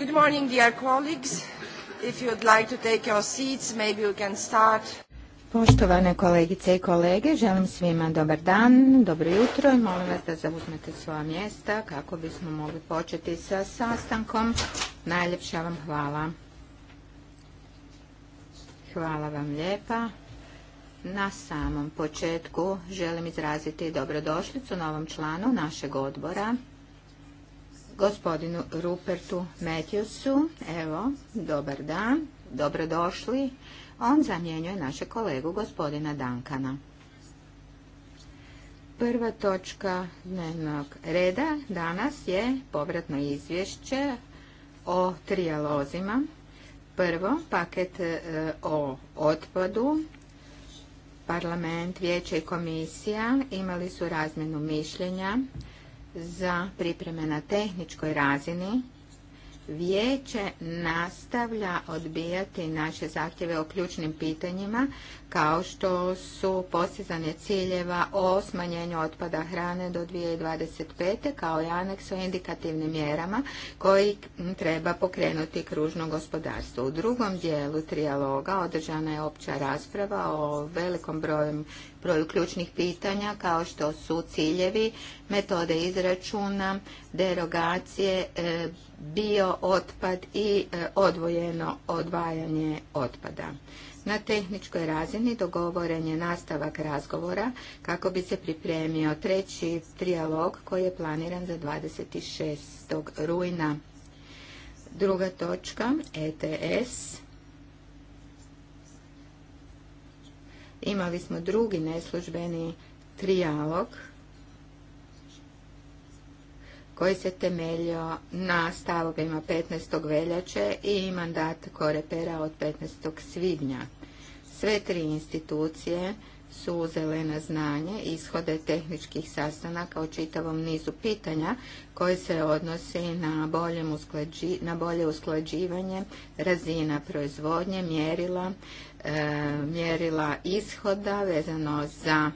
Good morning, dear colleagues. If you like to take your seats, maybe can start. Poštovane kolegice i kolege, želim svima dobar dan, dobro jutro i molim vas da zauzmete svoja mjesta kako bismo mogli početi sa sastankom. Najljepša vam hvala. Hvala vam lijepa. Na samom početku želim izraziti dobrodošlicu novom članu našeg odbora, gospodinu Rupertu Matthewsu. Evo, dobar dan, dobrodošli. On zamjenjuje naše kolegu gospodina Dankana. Prva točka dnevnog reda danas je povratno izvješće o trijalozima. Prvo, paket e, o otpadu. Parlament, vijeće i komisija imali su razmjenu mišljenja za pripreme na tehničkoj razini, vijeće nastavlja odbijati naše zahtjeve o ključnim pitanjima kao što su postizanje ciljeva o smanjenju otpada hrane do 2025. kao i aneks o indikativnim mjerama koji treba pokrenuti kružno gospodarstvo. U drugom dijelu trijaloga održana je opća rasprava o velikom broju ključnih pitanja kao što su ciljevi, metode izračuna, derogacije, e, bio otpad i e, odvojeno odvajanje otpada. Na tehničkoj razini dogovoren je nastavak razgovora kako bi se pripremio treći trijalog koji je planiran za 26. rujna. Druga točka, ETS. Imali smo drugi neslužbeni trijalog koji se temeljio na stavovima 15. veljače i mandat korepera od 15. svibnja. Sve tri institucije su uzele na znanje ishode tehničkih sastanaka o čitavom nizu pitanja koji se odnosi na, bolje usklađivanje razina proizvodnje, mjerila, e, mjerila ishoda vezano za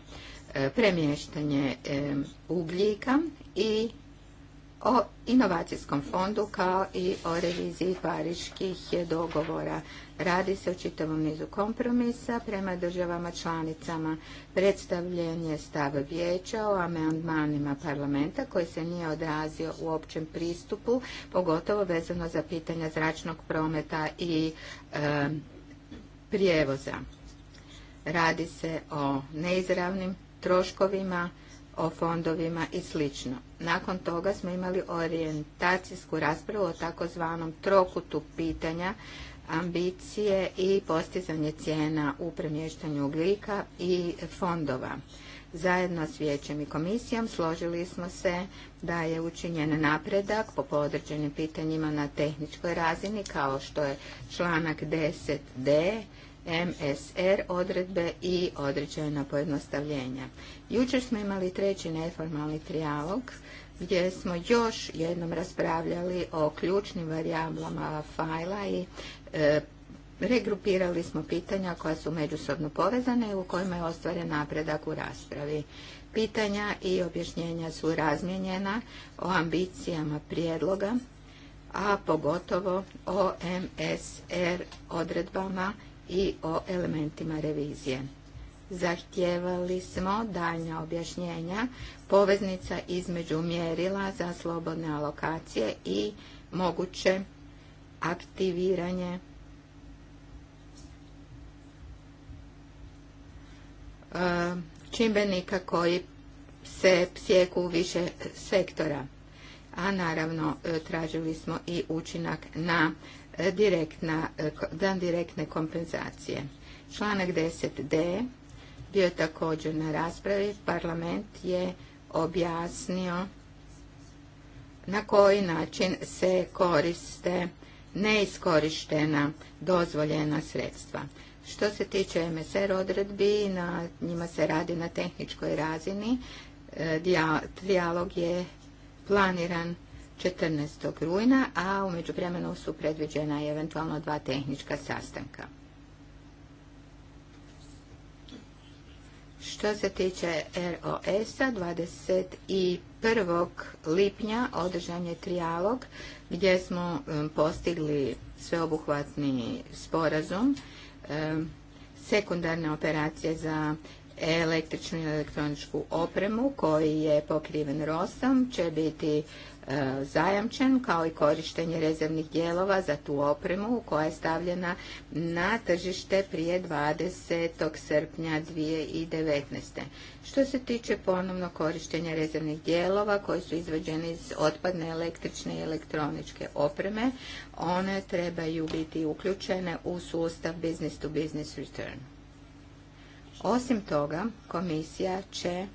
e, premještanje e, ugljika i o inovacijskom fondu kao i o reviziji pariških dogovora. Radi se o čitavom nizu kompromisa prema državama članicama. Predstavljen je stav vijeća o amandmanima parlamenta koji se nije odrazio u općem pristupu, pogotovo vezano za pitanja zračnog prometa i e, prijevoza. Radi se o neizravnim troškovima, o fondovima i slično. Nakon toga smo imali orijentacijsku raspravu o takozvanom trokutu pitanja ambicije i postizanje cijena u premještanju ugljika i fondova. Zajedno s vijećem i komisijom složili smo se da je učinjen napredak po podređenim pitanjima na tehničkoj razini kao što je članak 10d MSR odredbe i određena pojednostavljenja. Jučer smo imali treći neformalni trijalog gdje smo još jednom raspravljali o ključnim varijablama fajla i e, regrupirali smo pitanja koja su međusobno povezane i u kojima je ostvaren napredak u raspravi. Pitanja i objašnjenja su razmijenjena o ambicijama prijedloga, a pogotovo o MSR odredbama i o elementima revizije zahtijevali smo daljnja objašnjenja poveznica između mjerila za slobodne alokacije i moguće aktiviranje e, čimbenika koji se psijeku u više sektora. A naravno e, tražili smo i učinak na e, direktne kompenzacije. Članak 10d bio je također na raspravi. Parlament je objasnio na koji način se koriste neiskorištena dozvoljena sredstva. Što se tiče MSR odredbi, na njima se radi na tehničkoj razini. E, Dijalog je planiran 14. rujna, a umeđu vremenu su predviđena eventualno dva tehnička sastanka. Što se tiče ROS-a, 21. lipnja održan je trijalog gdje smo postigli sveobuhvatni sporazum sekundarne operacije za električnu i elektroničku opremu koji je pokriven ROS-om će biti E, zajamčen, kao i korištenje rezervnih dijelova za tu opremu koja je stavljena na tržište prije 20. srpnja 2019. Što se tiče ponovno korištenja rezervnih dijelova koji su izvađeni iz otpadne električne i elektroničke opreme, one trebaju biti uključene u sustav business to business return. Osim toga, komisija će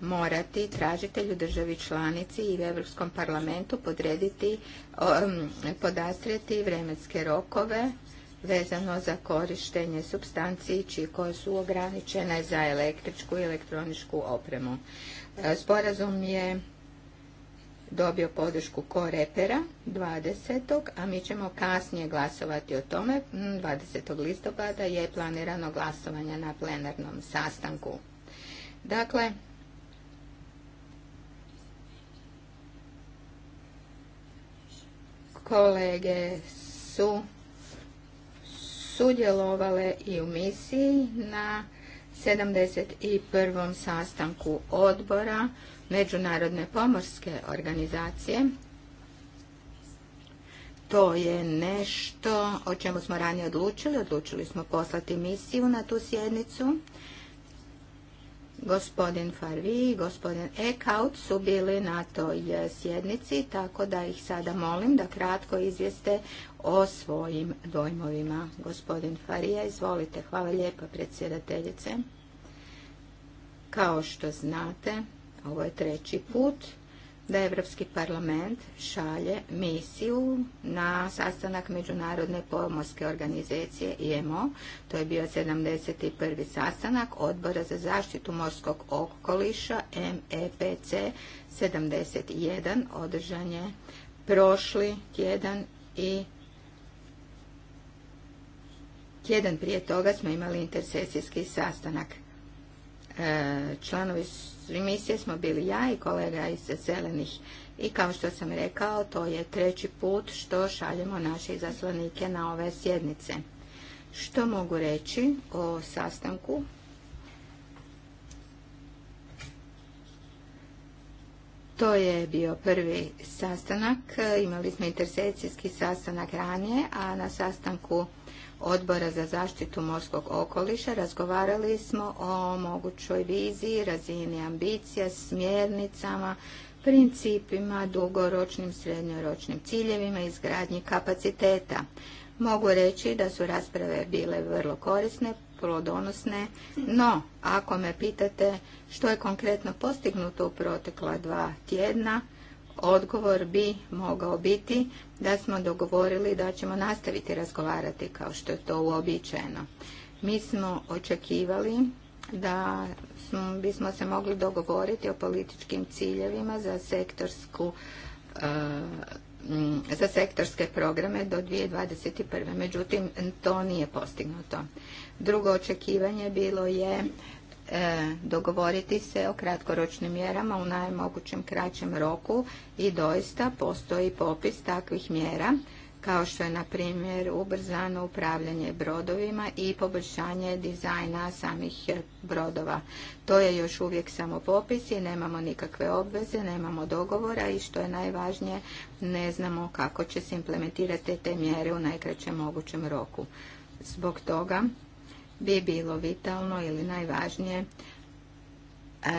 morati tražitelju državi članici i Europskom parlamentu podrediti, um, podastrijeti vremenske rokove vezano za korištenje supstanci čije koje su ograničene za električku i elektroničku opremu. E, sporazum je dobio podršku korepera 20. a mi ćemo kasnije glasovati o tome. 20. listopada je planirano glasovanje na plenarnom sastanku. Dakle, kolege su sudjelovale i u misiji na 71. sastanku odbora Međunarodne pomorske organizacije. To je nešto o čemu smo ranije odlučili. Odlučili smo poslati misiju na tu sjednicu Gospodin Farvi i gospodin Ekaut su bili na toj e, sjednici, tako da ih sada molim da kratko izvijeste o svojim dojmovima. Gospodin Farija, izvolite. Hvala lijepa predsjedateljice. Kao što znate, ovo je treći put da Europski parlament šalje misiju na sastanak Međunarodne pomorske organizacije IMO. To je bio 71. sastanak Odbora za zaštitu morskog okoliša MEPC 71. Održan je prošli tjedan i tjedan prije toga smo imali intersesijski sastanak. E, članovi misije smo bili ja i kolega iz Zelenih. I kao što sam rekao, to je treći put što šaljemo naše izaslanike na ove sjednice. Što mogu reći o sastanku? To je bio prvi sastanak. Imali smo intersecijski sastanak ranije, a na sastanku odbora za zaštitu morskog okoliša razgovarali smo o mogućoj viziji, razini ambicija, smjernicama, principima, dugoročnim, srednjoročnim ciljevima i izgradnji kapaciteta. Mogu reći da su rasprave bile vrlo korisne, plodonosne, no ako me pitate što je konkretno postignuto u protekla dva tjedna, Odgovor bi mogao biti da smo dogovorili da ćemo nastaviti razgovarati kao što je to uobičajeno. Mi smo očekivali da bismo se mogli dogovoriti o političkim ciljevima za sektorsku eh, za sektorske programe do 2021. Međutim, to nije postignuto. Drugo očekivanje bilo je E, dogovoriti se o kratkoročnim mjerama u najmogućem kraćem roku i doista postoji popis takvih mjera kao što je na primjer ubrzano upravljanje brodovima i poboljšanje dizajna samih e, brodova. To je još uvijek samo popis i nemamo nikakve obveze, nemamo dogovora i što je najvažnije ne znamo kako će se implementirati te mjere u najkraćem mogućem roku. Zbog toga bi bilo vitalno ili najvažnije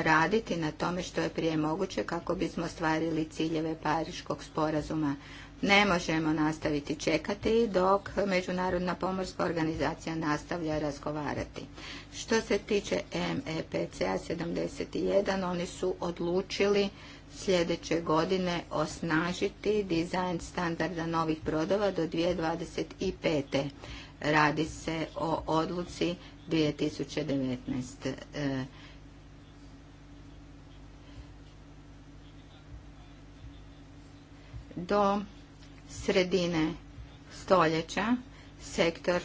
raditi na tome što je prije moguće kako bismo ostvarili ciljeve Pariškog sporazuma. Ne možemo nastaviti čekati dok Međunarodna pomorska organizacija nastavlja razgovarati. Što se tiče MEPCA 71, oni su odlučili sljedeće godine osnažiti dizajn standarda novih brodova do 2025. Radi se o odluci 2019. E, do sredine stoljeća sektor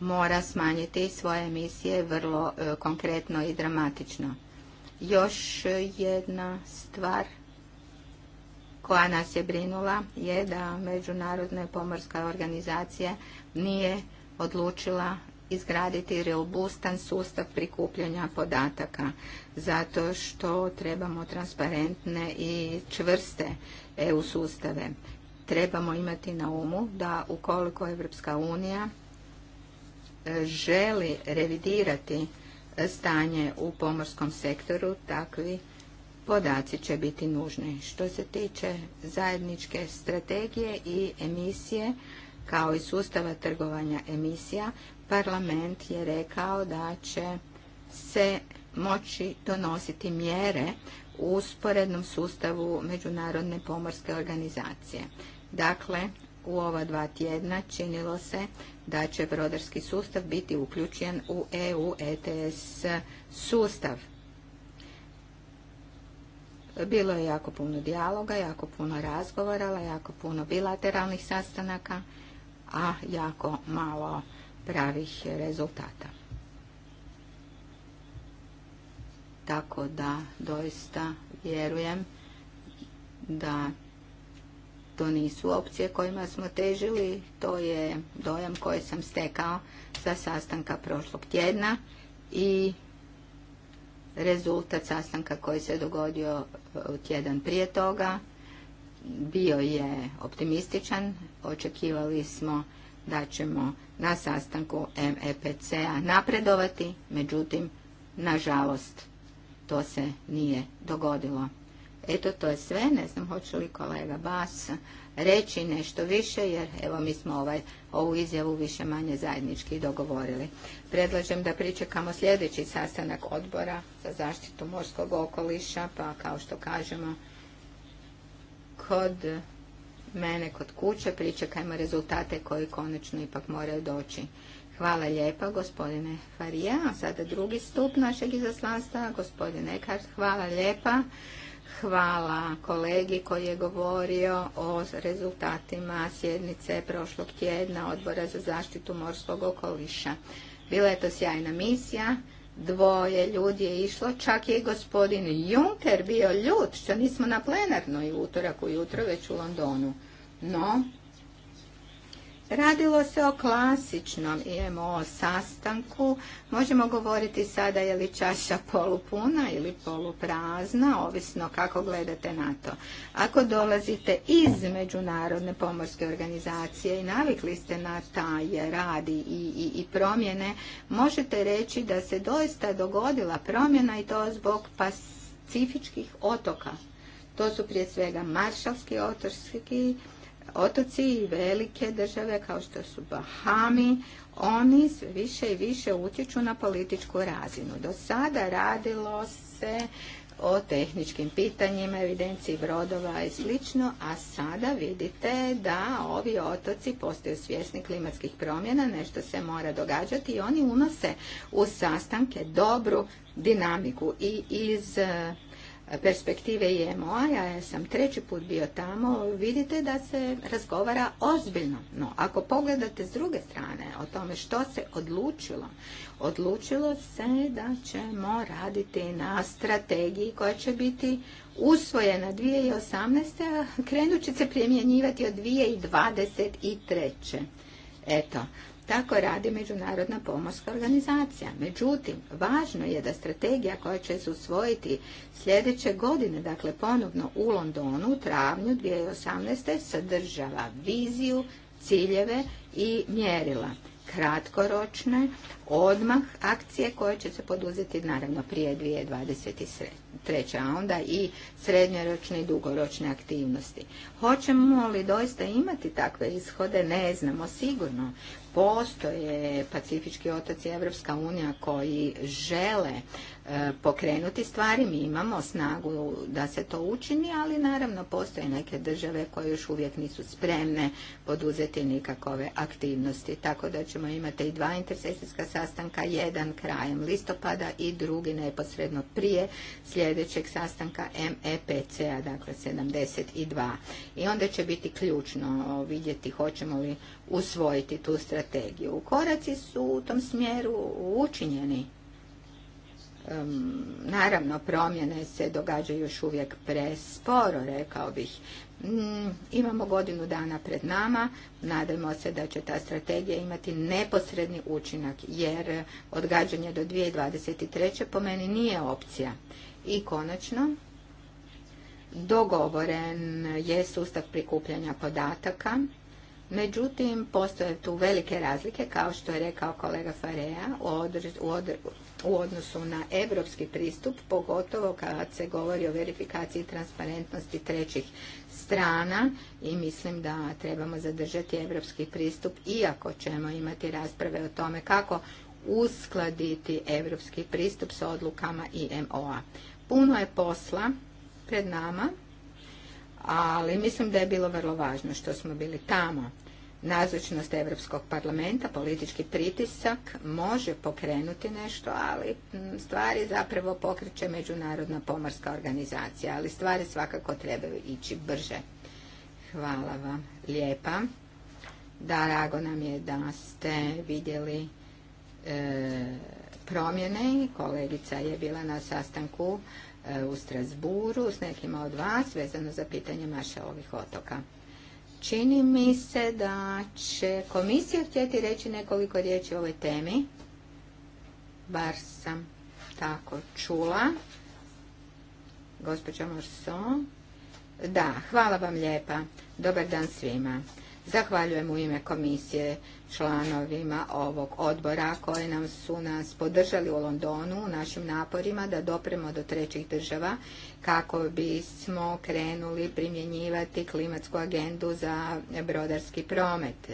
mora smanjiti svoje emisije vrlo e, konkretno i dramatično. Još jedna stvar koja nas je brinula je da Međunarodne pomorska organizacije nije odlučila izgraditi robustan sustav prikupljanja podataka zato što trebamo transparentne i čvrste EU sustave. Trebamo imati na umu da ukoliko Evropska unija e, želi revidirati e, stanje u pomorskom sektoru, takvi podaci će biti nužni. Što se tiče zajedničke strategije i emisije, kao i sustava trgovanja emisija, parlament je rekao da će se moći donositi mjere u usporednom sustavu Međunarodne pomorske organizacije. Dakle, u ova dva tjedna činilo se da će brodarski sustav biti uključen u EU ETS sustav. Bilo je jako puno dijaloga, jako puno razgovora, jako puno bilateralnih sastanaka a jako malo pravih rezultata. Tako da doista vjerujem da to nisu opcije kojima smo težili, to je dojam koji sam stekao sa sastanka prošlog tjedna i rezultat sastanka koji se dogodio e, tjedan prije toga bio je optimističan, očekivali smo da ćemo na sastanku MEPC-a napredovati, međutim, nažalost, to se nije dogodilo. Eto, to je sve. Ne znam hoće li kolega Bas reći nešto više, jer evo mi smo ovaj, ovu izjavu više manje zajednički dogovorili. Predlažem da pričekamo sljedeći sastanak odbora za zaštitu morskog okoliša, pa kao što kažemo, kod mene kod kuće, pričekajmo rezultate koji konačno ipak moraju doći. Hvala lijepa gospodine Farija, a sada drugi stup našeg izaslanstva, gospodine Ekart, hvala lijepa. Hvala kolegi koji je govorio o rezultatima sjednice prošlog tjedna Odbora za zaštitu morskog okoliša. Bila je to sjajna misija, dvoje ljudi je išlo, čak je i gospodin Juncker bio ljut što nismo na plenarnoj utorak ujutro već u Londonu. No, Radilo se o klasičnom IMO e sastanku. Možemo govoriti sada je li čaša polupuna ili poluprazna, ovisno kako gledate na to. Ako dolazite iz Međunarodne pomorske organizacije i navikli ste na taj radi i, i, i promjene, možete reći da se doista dogodila promjena i to zbog pacifičkih otoka. To su prije svega maršalski otorski otoci i velike države kao što su Bahami, oni sve više i više utječu na političku razinu. Do sada radilo se o tehničkim pitanjima, evidenciji brodova i slično, a sada vidite da ovi otoci postaju svjesni klimatskih promjena, nešto se mora događati i oni unose u sastanke dobru dinamiku i iz perspektive IMO-a, ja sam treći put bio tamo, vidite da se razgovara ozbiljno. No, ako pogledate s druge strane o tome što se odlučilo, odlučilo se da ćemo raditi na strategiji koja će biti usvojena 2018. a krenut će se primjenjivati od 2023. Eto, tako radi Međunarodna pomorska organizacija. Međutim, važno je da strategija koja će se usvojiti sljedeće godine, dakle ponovno u Londonu u travnju 2018. sadržava viziju, ciljeve i mjerila kratkoročne odmah akcije koje će se poduzeti naravno prije 2023. a onda i srednjoročne i dugoročne aktivnosti. Hoćemo li doista imati takve ishode? Ne znamo sigurno postoje pacifički otoci Evropska unija koji žele E, pokrenuti stvari, mi imamo snagu da se to učini, ali naravno postoje neke države koje još uvijek nisu spremne poduzeti nikakove aktivnosti. Tako da ćemo imati i dva intersesijska sastanka, jedan krajem listopada i drugi neposredno prije sljedećeg sastanka MEPC-a, dakle 72. I onda će biti ključno vidjeti hoćemo li usvojiti tu strategiju. Koraci su u tom smjeru učinjeni Naravno, promjene se događaju još uvijek presporo, rekao bih. Mm, imamo godinu dana pred nama, nadajmo se da će ta strategija imati neposredni učinak, jer odgađanje do 2023. po meni nije opcija. I konačno, dogovoren je sustav prikupljanja podataka, međutim postoje tu velike razlike, kao što je rekao kolega Farea, u, u odnosu na evropski pristup, pogotovo kad se govori o verifikaciji transparentnosti trećih strana i mislim da trebamo zadržati evropski pristup iako ćemo imati rasprave o tome kako uskladiti evropski pristup sa odlukama IMO-a. Puno je posla pred nama, ali mislim da je bilo vrlo važno što smo bili tamo nazočnost Europskog parlamenta, politički pritisak može pokrenuti nešto, ali mm, stvari zapravo pokreće Međunarodna pomorska organizacija, ali stvari svakako trebaju ići brže. Hvala vam lijepa. Da, nam je da ste vidjeli e, promjene. Kolegica je bila na sastanku e, u Strasburu s nekima od vas vezano za pitanje maša ovih otoka. Čini mi se da će komisija htjeti reći nekoliko riječi o ovoj temi. Bar sam tako čula. Gospođo Morso. Da, hvala vam lijepa. Dobar dan svima. Zahvaljujem u ime komisije članovima ovog odbora koji nam su nas podržali u Londonu u našim naporima da dopremo do trećih država kako bismo krenuli primjenjivati klimatsku agendu za brodarski promet.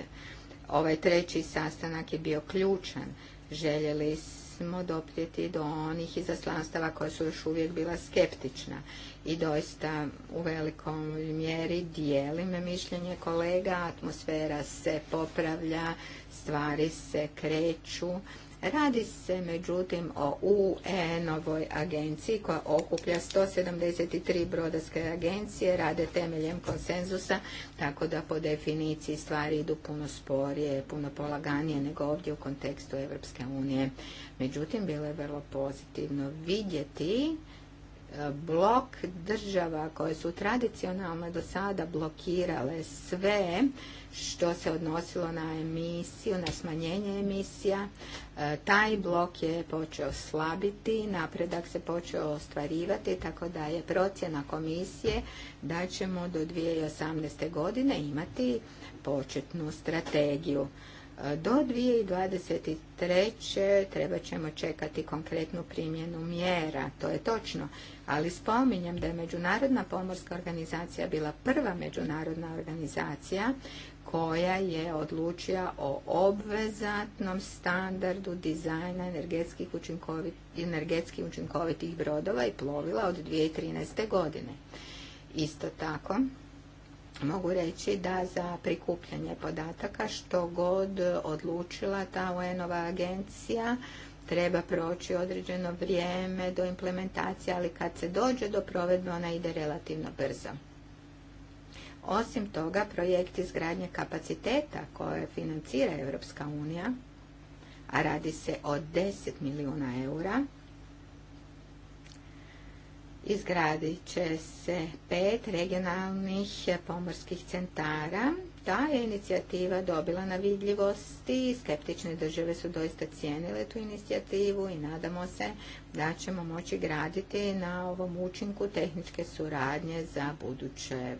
Ovaj treći sastanak je bio ključan. Željeli smo doprijeti do onih izaslanstava koja su još uvijek bila skeptična. I doista u velikom mjeri dijelim mišljenje kolega, atmosfera se popravlja, stvari se kreću Radi se međutim o UN-ovoj agenciji koja okuplja 173 brodarske agencije, rade temeljem konsenzusa, tako da po definiciji stvari idu puno sporije, puno polaganije nego ovdje u kontekstu Evropske unije. Međutim, bilo je vrlo pozitivno vidjeti e, blok država koje su tradicionalno do sada blokirale sve što se odnosilo na emisiju, na smanjenje emisija. E, taj blok je počeo slabiti, napredak se počeo ostvarivati, tako da je procjena komisije da ćemo do 2018. godine imati početnu strategiju. E, do 2023. treba ćemo čekati konkretnu primjenu mjera, to je točno. Ali spominjem da je Međunarodna pomorska organizacija bila prva međunarodna organizacija koja je odlučila o obvezatnom standardu dizajna energetskih energetski učinkovitih brodova i plovila od 2013. godine. Isto tako, mogu reći da za prikupljanje podataka što god odlučila ta UN-ova agencija, treba proći određeno vrijeme do implementacije, ali kad se dođe do provedbe ona ide relativno brzo. Osim toga, projekt izgradnje kapaciteta koje financira Europska unija, a radi se o 10 milijuna eura, izgradit će se pet regionalnih pomorskih centara. Ta je inicijativa dobila na vidljivosti, skeptične države su doista cijenile tu inicijativu i nadamo se da ćemo moći graditi na ovom učinku tehničke suradnje za buduće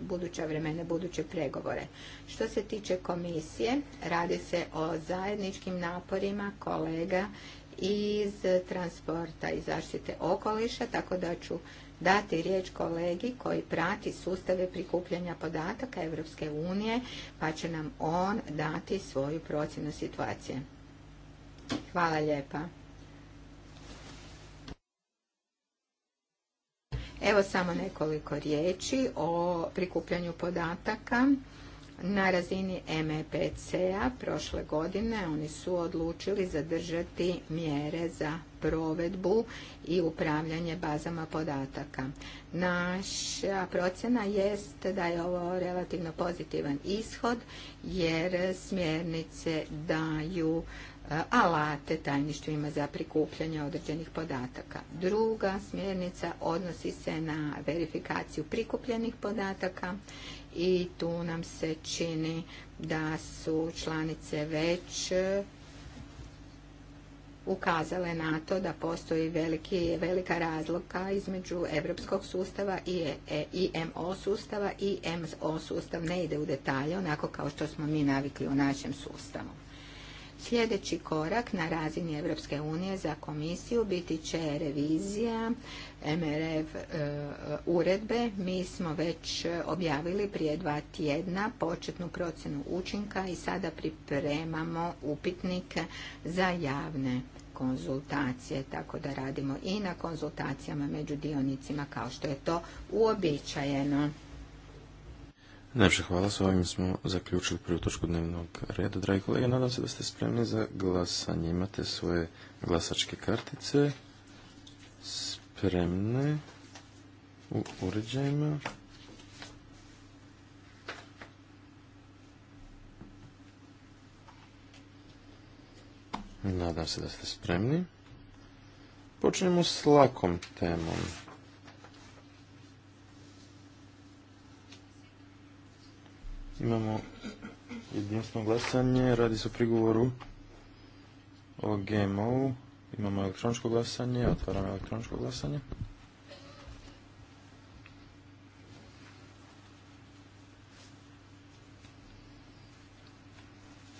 buduća vremena, buduće pregovore. Što se tiče komisije, radi se o zajedničkim naporima kolega iz transporta i zaštite okoliša, tako da ću dati riječ kolegi koji prati sustave prikupljanja podataka Europske unije, pa će nam on dati svoju procjenu situacije. Hvala lijepa. Evo samo nekoliko riječi o prikupljanju podataka. Na razini MEPC-a prošle godine oni su odlučili zadržati mjere za provedbu i upravljanje bazama podataka. Naša procjena jest da je ovo relativno pozitivan ishod jer smjernice daju E, alate tajništvima za prikupljanje određenih podataka. Druga smjernica odnosi se na verifikaciju prikupljenih podataka i tu nam se čini da su članice već ukazale na to da postoji veliki, velika razlika između europskog sustava i e, e, IMO sustava i MO sustav ne ide u detalje onako kao što smo mi navikli u našem sustavu. Sljedeći korak na razini Europske unije za komisiju biti će revizija MRF e, uredbe. Mi smo već objavili prije dva tjedna početnu procjenu učinka i sada pripremamo upitnik za javne konzultacije, tako da radimo i na konzultacijama među dionicima kao što je to uobičajeno. Najpše hvala, s ovim smo zaključili prvu točku dnevnog reda. Dragi kolege, nadam se da ste spremni za glasanje. Imate svoje glasačke kartice spremne u uređajima. Nadam se da ste spremni. Počnemo s lakom temom. Imamo jedinstveno glasanje. Radi se o prigovoru o GMO-u. Imamo elektroničko glasanje. Otvaram elektroničko glasanje.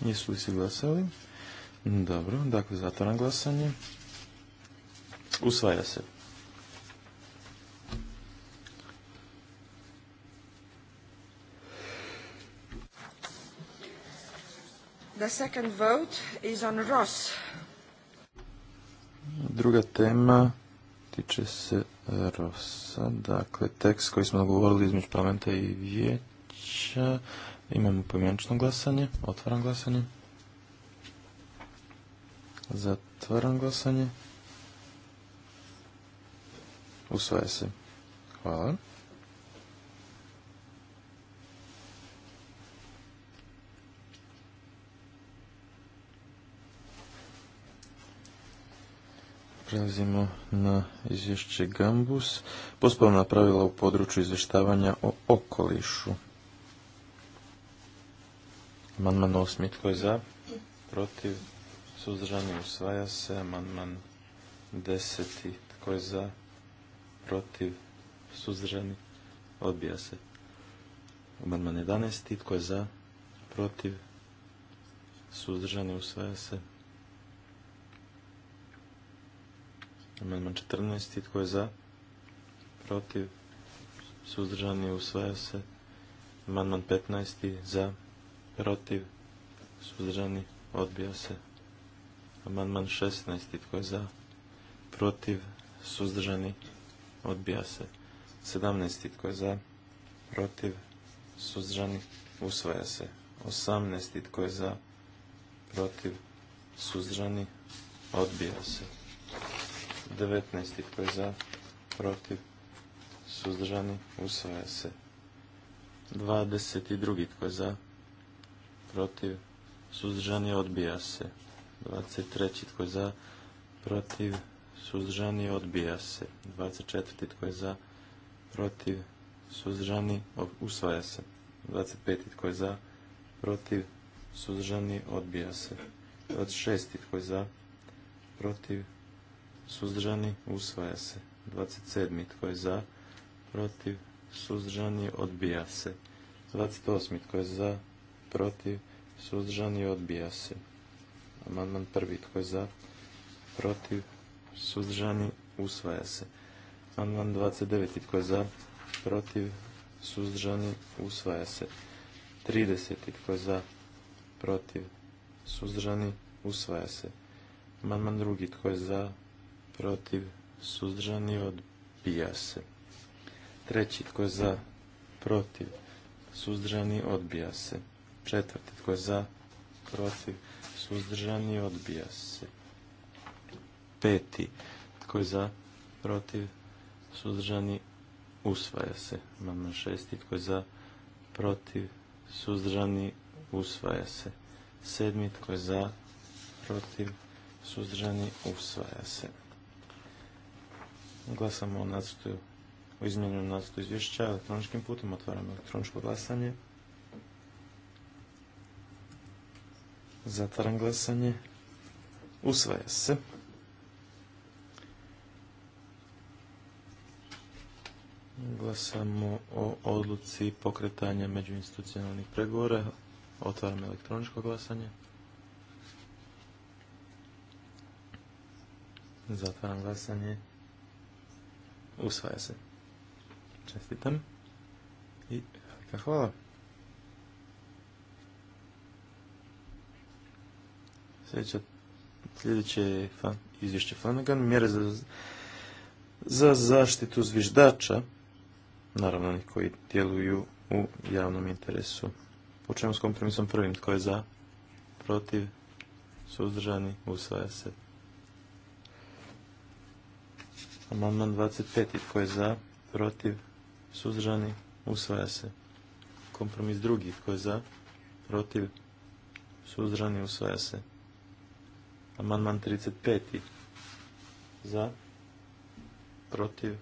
Jesu li se glasali? Dobro, dakle zatvaram glasanje. Usvaja se. on Druga tema tiče se Rosa. Dakle, tekst koji smo dogovorili između parlamenta i vijeća. Imamo pojmenično glasanje. Otvaram glasanje. Zatvaram glasanje. Usvaja se. Hvala. Prelazimo na izvješće Gambus. Poslovna pravila u području izvještavanja o okolišu. Amandman osmi. Tko je za? Protiv? Suzdržani usvaja se. Amandman deseti. Tko je za? Protiv? Suzdržani? Odbija se. Amandman jedanesti Tko je za? Protiv? Suzdržani usvaja se. Amandman 14. Tko je za? Protiv? Suzdržani usvaja se. Amandman 15. Za? Protiv? Suzdržani odbija se. Amandman 16. Tko je za? Protiv? Suzdržani odbija se. 17. Tko je za? Protiv? Suzdržani usvaja se. 18. Tko je za? Protiv? Suzdržani odbija se. 19. Tko je za? Protiv? Suzdržani? Usvaja se. 22. Tko je za? Protiv? Suzdržani? Odbija se. 23. Tko je za? Protiv? Suzdržani? Odbija se. 24. Tko je za? Protiv? Suzdržani? Usvaja se. 25. Tko je za? Protiv? Suzdržani? Odbija se. 26. Tko je za? Protiv? suzdržani, usvaja se. 27. tko je za, protiv, suzdržani, odbija se. 28. tko je za, protiv, suzdržani, odbija se. Amandman prvi tko je za, protiv, suzdržani, usvaja se. Amandman 29. tko je za, protiv, suzdržani, usvaja se. 30. tko je za, protiv, suzdržani, usvaja se. Amandman drugi tko je za, protiv, suzdržani, odbija se. Treći, tko je za, protiv, suzdržani, odbija se. Četvrti, tko je za, protiv, suzdržani, odbija se. Peti, tko je za, protiv, suzdržani, usvaja se. Imamo šesti, tko je za, protiv, suzdržani, usvaja se. Sedmi, tko je za, protiv, suzdržani, usvaja se. Glasamo o nacrtu, o izmjenjenom nacrtu izvješća elektroničkim putem. Otvaram elektroničko glasanje. Zatvaram glasanje. Usvaja se. Glasamo o odluci pokretanja međuinstitucionalnih pregovora. Otvaram elektroničko glasanje. Zatvaram glasanje. Usvaja se. Čestitam. I velika hvala. sljedeće je izvješće Flanagan. Mjere za, zaštitu zviždača. Naravno, oni koji djeluju u javnom interesu. Počnemo s kompromisom prvim. Tko je za? Protiv? Suzdržani? Usvaja se. Amandman 25. Tko je za? Protiv? Suzdržani? Usvaja se. Kompromis drugi. Tko je za? Protiv? Suzdržani? Usvaja se. Amandman 35. Za? Protiv?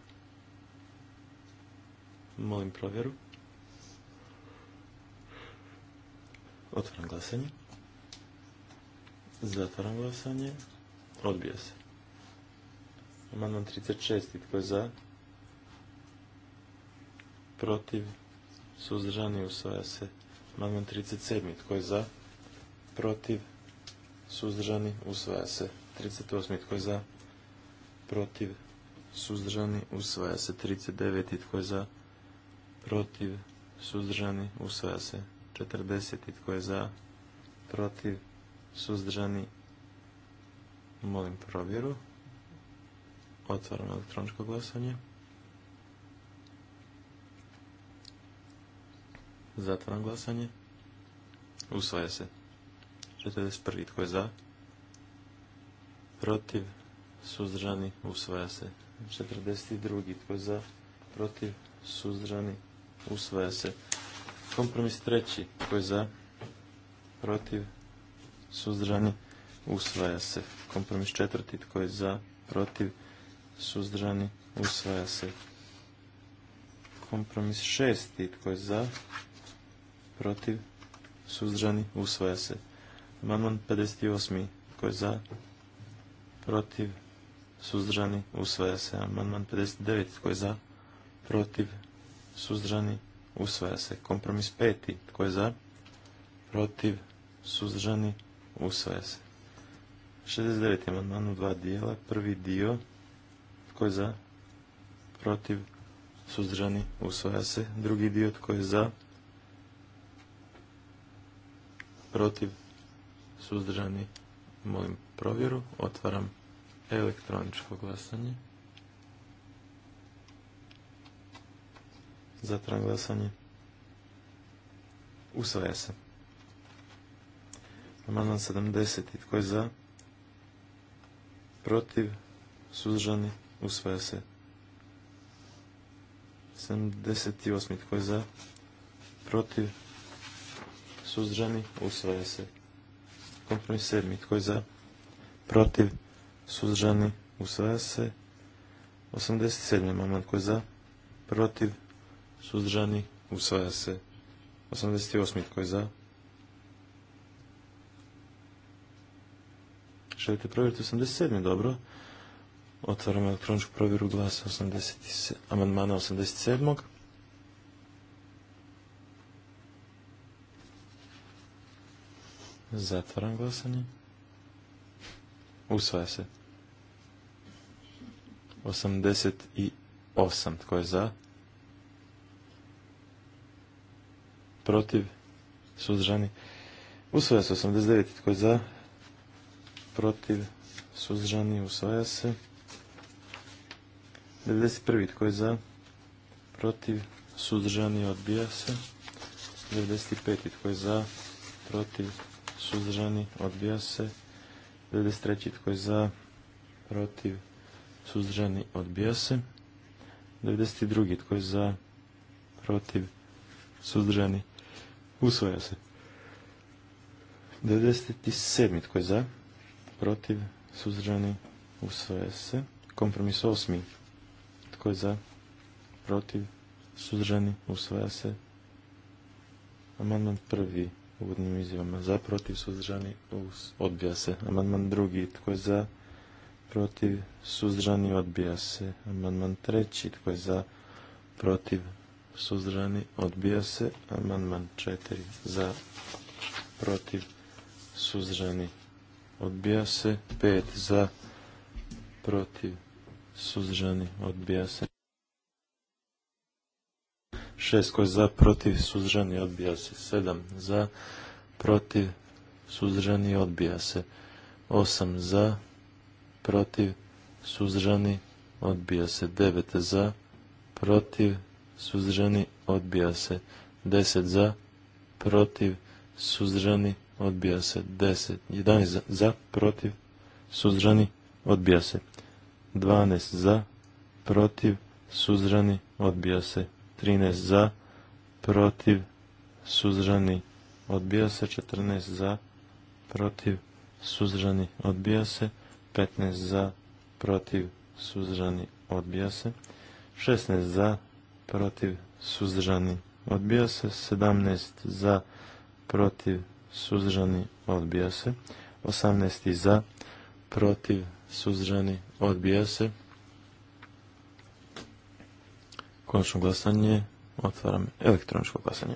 Molim provjeru. Otvaram glasanje. Zatvaram glasanje. Odbija se. Amandman 36. Tko je za? Protiv? Suzdržani usvaja se. Amandman 37. Tko je za? Protiv? Suzdržani usvaja se. 38. Tko je za? Protiv? Suzdržani usvaja se. 39. Tko je za? Protiv? Suzdržani usvaja se. 40. Tko je za? Protiv? Suzdržani Molim provjeru. Otvaram elektroničko glasanje. Zatvaram glasanje. Usvaja se. 41. Tko je za? Protiv. Suzdržani. Usvaja se. 42. Tko je za? Protiv. Suzdržani. Usvaja se. Kompromis treći. Tko je za? Protiv. Suzdržani. Usvaja se. Kompromis četvrti. Tko je za? Protiv suzdržani, usvaja se. Kompromis šesti, tko je za, protiv, suzdržani, usvaja se. Amandman 58. Tko je za? Protiv? Suzdržani? Usvaja se. Amandman 59. Tko je za? Protiv? Suzdržani? Usvaja se. Kompromis peti Tko je za? Protiv? Suzdržani? Usvaja se. 69. amandman u dva dijela. Prvi dio tko je za? Protiv? Suzdržani? Usvaja se. Drugi dio. Tko je za? Protiv? Suzdržani? Molim provjeru. Otvaram elektroničko glasanje. Zatvaram glasanje. Usvaja se. Amandman 70. Tko je za? Protiv? Suzdržani? usvaja se. 78. tko je za, protiv, suzdržani, usvaja se. Kompromis 7. tko je za, protiv, suzdržani, usvaja se. 87. moment tko je za, protiv, suzdržani, usvaja se. 88. tko je za, Želite provjeriti 87. dobro. Otvaram elektroničku provjeru glasa amandmana amandmana 87. Zatvaram glasanje. Usvaja se. 88. Tko je za? Protiv? Suzdržani? Usvaja se 89. Tko je za? Protiv? Suzdržani? Usvaja se. 91. Tko je za? Protiv? Suzdržani? Odbija se. 95. Tko je za? Protiv? Suzdržani? Odbija se. 93. Tko je za? Protiv? Suzdržani? Odbija se. 92. Tko je za? Protiv? Suzdržani? Usvaja se. 97. Tko je za? Protiv? Suzdržani? Usvaja se. Kompromis 8. Tko je za? Protiv? Suzdržani? Usvaja se. Amandman prvi uvodnim izjavama. Za, protiv, suzdržani, odbija se. Amandman drugi, tko je za, protiv, suzdržani, odbija se. Amandman treći, tko je za, protiv, suzdržani, odbija se. Amandman četiri, za, protiv, suzdržani, odbija se. Pet, za, protiv, suzdržani, odbija se. Šest koji za, protiv, suzdržani, odbija se. Sedam za, protiv, suzdržani, odbija se. Osam za, protiv, suzdržani, odbija se. Devet za, protiv, suzdržani, odbija se. Deset za, protiv, suzdržani, odbija se. Deset, jedan za, protiv, suzdržani, odbija se. 12 za, protiv, suzrani, odbija se. 13 za, protiv, suzrani, odbija se. 14 za, protiv, suzrani, odbija se. 15 za, protiv, suzrani, odbija se. 16 za, protiv, suzrani, odbija se. 17 za, protiv, suzrani, odbija se. 18 za, protiv, se, Odbija se. Konačno glasanje. Otvaram elektroničko glasanje.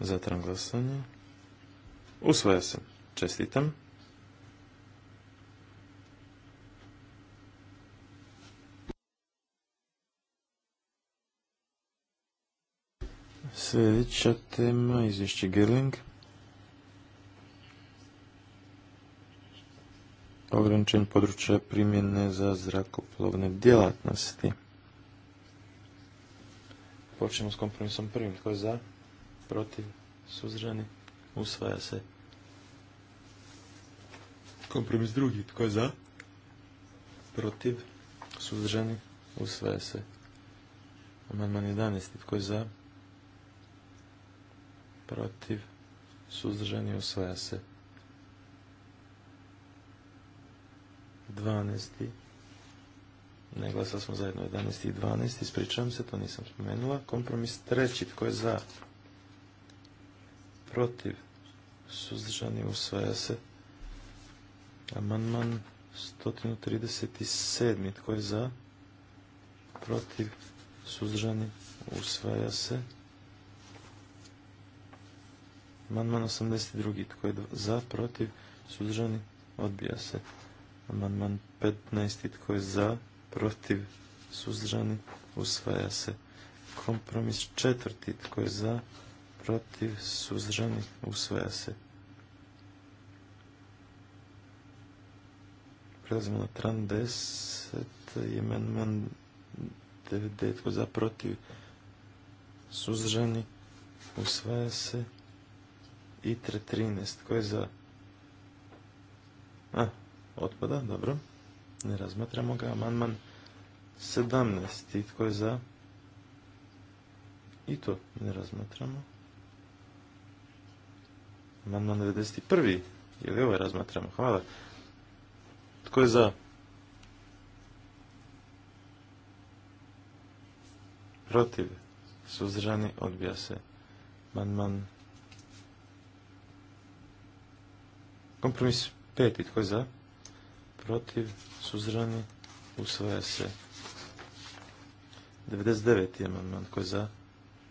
Zatram glasanje. Usvaja se. Čestitam. Sljedeća tema, izvješće Gerling. ograničen područje primjene za zrakoplovne djelatnosti. Počnemo s kompromisom prvim. Tko je za? Protiv? Suzdržani? Usvaja se. Kompromis drugi. Tko je za? Protiv? Suzdržani? Usvaja se. Amandman 11. Tko je za? Protiv? Suzdržani? Usvaja se. 12. Ne glasali smo zajedno 11. i 12. Ispričavam se, to nisam spomenula. Kompromis treći, tko je za? Protiv. Suzdržani usvaja se. Amandman 137. Tko je za? Protiv. Suzdržani usvaja se. Amandman 82. Tko je za? Protiv. Suzdržani odbija se. Amandman 15. Tko je za? Protiv? Suzdržani? Usvaja se. Kompromis četvrti. Tko je za? Protiv? Suzdržani? Usvaja se. Prelazimo na tran 10. I amandman 9. Tko je za? Protiv? Suzdržani? Usvaja se. tre 13. Tko je za? A, Otpada, dobro. Ne razmatramo ga. Amandman 17. Tko je za? I to ne razmatramo. Amandman 91. Je li ovaj razmatramo? Hvala. Tko je za? Protiv. Suzdržani odbija se. Amandman Kompromis peti. Tko je za? protiv, suzrani usvaja se. 99. amandman, tko je za,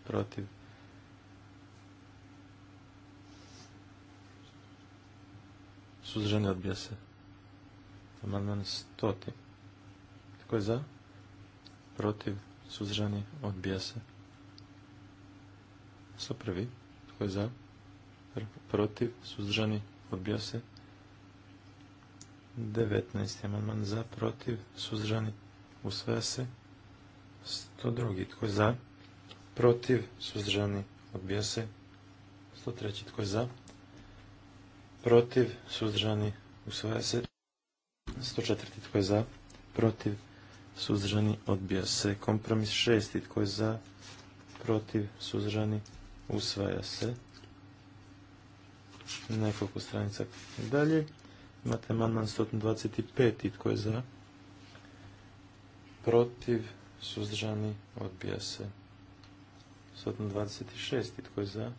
protiv, Suzdržani, odbija se. Amandman 100. Tko je za, protiv, suzdržani, odbija se. 101. Tko je za, protiv, suzdržani, odbija se. 19. amandman za, protiv, suzdržani, usvaja se. 102. tko je za, protiv, suzdržani, odbija se. 103. tko je za, protiv, suzdržani, usvaja se. 104. tko je za, protiv, suzdržani, odbija se. Kompromis 6. tko je za, protiv, suzdržani, usvaja se. Nekoliko stranica dalje. Imate amandman 125. Tko je za? Protiv. Suzdržani. Odbija se. 126. Tko je za?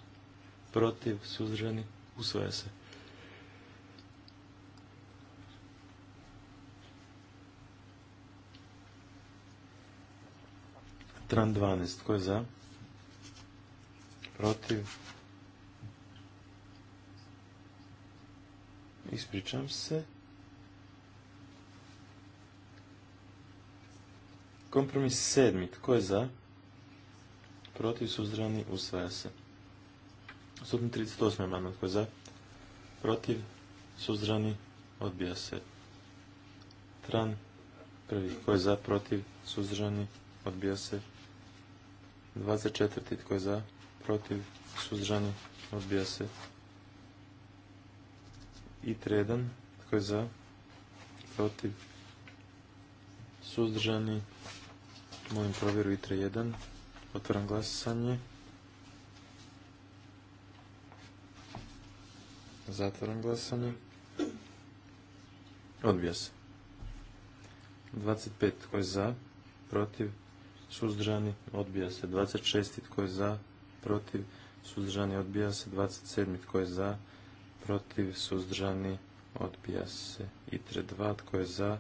Protiv. Suzdržani. Usvaja se. Tran 12. Tko je za? Protiv. Ispričam se. Kompromis sedmi. Tko je za? Protiv suzdrani, usvaja se. Sudni 38. amandman. Tko je za? Protiv suzdržani odbija se. Tran prvi. Tko je za? Protiv suzdržani odbija se. 24. Tko je za? Protiv suzdržani odbija se i tredan. Tko je za? Protiv? Suzdržani? Molim provjeru i 1. Otvoram glasanje. Zatvoram glasanje. Odbija se. 25. Tko je za? Protiv? Suzdržani? Odbija se. 26. Tko je za? Protiv? Suzdržani? Odbija se. 27. Tko je za? Protiv? protiv, suzdržani, odbija se. tre dva tko je za,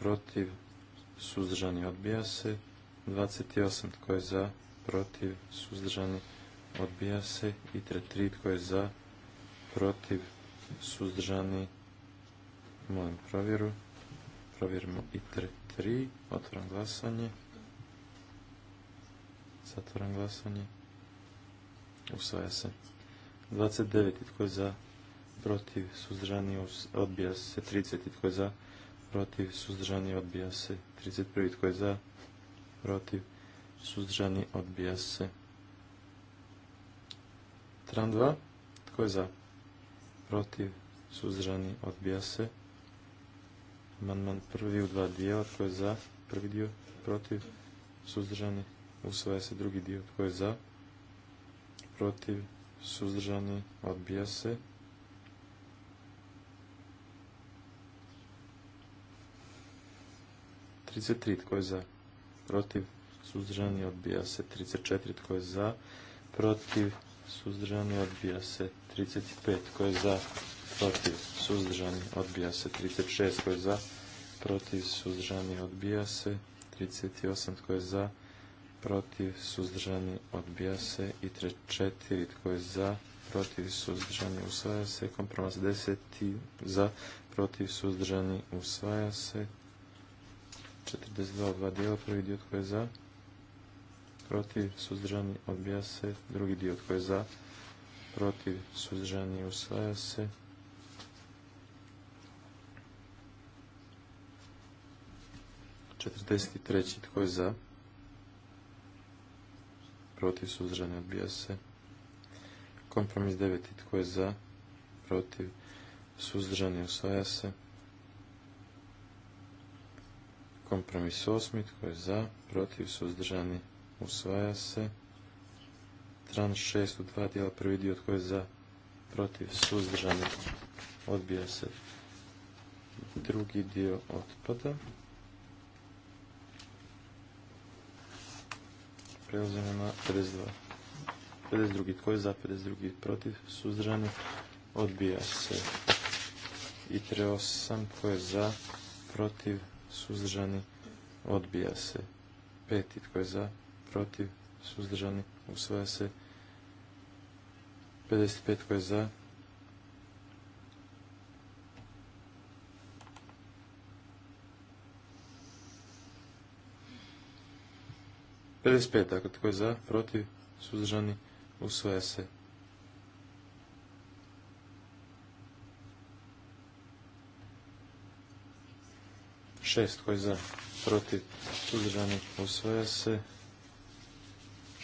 protiv, suzdržani, odbija se. 28, tko je za, protiv, suzdržani, odbija se. tre tri tko je za, protiv, suzdržani, molim provjeru. Provjerimo tre 3, otvoram glasanje. Zatvoram glasanje. Usvaja se. 29. Tko je za? Protiv. Suzdržani odbija se. 30. Tko je za? Protiv. Suzdržani odbija se. 31. Tko je za? Protiv. Suzdržani odbija se. Tran 2. Tko je za? Protiv. Suzdržani odbija se. Amandman prvi u dva dijela. Tko je za? Prvi dio. Protiv. Suzdržani. Usvaja se drugi dio. Tko je za? Protiv suzdržani, odbija se. Trideset tri tko je za, protiv, suzdržani, odbija se. Trideset četiri tko je za, protiv, suzdržani, odbija se. Trideset pet tko je za, protiv, suzdržani, odbija se. Trideset šest tko je za, protiv, suzdržani, odbija se. Trideset osam tko je za, protiv, suzdržani, odbija se. I tre četiri, tko je za, protiv, suzdržani, usvaja se. Kompromis deseti, za, protiv, suzdržani, usvaja se. 42 dva dijela, prvi dio tko je za, protiv, suzdržani, odbija se. Drugi dio tko je za, protiv, suzdržani, usvaja se. Četrdeset tko je za, protiv, suzdržani, odbija se. Kompromis 9. Tko je za, protiv, suzdržani, usvaja se. Kompromis 8. Tko je za, protiv, suzdržani, usvaja se. Tran 6 u dva dijela, prvi dio tko je za, protiv, suzdržani, odbija se. Drugi dio otpada. Prelazimo na 52. 52. Tko je za 52? Protiv? Suzdržani? Odbija se. I 38. Tko je za? Protiv? Suzdržani? Odbija se. 5. Tko je za? Protiv? Suzdržani? Usvaja se. 55. Tko je za? 55. Dakle, tko je za, protiv, suzdržani, usvaja se. Šest koji za, protiv, suzdržani, usvaja se.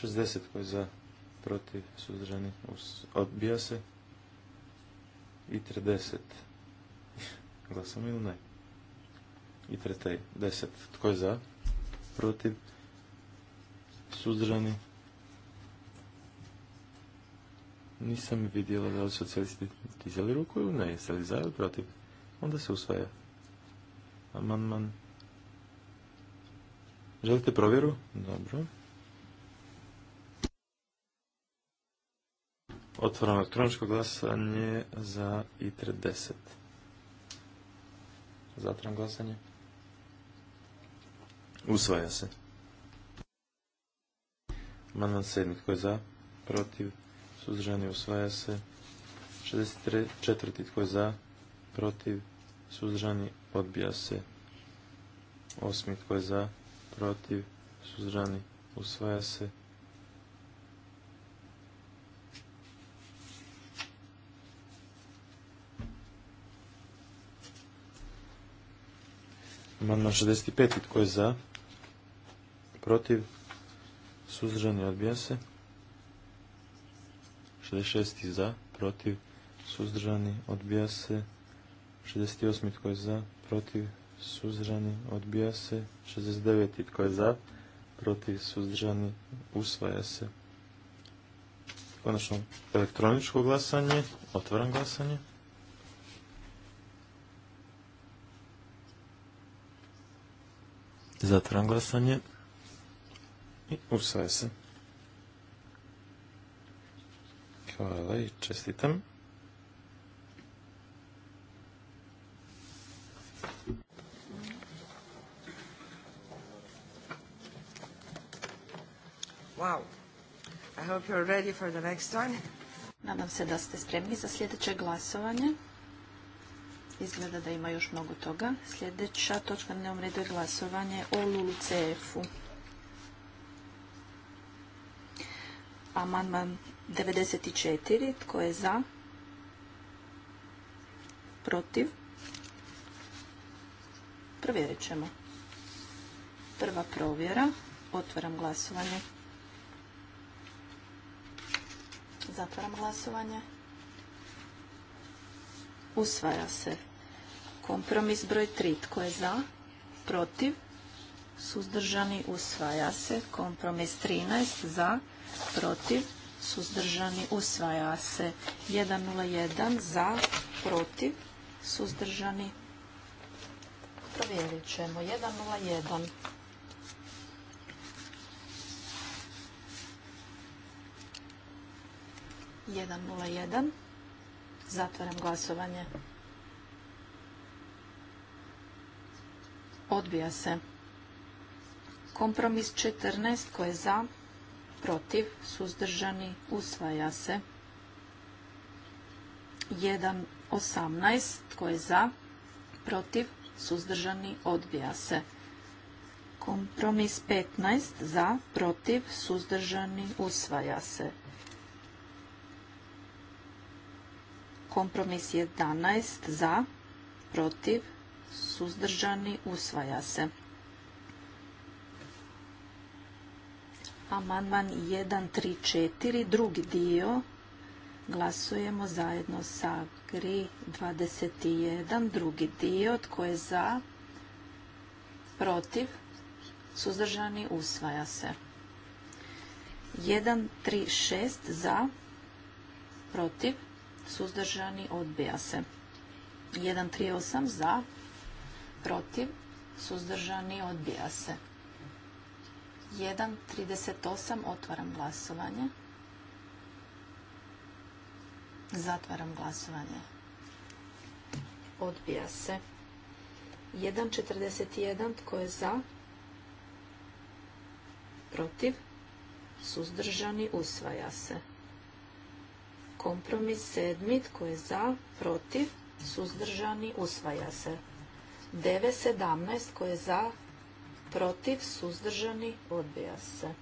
60 koji za, protiv, suzdržani, odbija se. I 30. Glasamo ili ne? I 30. 10. Tko je za? Protiv, Suzdržani? Nisam vidjela da li socijalisti izjeli ruku ili ne. Jeste li za ili protiv? Onda se usvaja. Amandman. Želite provjeru? Dobro. Otvaram elektroničko glasanje za i 10. Zatram glasanje. Usvaja se. Amandman sedmi Tko je za? Protiv? Suzdržani usvaja se. 64. Tko je za? Protiv? Suzdržani odbija se. Osmi Tko je za? Protiv? Suzdržani usvaja se. Amandman 65. Tko je za? Protiv? suzdržani, odbija se. 66. za, protiv, suzdržani, odbija se. 68. tko je za, protiv, suzdržani, odbija se. 69. tko je za, protiv, suzdržani, usvaja se. Konačno elektroničko glasanje, otvaram glasanje. Zatvaram glasanje. I se. Hvala i čestitam. Nadam se da ste spremni za sljedeće glasovanje. Izgleda da ima još mnogo toga. Sljedeća točka na redu je glasovanje o LULU u Amandman 94. Tko je za? Protiv? Provjerit ćemo. Prva provjera. Otvaram glasovanje. Zatvaram glasovanje. Usvaja se. Kompromis broj 3. Tko je za? Protiv? Suzdržani? Usvaja se. Kompromis 13. Za? protiv, suzdržani, usvaja se. 101 za, protiv, suzdržani, provjerit ćemo. 101. Jedan nula jedan. Zatvaram glasovanje. Odbija se. Kompromis 14 koje je za, protiv, suzdržani, usvaja se. 1.18. Tko je za, protiv, suzdržani, odbija se. Kompromis 15. Za, protiv, suzdržani, usvaja se. Kompromis 11. Za, protiv, suzdržani, usvaja se. Amandman 134, drugi dio. Glasujemo zajedno sa GRI 21, drugi dio. Tko je za? Protiv? Suzdržani usvaja se. 136 za, protiv, suzdržani odbija se. 138 za, protiv, suzdržani odbija se. 1.38. Otvaram glasovanje. Zatvaram glasovanje. Odbija se. 1.41. Tko je za? Protiv? Suzdržani? Usvaja se. Kompromis sedmi. Tko je za? Protiv? Suzdržani? Usvaja se. 9.17. Tko je za? protiv, suzdržani, odbija se.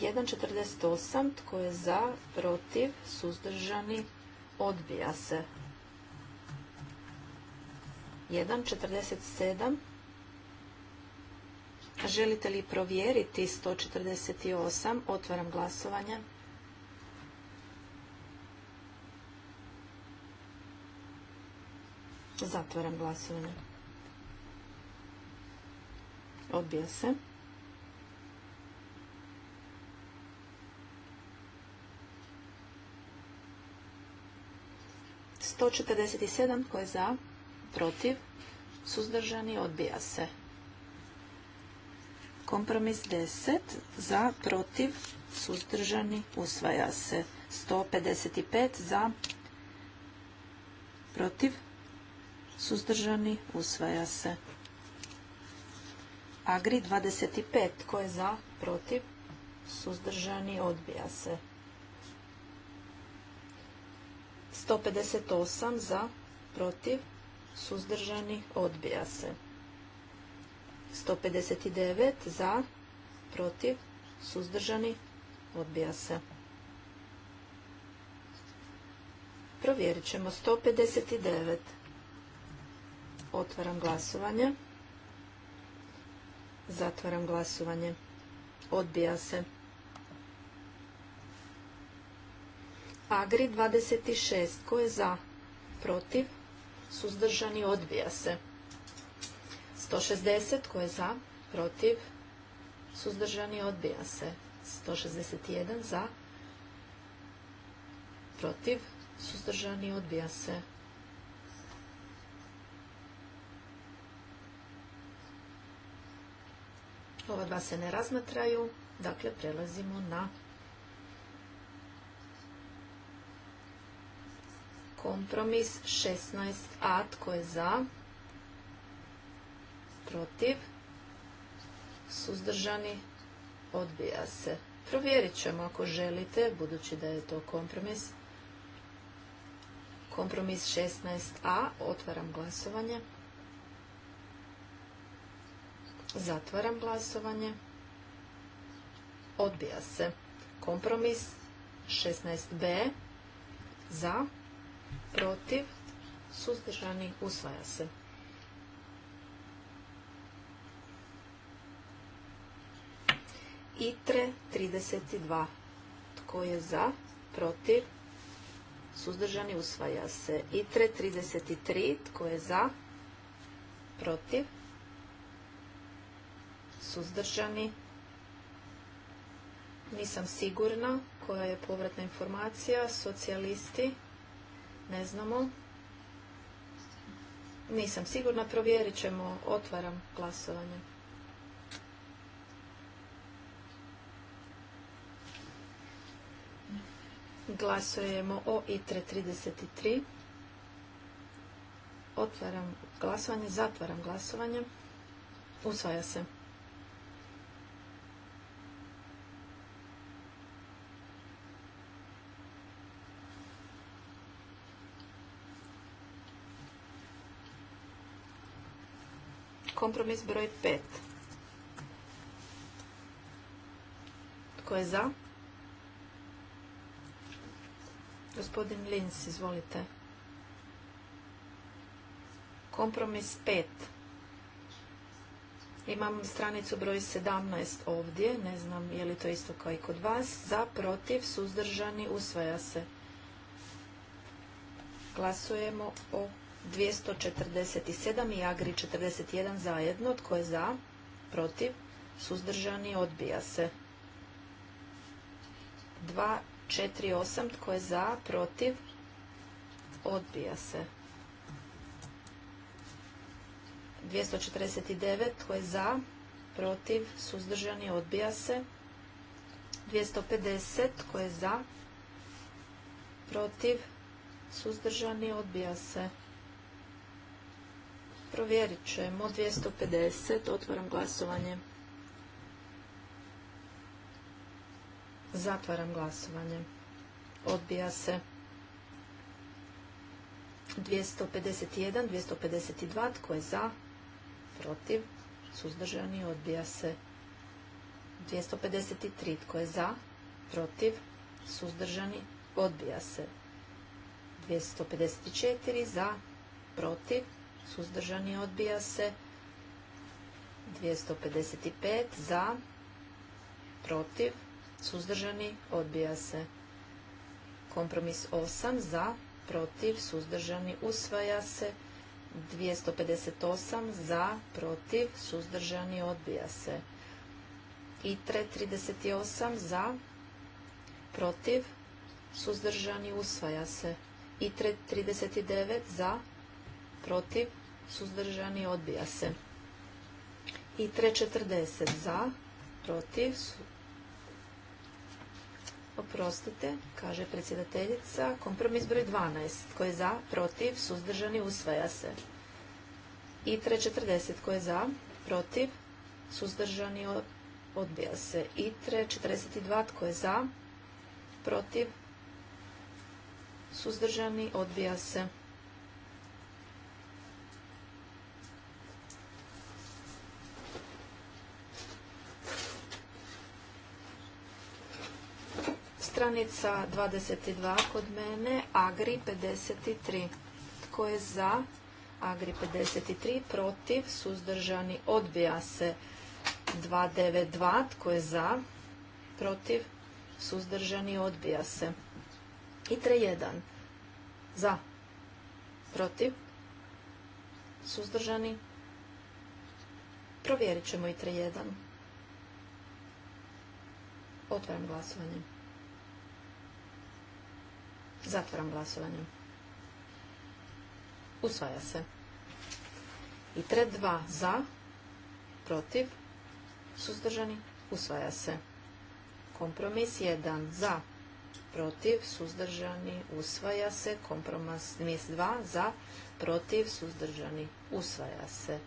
1.48, tko je za, protiv, suzdržani, odbija se. 1.47, želite li provjeriti 148, otvaram glasovanje. Zatvaram glasovanje. Odbija se. Sto četrdeset sedam tko je za, protiv, suzdržani, odbija se. Kompromis 10 za, protiv, suzdržani, usvaja se. 155 za, protiv, suzdržani, usvaja se. Agri 25. Tko je za? Protiv? Suzdržani? Odbija se. 158. Za? Protiv? Suzdržani? Odbija se. 159. Za? Protiv? Suzdržani? Odbija se. Provjerit ćemo 159. Otvaram glasovanje. Zatvaram glasovanje. Odbija se. Agri 26. Ko je za? Protiv? Suzdržani? Odbija se. 160. Ko je za? Protiv? Suzdržani? Odbija se. 161. Za? Protiv? Suzdržani? Odbija se. Ova dva se ne razmatraju, dakle prelazimo na kompromis 16a, tko je za, protiv, suzdržani, odbija se. Provjerit ćemo ako želite, budući da je to kompromis. Kompromis 16a, otvaram glasovanje. Zatvaram glasovanje. Odbija se. Kompromis 16b. Za. Protiv. Suzdržani. Usvaja se. ITRE 32. Tko je za? Protiv? Suzdržani usvaja se. i ITRE 33. Tko je za? Protiv? suzdržani. Nisam sigurna koja je povratna informacija. Socijalisti, ne znamo. Nisam sigurna, provjerit ćemo. Otvaram glasovanje. Glasujemo o ITRE 33. Otvaram glasovanje, zatvaram glasovanje. Usvaja se. Kompromis broj 5. Tko je za? Gospodin Linz, izvolite. Kompromis 5. Imam stranicu broj 17 ovdje, ne znam je li to isto kao i kod vas. Za, protiv, suzdržani, usvaja se. Glasujemo o 247 i Agri 41 zajedno. Tko je za? Protiv? Suzdržani? Odbija se. 248. Tko je za? Protiv? Odbija se. 249. Tko je za? Protiv? Suzdržani? Odbija se. 250. Tko je za? Protiv? Suzdržani? Odbija se. Provjerit ćemo 250. Otvaram glasovanje. Zatvaram glasovanje. Odbija se. 251, 252. Tko je za? Protiv. Suzdržani. Odbija se. 253. Tko je za? Protiv. Suzdržani. Odbija se. 254. Za. Protiv suzdržani odbija se. 255 za, protiv, suzdržani odbija se. Kompromis 8 za, protiv, suzdržani usvaja se. 258 za, protiv, suzdržani odbija se. ITRE 38 za, protiv, suzdržani usvaja se. ITRE 39 za, protiv, suzdržani, odbija se. I 340 za, protiv, oprostite, kaže predsjedateljica, kompromis broj 12, koji je za, protiv, suzdržani, usvaja se. I 340 koji je za, protiv, suzdržani, odbija se. I 342 tko je za, protiv, suzdržani, odbija se. stranica 22 kod mene, Agri 53. Tko je za? Agri 53, protiv, suzdržani, odbija se 292. Tko je za? Protiv, suzdržani, odbija se. I 31. Za, protiv, suzdržani, provjerit ćemo i 31. Otvaram glasovanje. Zatvaram glasovanje. Usvaja se. I tre dva za, protiv, suzdržani, usvaja se. Kompromis jedan za, protiv, suzdržani, usvaja se. Kompromis dva za, protiv, suzdržani, usvaja se.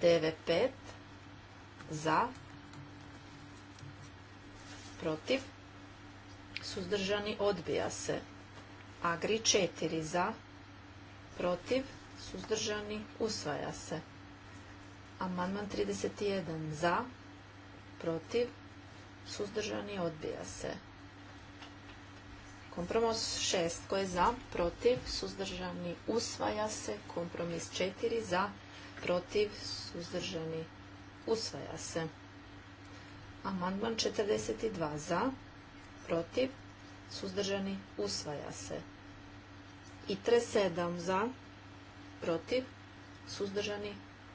9 pet. za, protiv, suzdržani, odbija se. Agri 4 za, protiv, suzdržani, usvaja se. Amandman 31 za, protiv, suzdržani, odbija se. Kompromis 6 koji je za, protiv, suzdržani, usvaja se. Kompromis 4 za, protiv, suzdržani, usvaja se. Amandman 42 za, protiv, suzdržani, usvaja se. I 37 za, protiv, suzdržani,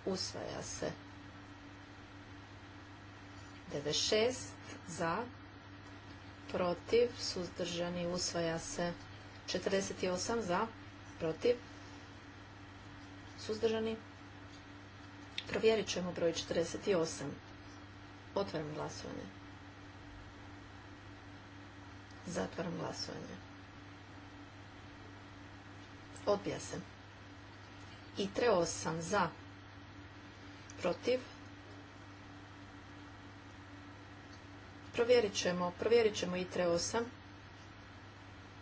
usvaja se. 96 za, protiv, suzdržani, usvaja se. 48 za, protiv, suzdržani. Provjerit ćemo broj 48. Otvaram glasovanje. Zatvaram glasovanje. Odbija se. I tre sam za. Protiv. Provjerit ćemo, provjerit ćemo i treo sam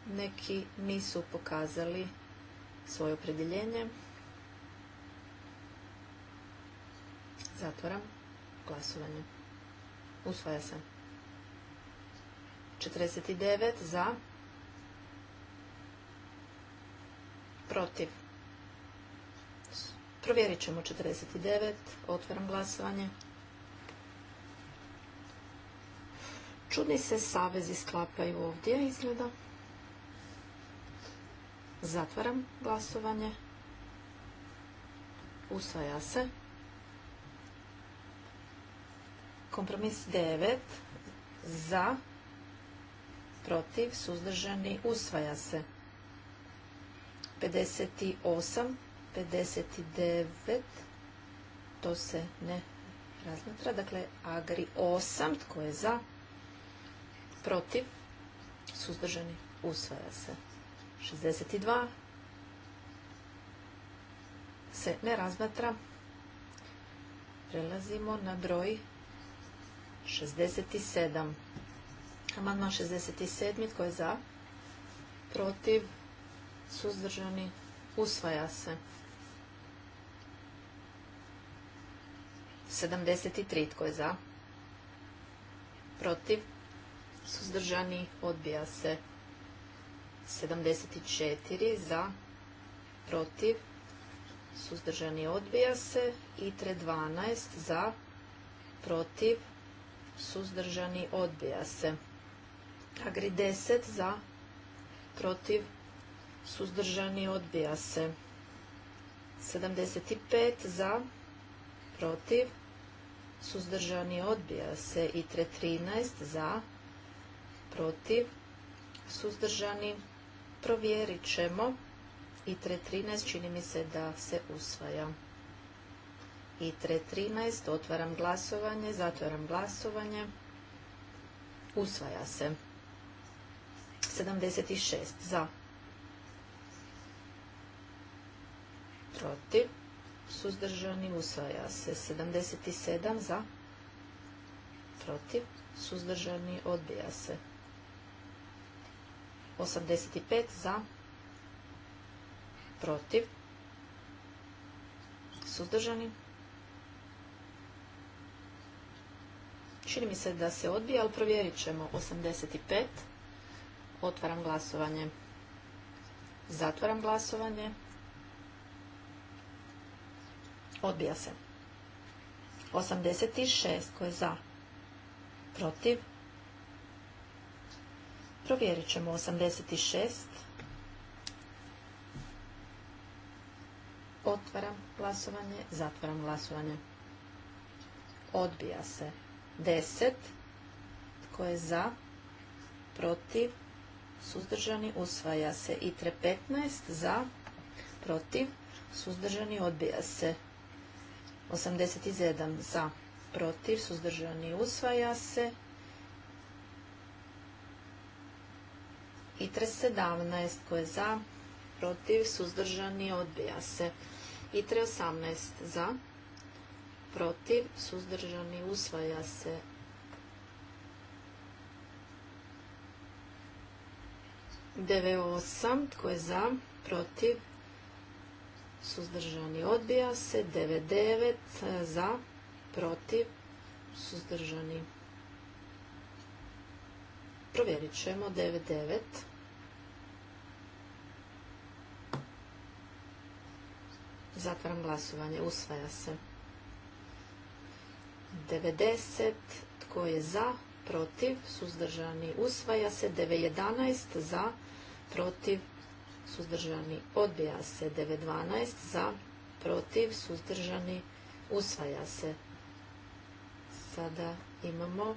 Neki nisu pokazali svoje opredjeljenje. Zatvaram glasovanje. Usvaja se. 49 za, protiv. Provjerit ćemo 49, otvaram glasovanje. Čudni se savezi sklapaju ovdje, izgleda. Zatvaram glasovanje. Usvaja se. Kompromis 9 za, protiv, suzdržani, usvaja se. 58, 59, to se ne razmatra. Dakle, Agri 8, tko je za, protiv, suzdržani, usvaja se. 62 se ne razmatra. Prelazimo na broj 67. Amandman 67. Tko je za? Protiv? Suzdržani? Usvaja se. 73. Tko je za? Protiv? Suzdržani? Odbija se. 74. Za? Protiv? Suzdržani? Odbija se. tre 12. Za? Protiv? Suzdržani? Odbija se. Agri 10 za, protiv, suzdržani, odbija se. 75 za, protiv, suzdržani, odbija se. I 13 za, protiv, suzdržani, provjerit ćemo. I 13 čini mi se da se usvaja. I 13 otvaram glasovanje, zatvaram glasovanje, usvaja se. 76 za. Protiv. Suzdržani usvaja se. 77 za. Protiv. Suzdržani odbija se. 85 za. Protiv. Suzdržani. Čini mi se da se odbija, ali provjerit ćemo. 85 Otvaram glasovanje. Zatvaram glasovanje. Odbija se. 86 koje je za. Protiv. Provjerit ćemo 86. Otvaram glasovanje. Zatvaram glasovanje. Odbija se. 10 Tko je za. Protiv suzdržani, usvaja se. ITRE 15 za, protiv, suzdržani, odbija se. 87 za, protiv, suzdržani, usvaja se. ITRE 17 koje je za, protiv, suzdržani, odbija se. ITRE 18 za, protiv, suzdržani, usvaja se. 98. Tko je za? Protiv? Suzdržani odbija se. 99. Za? Protiv? Suzdržani. Provjerit ćemo. 99. Zatvaram glasovanje. Usvaja se. 90. Tko je za? Protiv? Suzdržani. Usvaja se. 911. Za? protiv, suzdržani, odbija se. 9.12 za, protiv, suzdržani, usvaja se. Sada imamo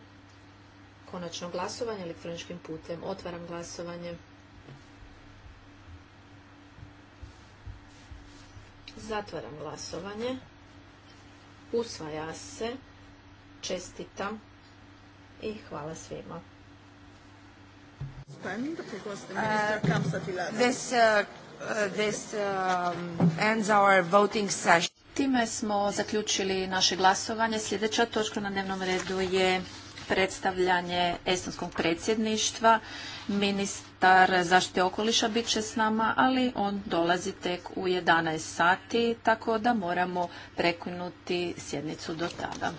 konačno glasovanje elektroničkim putem. Otvaram glasovanje. Zatvaram glasovanje. Usvaja se. Čestitam i hvala svima. Uh, this, uh, uh, um, Time smo zaključili naše glasovanje. Sljedeća točka na dnevnom redu je predstavljanje estonskog predsjedništva. Ministar zaštite okoliša bit će s nama, ali on dolazi tek u 11 sati, tako da moramo prekinuti sjednicu do tada.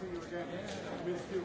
see you again. I miss you.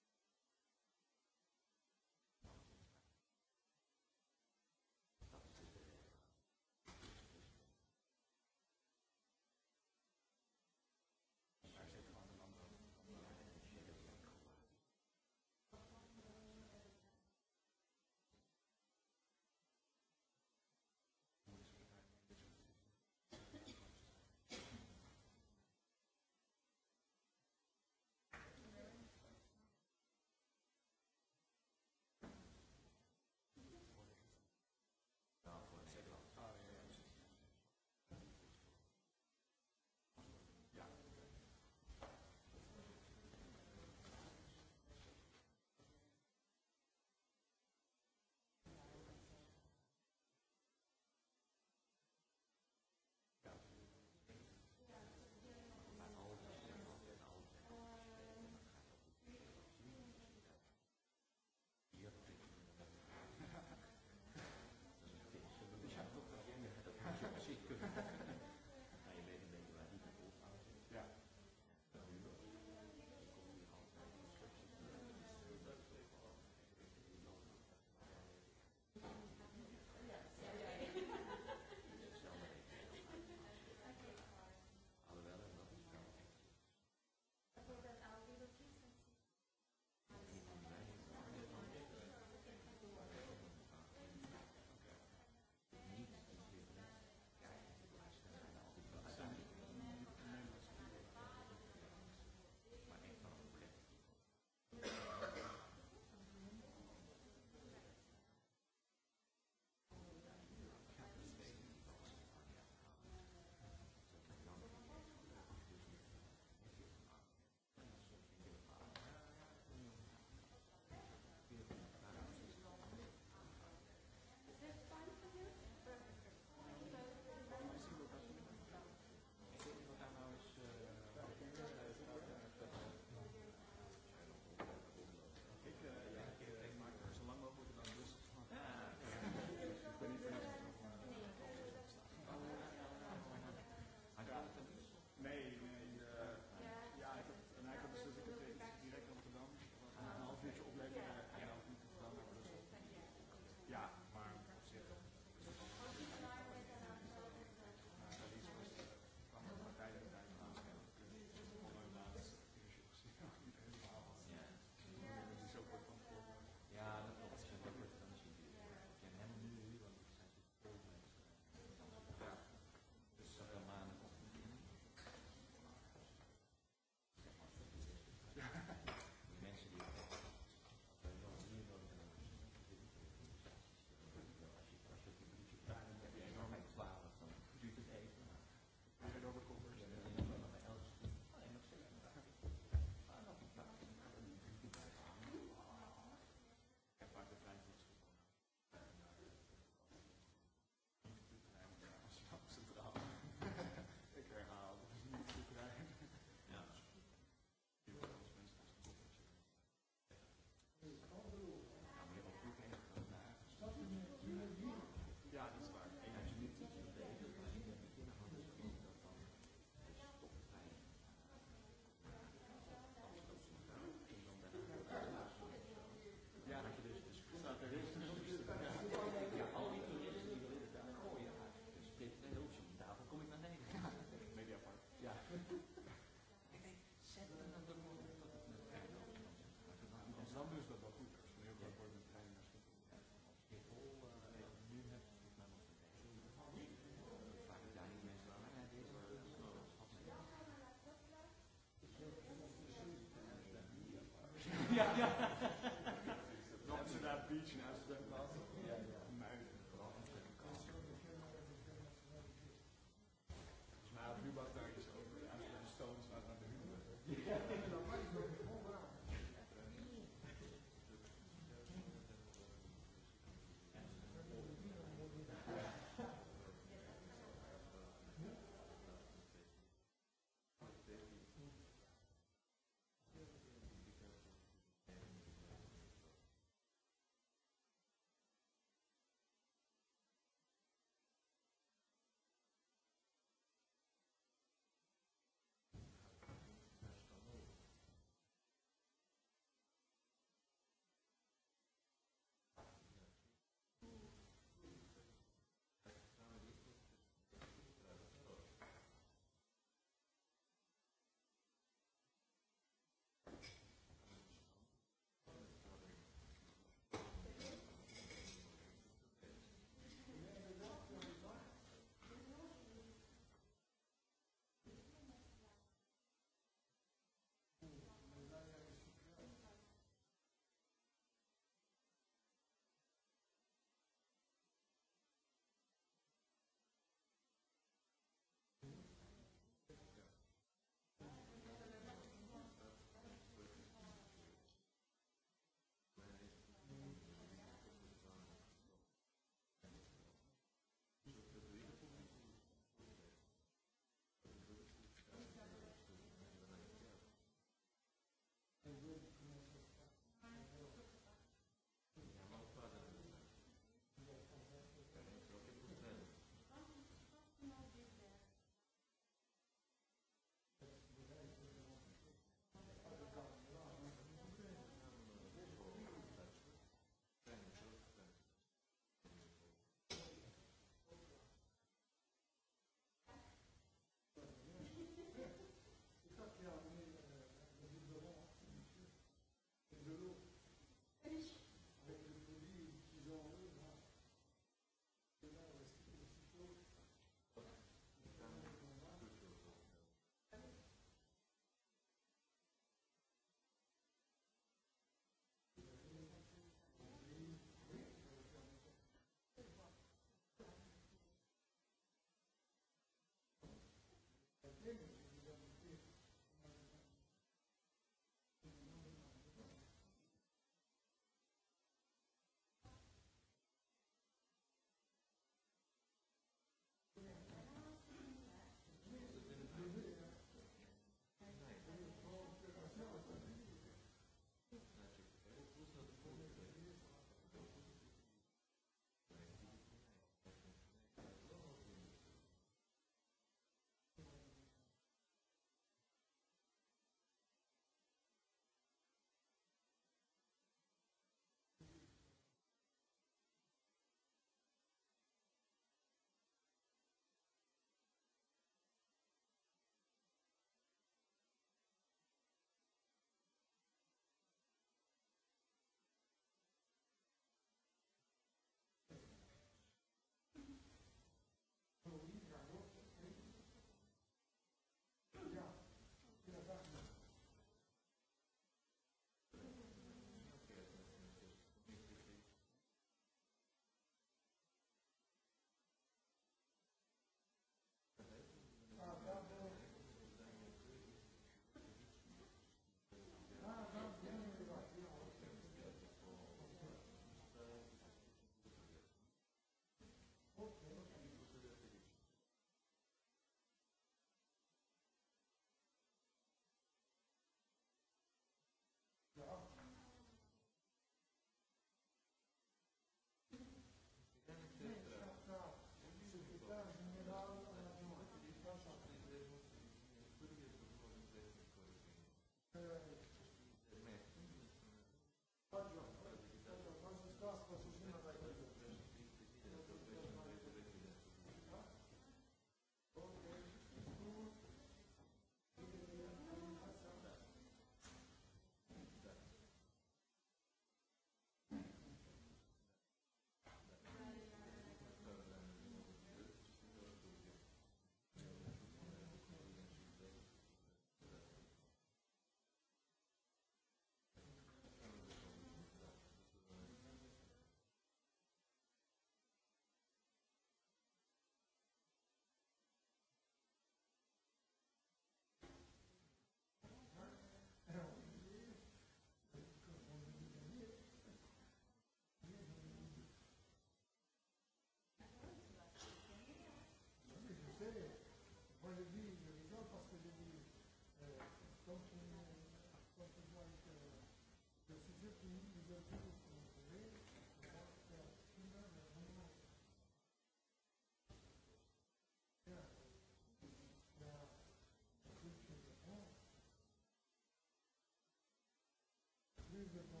Hvala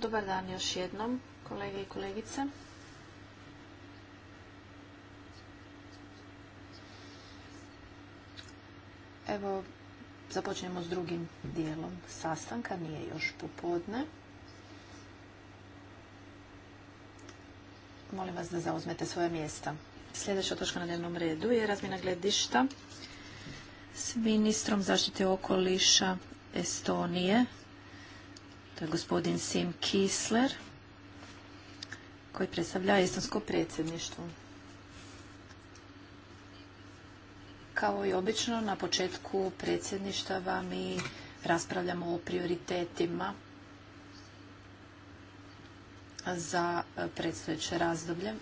Dobar dan još jednom, kolege i kolegice. Evo, započnemo s drugim dijelom sastanka, nije još popodne. Molim vas da zauzmete svoje mjesta. Sljedeća točka na dnevnom redu je razmjena gledišta s ministrom zaštite okoliša Estonije, Dakle, gospodin Sim Kisler koji predstavlja estonsko predsjedništvo. Kao i obično, na početku predsjedništava mi raspravljamo o prioritetima za predstojeće razdoblje.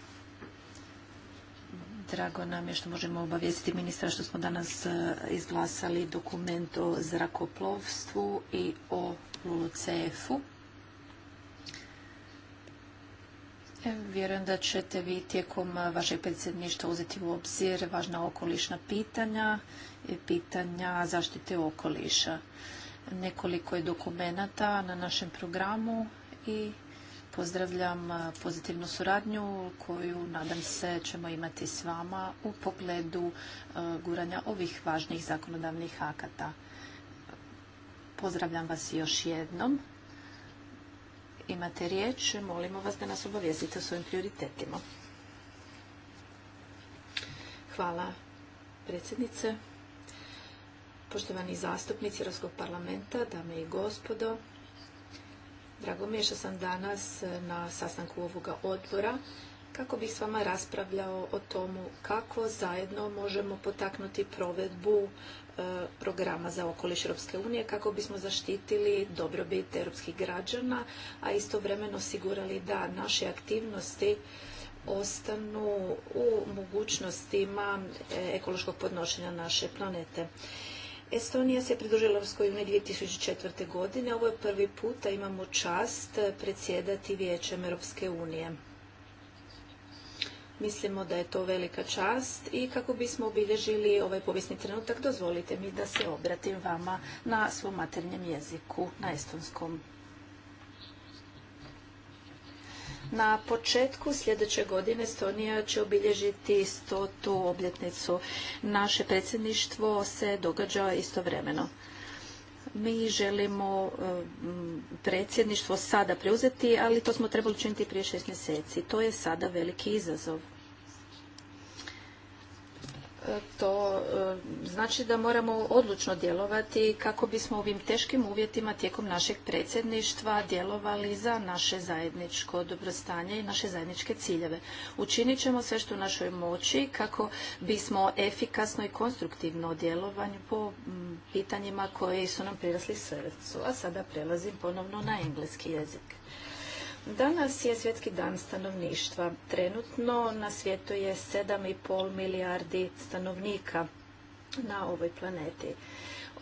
Drago nam je što možemo obavijestiti ministra što smo danas e, izglasali dokument o zrakoplovstvu i o LULUCF-u. E, vjerujem da ćete vi tijekom vašeg predsjedništva uzeti u obzir važna okolišna pitanja i pitanja zaštite okoliša. Nekoliko je dokumenata na našem programu i Pozdravljam pozitivnu suradnju koju nadam se ćemo imati s vama u pogledu guranja ovih važnih zakonodavnih akata. Pozdravljam vas još jednom. Imate riječ, molimo vas da nas obavijestite o svojim prioritetima. Hvala predsjednice. Poštovani zastupnici Europskog parlamenta, dame i gospodo, Drago mi je što sam danas e, na sastanku ovoga odbora kako bih s vama raspravljao o tomu kako zajedno možemo potaknuti provedbu e, programa za okoliš Europske unije kako bismo zaštitili dobrobit europskih građana, a istovremeno osigurali da naše aktivnosti ostanu u mogućnostima e, ekološkog podnošenja naše planete. Estonija se pridružila Europskoj uniji 2004. godine. Ovo je prvi puta imamo čast predsjedati Vijećem Europske unije. Mislimo da je to velika čast i kako bismo obilježili ovaj povijesni trenutak, dozvolite mi da se obratim vama na svom maternjem jeziku, na estonskom. Na početku sljedeće godine Estonija će obilježiti stotu obljetnicu. Naše predsjedništvo se događa istovremeno. Mi želimo eh, predsjedništvo sada preuzeti, ali to smo trebali učiniti prije šest mjeseci. To je sada veliki izazov to e, znači da moramo odlučno djelovati kako bismo u ovim teškim uvjetima tijekom našeg predsjedništva djelovali za naše zajedničko dobrostanje i naše zajedničke ciljeve. Učinit ćemo sve što u našoj moći kako bismo efikasno i konstruktivno djelovanju po pitanjima koje su nam prirasli srcu. A sada prelazim ponovno na engleski jezik. Danas je svjetski dan stanovništva. Trenutno na svijetu je 7,5 milijardi stanovnika na ovoj planeti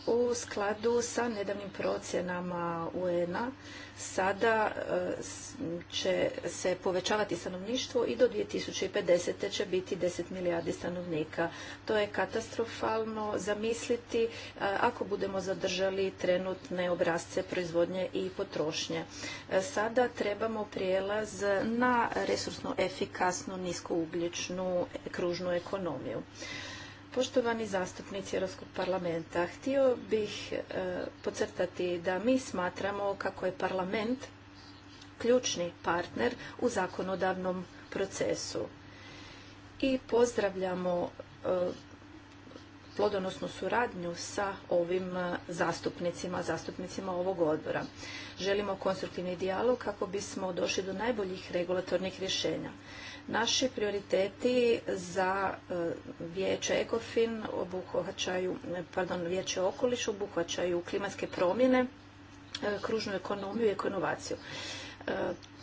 u skladu sa nedavnim procjenama UN-a sada e, će se povećavati stanovništvo i do 2050. će biti 10 milijardi stanovnika. To je katastrofalno zamisliti e, ako budemo zadržali trenutne obrazce proizvodnje i potrošnje. E, sada trebamo prijelaz na resursno efikasnu niskougljičnu kružnu ekonomiju. Poštovani zastupnici Europskog parlamenta, htio bih e, podcrtati da mi smatramo kako je parlament ključni partner u zakonodavnom procesu i pozdravljamo e, plodonosnu suradnju sa ovim e, zastupnicima, zastupnicima ovog odbora. Želimo konstruktivni dijalog kako bismo došli do najboljih regulatornih rješenja. Naši prioriteti za e, vijeće ECOFIN obuhvaćaju, pardon, vijeće okoliš obuhvaćaju klimatske promjene, e, kružnu ekonomiju i ekonovaciju.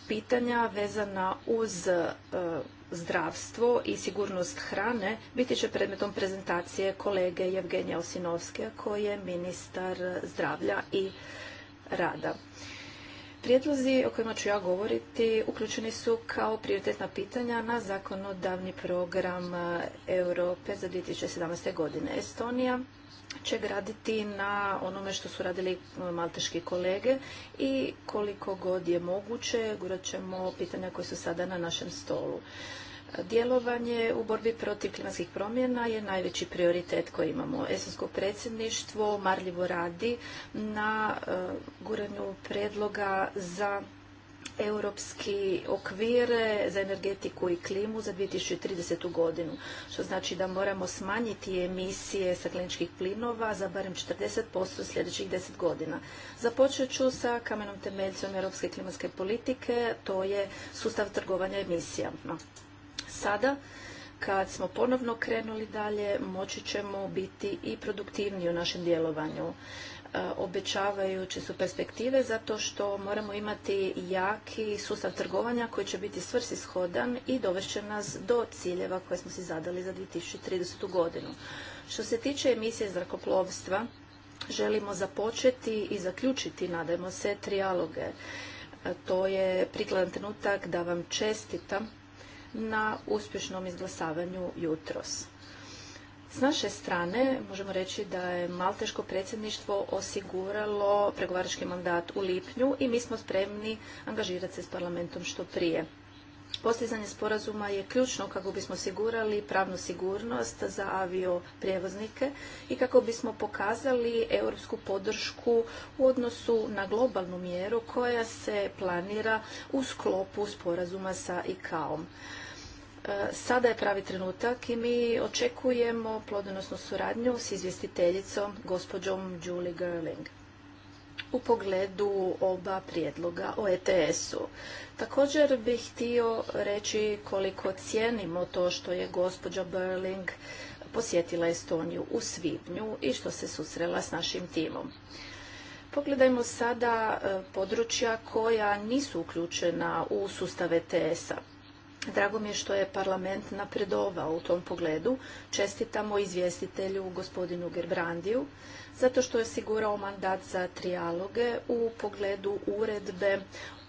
Pitanja vezana uz zdravstvo i sigurnost hrane biti će predmetom prezentacije kolege Evgenija Osinovske koji je ministar zdravlja i rada. Prijedlozi o kojima ću ja govoriti uključeni su kao prioritetna pitanja na zakonodavni program Europe za 2017. godine. Estonija će graditi na onome što su radili e, malteški kolege i koliko god je moguće gurat ćemo pitanja koje su sada na našem stolu. Djelovanje u borbi protiv klimatskih promjena je najveći prioritet koji imamo. Esonsko predsjedništvo marljivo radi na e, guranju predloga za europski okvir za energetiku i klimu za 2030. godinu, što znači da moramo smanjiti emisije stakleničkih plinova za barem 40% sljedećih 10 godina. Započet ću sa kamenom temeljcom europske klimatske politike, to je sustav trgovanja emisijama. Sada kad smo ponovno krenuli dalje, moći ćemo biti i produktivniji u našem djelovanju. E, obećavajuće su perspektive zato što moramo imati jaki sustav trgovanja koji će biti svrsishodan i dovešće nas do ciljeva koje smo si zadali za 2030. godinu. Što se tiče emisije zrakoplovstva, želimo započeti i zaključiti, nadajmo se, trijaloge. E, to je prikladan trenutak da vam čestitam na uspješnom izglasavanju jutros. S naše strane možemo reći da je Malteško predsjedništvo osiguralo pregovarački mandat u lipnju i mi smo spremni angažirati se s parlamentom što prije. Postizanje sporazuma je ključno kako bismo osigurali pravnu sigurnost za prijevoznike i kako bismo pokazali europsku podršku u odnosu na globalnu mjeru koja se planira u sklopu sporazuma sa ICAO-om. E, sada je pravi trenutak i mi očekujemo plodonosnu suradnju s izvjestiteljicom gospođom Julie Gerling u pogledu oba prijedloga o ETS-u. Također bih htio reći koliko cijenimo to što je gospođa Berling posjetila Estoniju u svibnju i što se susrela s našim timom. Pogledajmo sada e, područja koja nisu uključena u sustav ETS-a. Drago mi je što je parlament napredovao u tom pogledu. Čestitamo izvjestitelju gospodinu Gerbrandiju, zato što je sigurao mandat za trijaloge u pogledu uredbe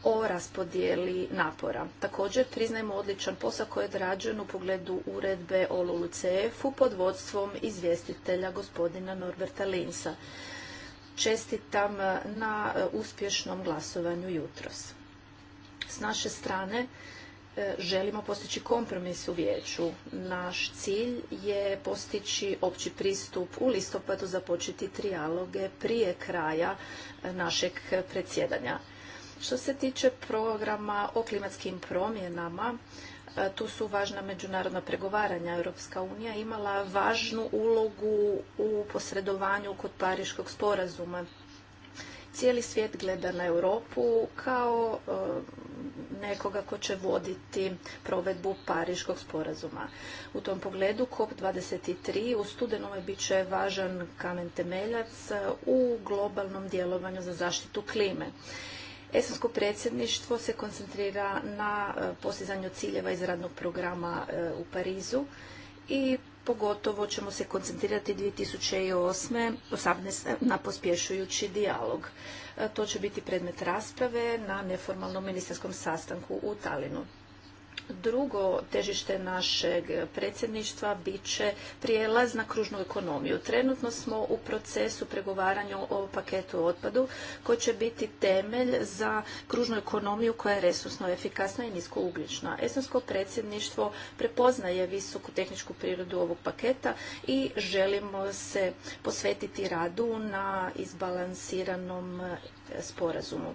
o raspodijeli napora. Također priznajemo odličan posao koji je odrađen u pogledu uredbe o cf u pod vodstvom izvjestitelja gospodina Norberta Linsa. Čestitam na e, uspješnom glasovanju jutros. S naše strane E, želimo postići kompromis u vijeću. Naš cilj je postići opći pristup u listopadu započeti trijaloge prije kraja e, našeg predsjedanja. Što se tiče programa o klimatskim promjenama, e, tu su važna međunarodna pregovaranja. Europska unija imala važnu ulogu u posredovanju kod Pariškog sporazuma. Cijeli svijet gleda na Europu kao e, nekoga ko će voditi provedbu Pariškog sporazuma. U tom pogledu COP23 u studenome bit će važan kamen temeljac u globalnom djelovanju za zaštitu klime. Esensko predsjedništvo se koncentrira na e, postizanju ciljeva iz radnog programa e, u Parizu i Pogotovo ćemo se koncentrirati 2008. 18. na pospješujući dijalog. E, to će biti predmet rasprave na neformalnom ministarskom sastanku u Talinu. Drugo težište našeg predsjedništva bit će prijelaz na kružnu ekonomiju. Trenutno smo u procesu pregovaranja o paketu otpadu koji će biti temelj za kružnu ekonomiju koja je resursno efikasna i nisko ugljična. Estonsko predsjedništvo prepoznaje visoku tehničku prirodu ovog paketa i želimo se posvetiti radu na izbalansiranom sporazumu.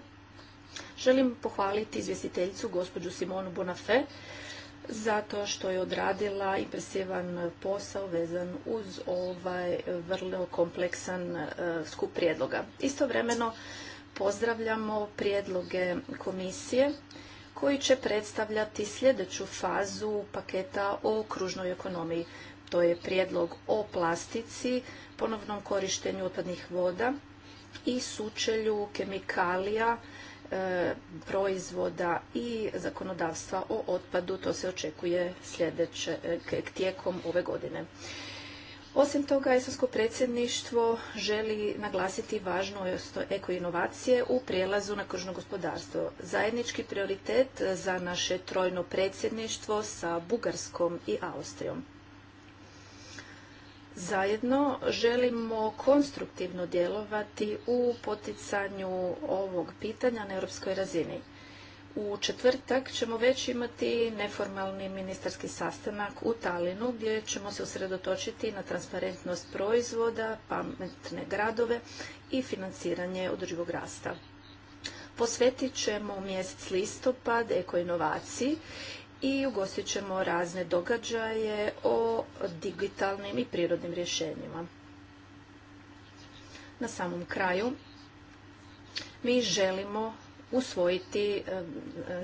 Želim pohvaliti izvjestiteljicu gospođu Simonu Bonafé zato što je odradila impresivan posao vezan uz ovaj vrlo kompleksan e, skup prijedloga. Istovremeno pozdravljamo prijedloge komisije koji će predstavljati sljedeću fazu paketa o kružnoj ekonomiji. To je prijedlog o plastici, ponovnom korištenju otpadnih voda i sučelju kemikalija E, proizvoda i zakonodavstva o otpadu. To se očekuje sljedeće e, tijekom ove godine. Osim toga, Estonsko predsjedništvo želi naglasiti važnost ekoinovacije u prijelazu na kružno gospodarstvo. Zajednički prioritet za naše trojno predsjedništvo sa Bugarskom i Austrijom. Zajedno želimo konstruktivno djelovati u poticanju ovog pitanja na europskoj razini. U četvrtak ćemo već imati neformalni ministarski sastanak u Talinu gdje ćemo se usredotočiti na transparentnost proizvoda, pametne gradove i financiranje održivog rasta. Posvetit ćemo mjesec listopad ekoinovaciji i ugostit ćemo razne događaje o digitalnim i prirodnim rješenjima. Na samom kraju mi želimo usvojiti e,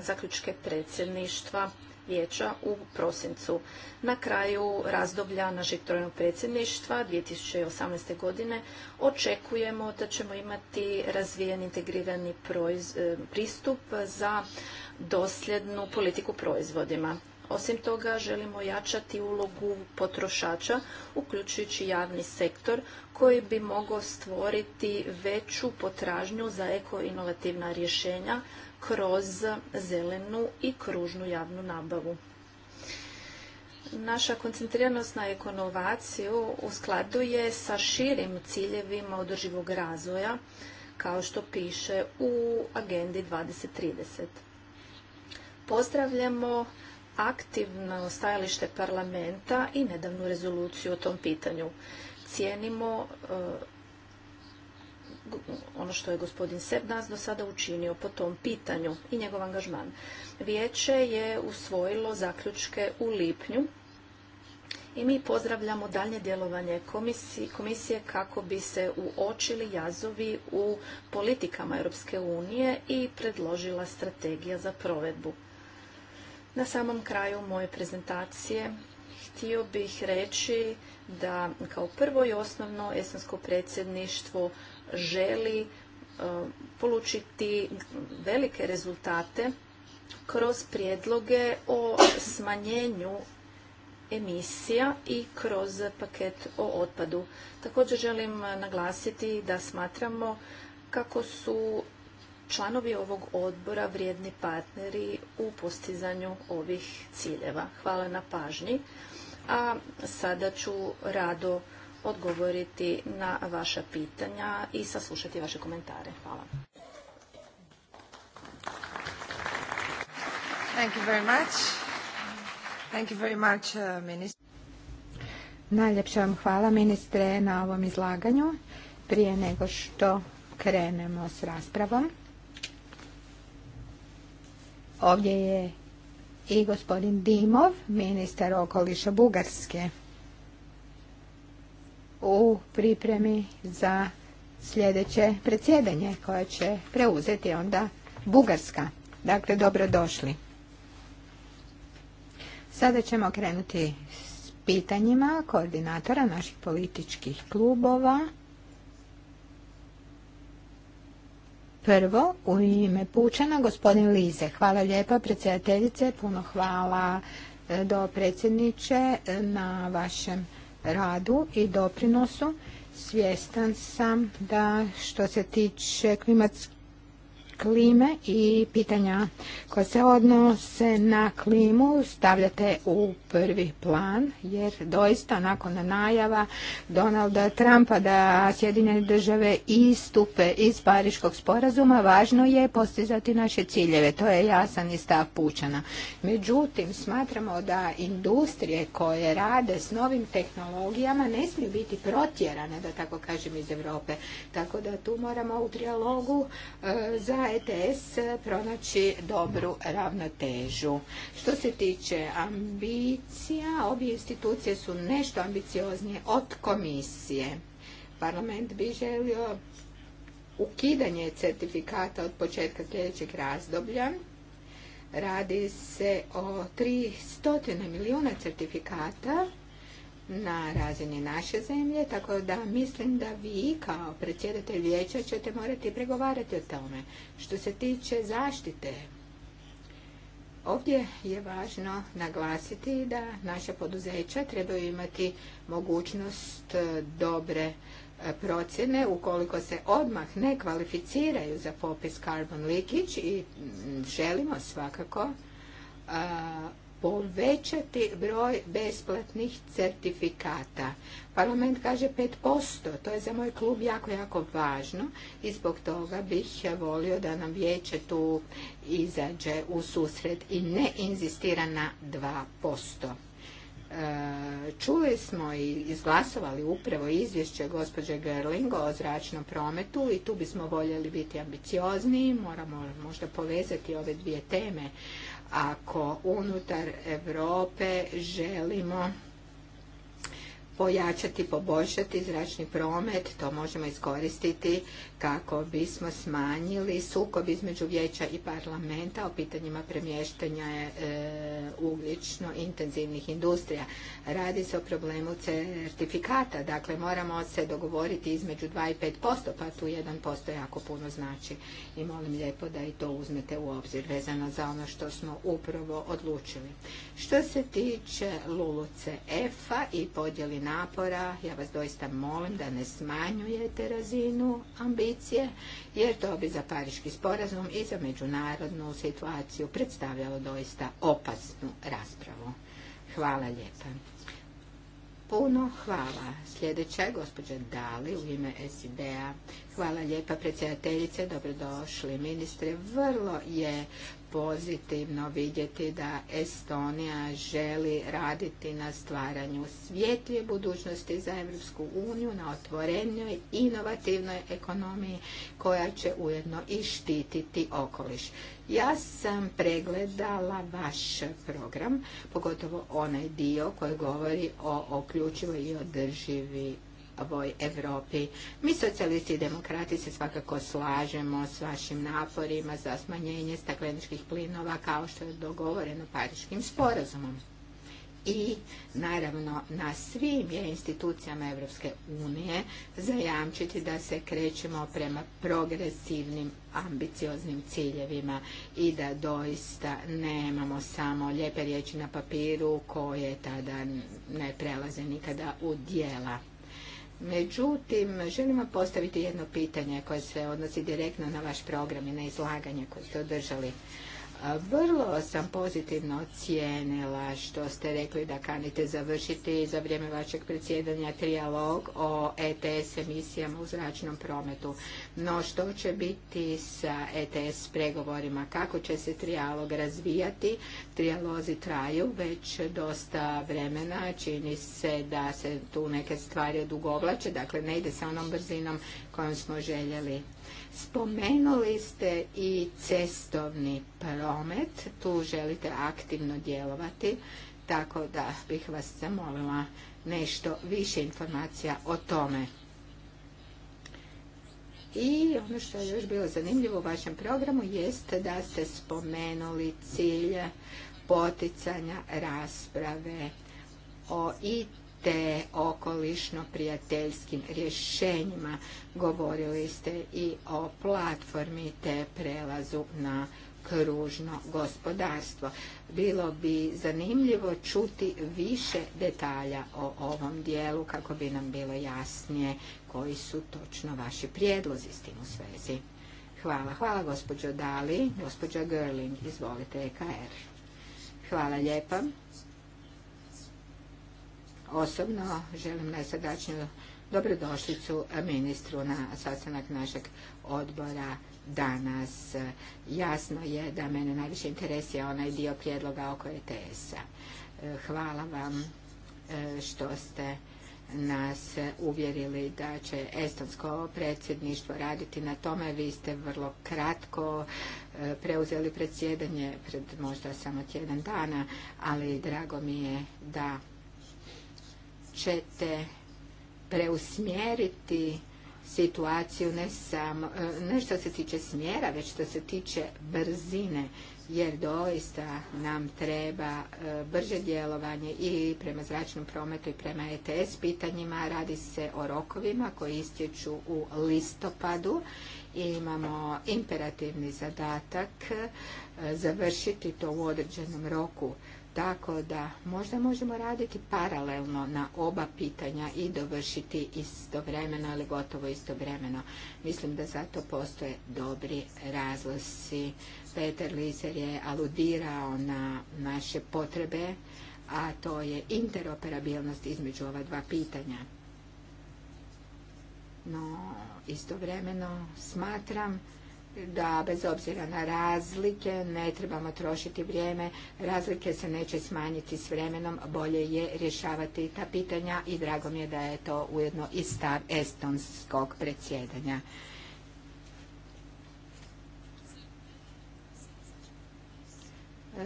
zaključke predsjedništva vijeća u prosincu. Na kraju razdoblja našeg trojnog predsjedništva 2018. godine očekujemo da ćemo imati razvijen integrirani e, pristup za dosljednu politiku proizvodima. Osim toga, želimo jačati ulogu potrošača, uključujući javni sektor, koji bi mogao stvoriti veću potražnju za ekoinovativna rješenja kroz zelenu i kružnu javnu nabavu. Naša koncentriranost na ekonovaciju u skladu je sa širim ciljevima održivog razvoja, kao što piše u agendi 2030. Pozdravljamo aktivno stajalište parlamenta i nedavnu rezoluciju o tom pitanju. Cijenimo eh, ono što je gospodin Seb do sada učinio po tom pitanju i njegov angažman. Vijeće je usvojilo zaključke u lipnju i mi pozdravljamo dalje djelovanje komisije, komisije kako bi se uočili jazovi u politikama Europske unije i predložila strategija za provedbu. Na samom kraju moje prezentacije htio bih reći da kao prvo i osnovno estonsko predsjedništvo želi e, polučiti velike rezultate kroz prijedloge o smanjenju emisija i kroz paket o otpadu. Također želim naglasiti da smatramo kako su članovi ovog odbora vrijedni partneri u postizanju ovih ciljeva. Hvala na pažnji. A sada ću rado odgovoriti na vaša pitanja i saslušati vaše komentare. Hvala. Thank uh, Najljepša vam hvala ministre na ovom izlaganju. Prije nego što krenemo s raspravom, Ovdje je i gospodin Dimov, ministar okoliša Bugarske, u pripremi za sljedeće predsjedanje koje će preuzeti onda Bugarska. Dakle, dobrodošli. Sada ćemo krenuti s pitanjima koordinatora naših političkih klubova. Prvo, u ime Pučana, gospodin Lize. Hvala lijepa, predsjedateljice, puno hvala e, do predsjedniče e, na vašem radu i doprinosu. Svjestan sam da što se tiče klimatskih klime i pitanja koja se odnose na klimu stavljate u prvi plan, jer doista nakon najava Donalda Trumpa da Sjedinjene države istupe iz Pariškog sporazuma, važno je postizati naše ciljeve. To je jasan i stav Pučana. Međutim, smatramo da industrije koje rade s novim tehnologijama ne smiju biti protjerane, da tako kažem, iz Europe. Tako da tu moramo u trijalogu e, za ETS pronaći dobru ravnotežu. Što se tiče ambicija, obje institucije su nešto ambicioznije od komisije. Parlament bi želio ukidanje certifikata od početka sljedećeg razdoblja. Radi se o 300 milijuna certifikata na razini naše zemlje, tako da mislim da vi kao predsjedatelj vijeća ćete morati pregovarati o tome. Što se tiče zaštite, ovdje je važno naglasiti da naša poduzeća trebaju imati mogućnost dobre e, procjene ukoliko se odmah ne kvalificiraju za popis carbon leakage i želimo svakako povećati broj besplatnih certifikata. Parlament kaže 5%, to je za moj klub jako, jako važno i zbog toga bih volio da nam vijeće tu izađe u susret i ne inzistira na 2%. posto e, čuli smo i izglasovali upravo izvješće gospođe Gerlingo o zračnom prometu i tu bismo voljeli biti ambiciozniji, moramo možda povezati ove dvije teme ako unutar Europe želimo pojačati, poboljšati zračni promet, to možemo iskoristiti kako bismo smanjili sukob između vijeća i parlamenta o pitanjima premještanja e, ugljično intenzivnih industrija. Radi se o problemu certifikata, dakle moramo se dogovoriti između 2 i 5%, pa tu 1% jako puno znači. I molim lijepo da i to uzmete u obzir vezano za ono što smo upravo odlučili. Što se tiče luluce EFA i podjeli na napora. Ja vas doista molim da ne smanjujete razinu ambicije, jer to bi za pariški sporazum i za međunarodnu situaciju predstavljalo doista opasnu raspravu. Hvala lijepa. Puno hvala. Sljedeća je gospođa Dali u ime SID-a. Hvala lijepa predsjedateljice, dobrodošli ministre. Vrlo je pozitivno vidjeti da Estonija želi raditi na stvaranju svjetlije budućnosti za Europsku uniju na otvorenjoj inovativnoj ekonomiji koja će ujedno i štititi okoliš. Ja sam pregledala vaš program, pogotovo onaj dio koji govori o uključivoj i održivi ovoj Europi. Mi socijalisti i demokrati se svakako slažemo s vašim naporima za smanjenje stakleničkih plinova kao što je dogovoreno Pariškim sporazumom. I naravno na svim je institucijama Europske unije zajamčiti da se krećemo prema progresivnim ambicioznim ciljevima i da doista nemamo samo lijepe riječi na papiru koje tada ne prelaze nikada u dijela. Međutim, vam postaviti jedno pitanje koje se odnosi direktno na vaš program i na izlaganje koje ste održali. Vrlo sam pozitivno ocijenila što ste rekli da kanite završiti za vrijeme vašeg predsjedanja trijalog o ETS emisijama u zračnom prometu. No što će biti sa ETS pregovorima? Kako će se trijalog razvijati? Trijalozi traju već dosta vremena. Čini se da se tu neke stvari odugovlače. Dakle, ne ide sa onom brzinom kojom smo željeli. Spomenuli ste i cestovni promet, tu želite aktivno djelovati, tako da bih vas zamolila nešto više informacija o tome. I ono što je još bilo zanimljivo u vašem programu jeste da ste spomenuli cilje poticanja rasprave o i te okolišno prijateljskim rješenjima. Govorili ste i o platformi te prelazu na kružno gospodarstvo. Bilo bi zanimljivo čuti više detalja o ovom dijelu kako bi nam bilo jasnije koji su točno vaši prijedlozi s tim u svezi. Hvala. Hvala gospođo Dali. Gospođa Gerling, izvolite EKR. Hvala lijepa. Osobno želim najsrdačniju dobrodošlicu ministru na sastanak našeg odbora danas. Jasno je da mene najviše interesuje onaj dio prijedloga oko ETS-a. Hvala vam e, što ste nas uvjerili da će estonsko predsjedništvo raditi na tome. Vi ste vrlo kratko e, preuzeli predsjedanje pred možda samo tjedan dana, ali drago mi je da ćete preusmjeriti situaciju ne samo, e, ne što se tiče smjera, već što se tiče brzine, jer doista nam treba e, brže djelovanje i prema zračnom prometu i prema ETS pitanjima. Radi se o rokovima koji istječu u listopadu. Imamo imperativni zadatak e, završiti to u određenom roku tako da možda možemo raditi paralelno na oba pitanja i dovršiti istovremeno ali gotovo istovremeno. Mislim da zato postoje dobri razlozi. Peter Lizer je aludirao na naše potrebe, a to je interoperabilnost između ova dva pitanja. No, istovremeno smatram da bez obzira na razlike ne trebamo trošiti vrijeme, razlike se neće smanjiti s vremenom, bolje je rješavati ta pitanja i drago mi je da je to ujedno i stav estonskog predsjedanja.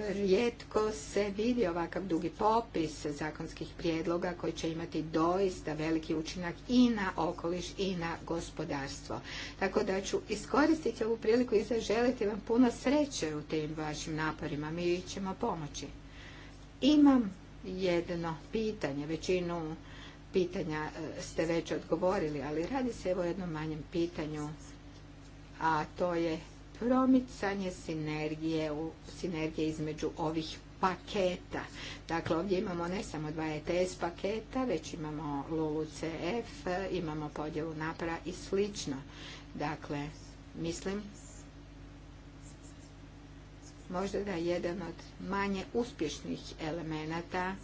rijetko se vidi ovakav dugi popis zakonskih prijedloga koji će imati doista veliki učinak i na okoliš i na gospodarstvo. Tako da ću iskoristiti ovu priliku i zaželiti vam puno sreće u tim vašim naporima. Mi ćemo pomoći. Imam jedno pitanje. Većinu pitanja e, ste već odgovorili, ali radi se evo o jednom manjem pitanju, a to je promicanje sinergije, sinergije između ovih paketa. Dakle, ovdje imamo ne samo dva ETS paketa, već imamo LULU-CF, imamo podjelu napra i slično. Dakle, mislim možda da jedan od manje uspješnih elemenata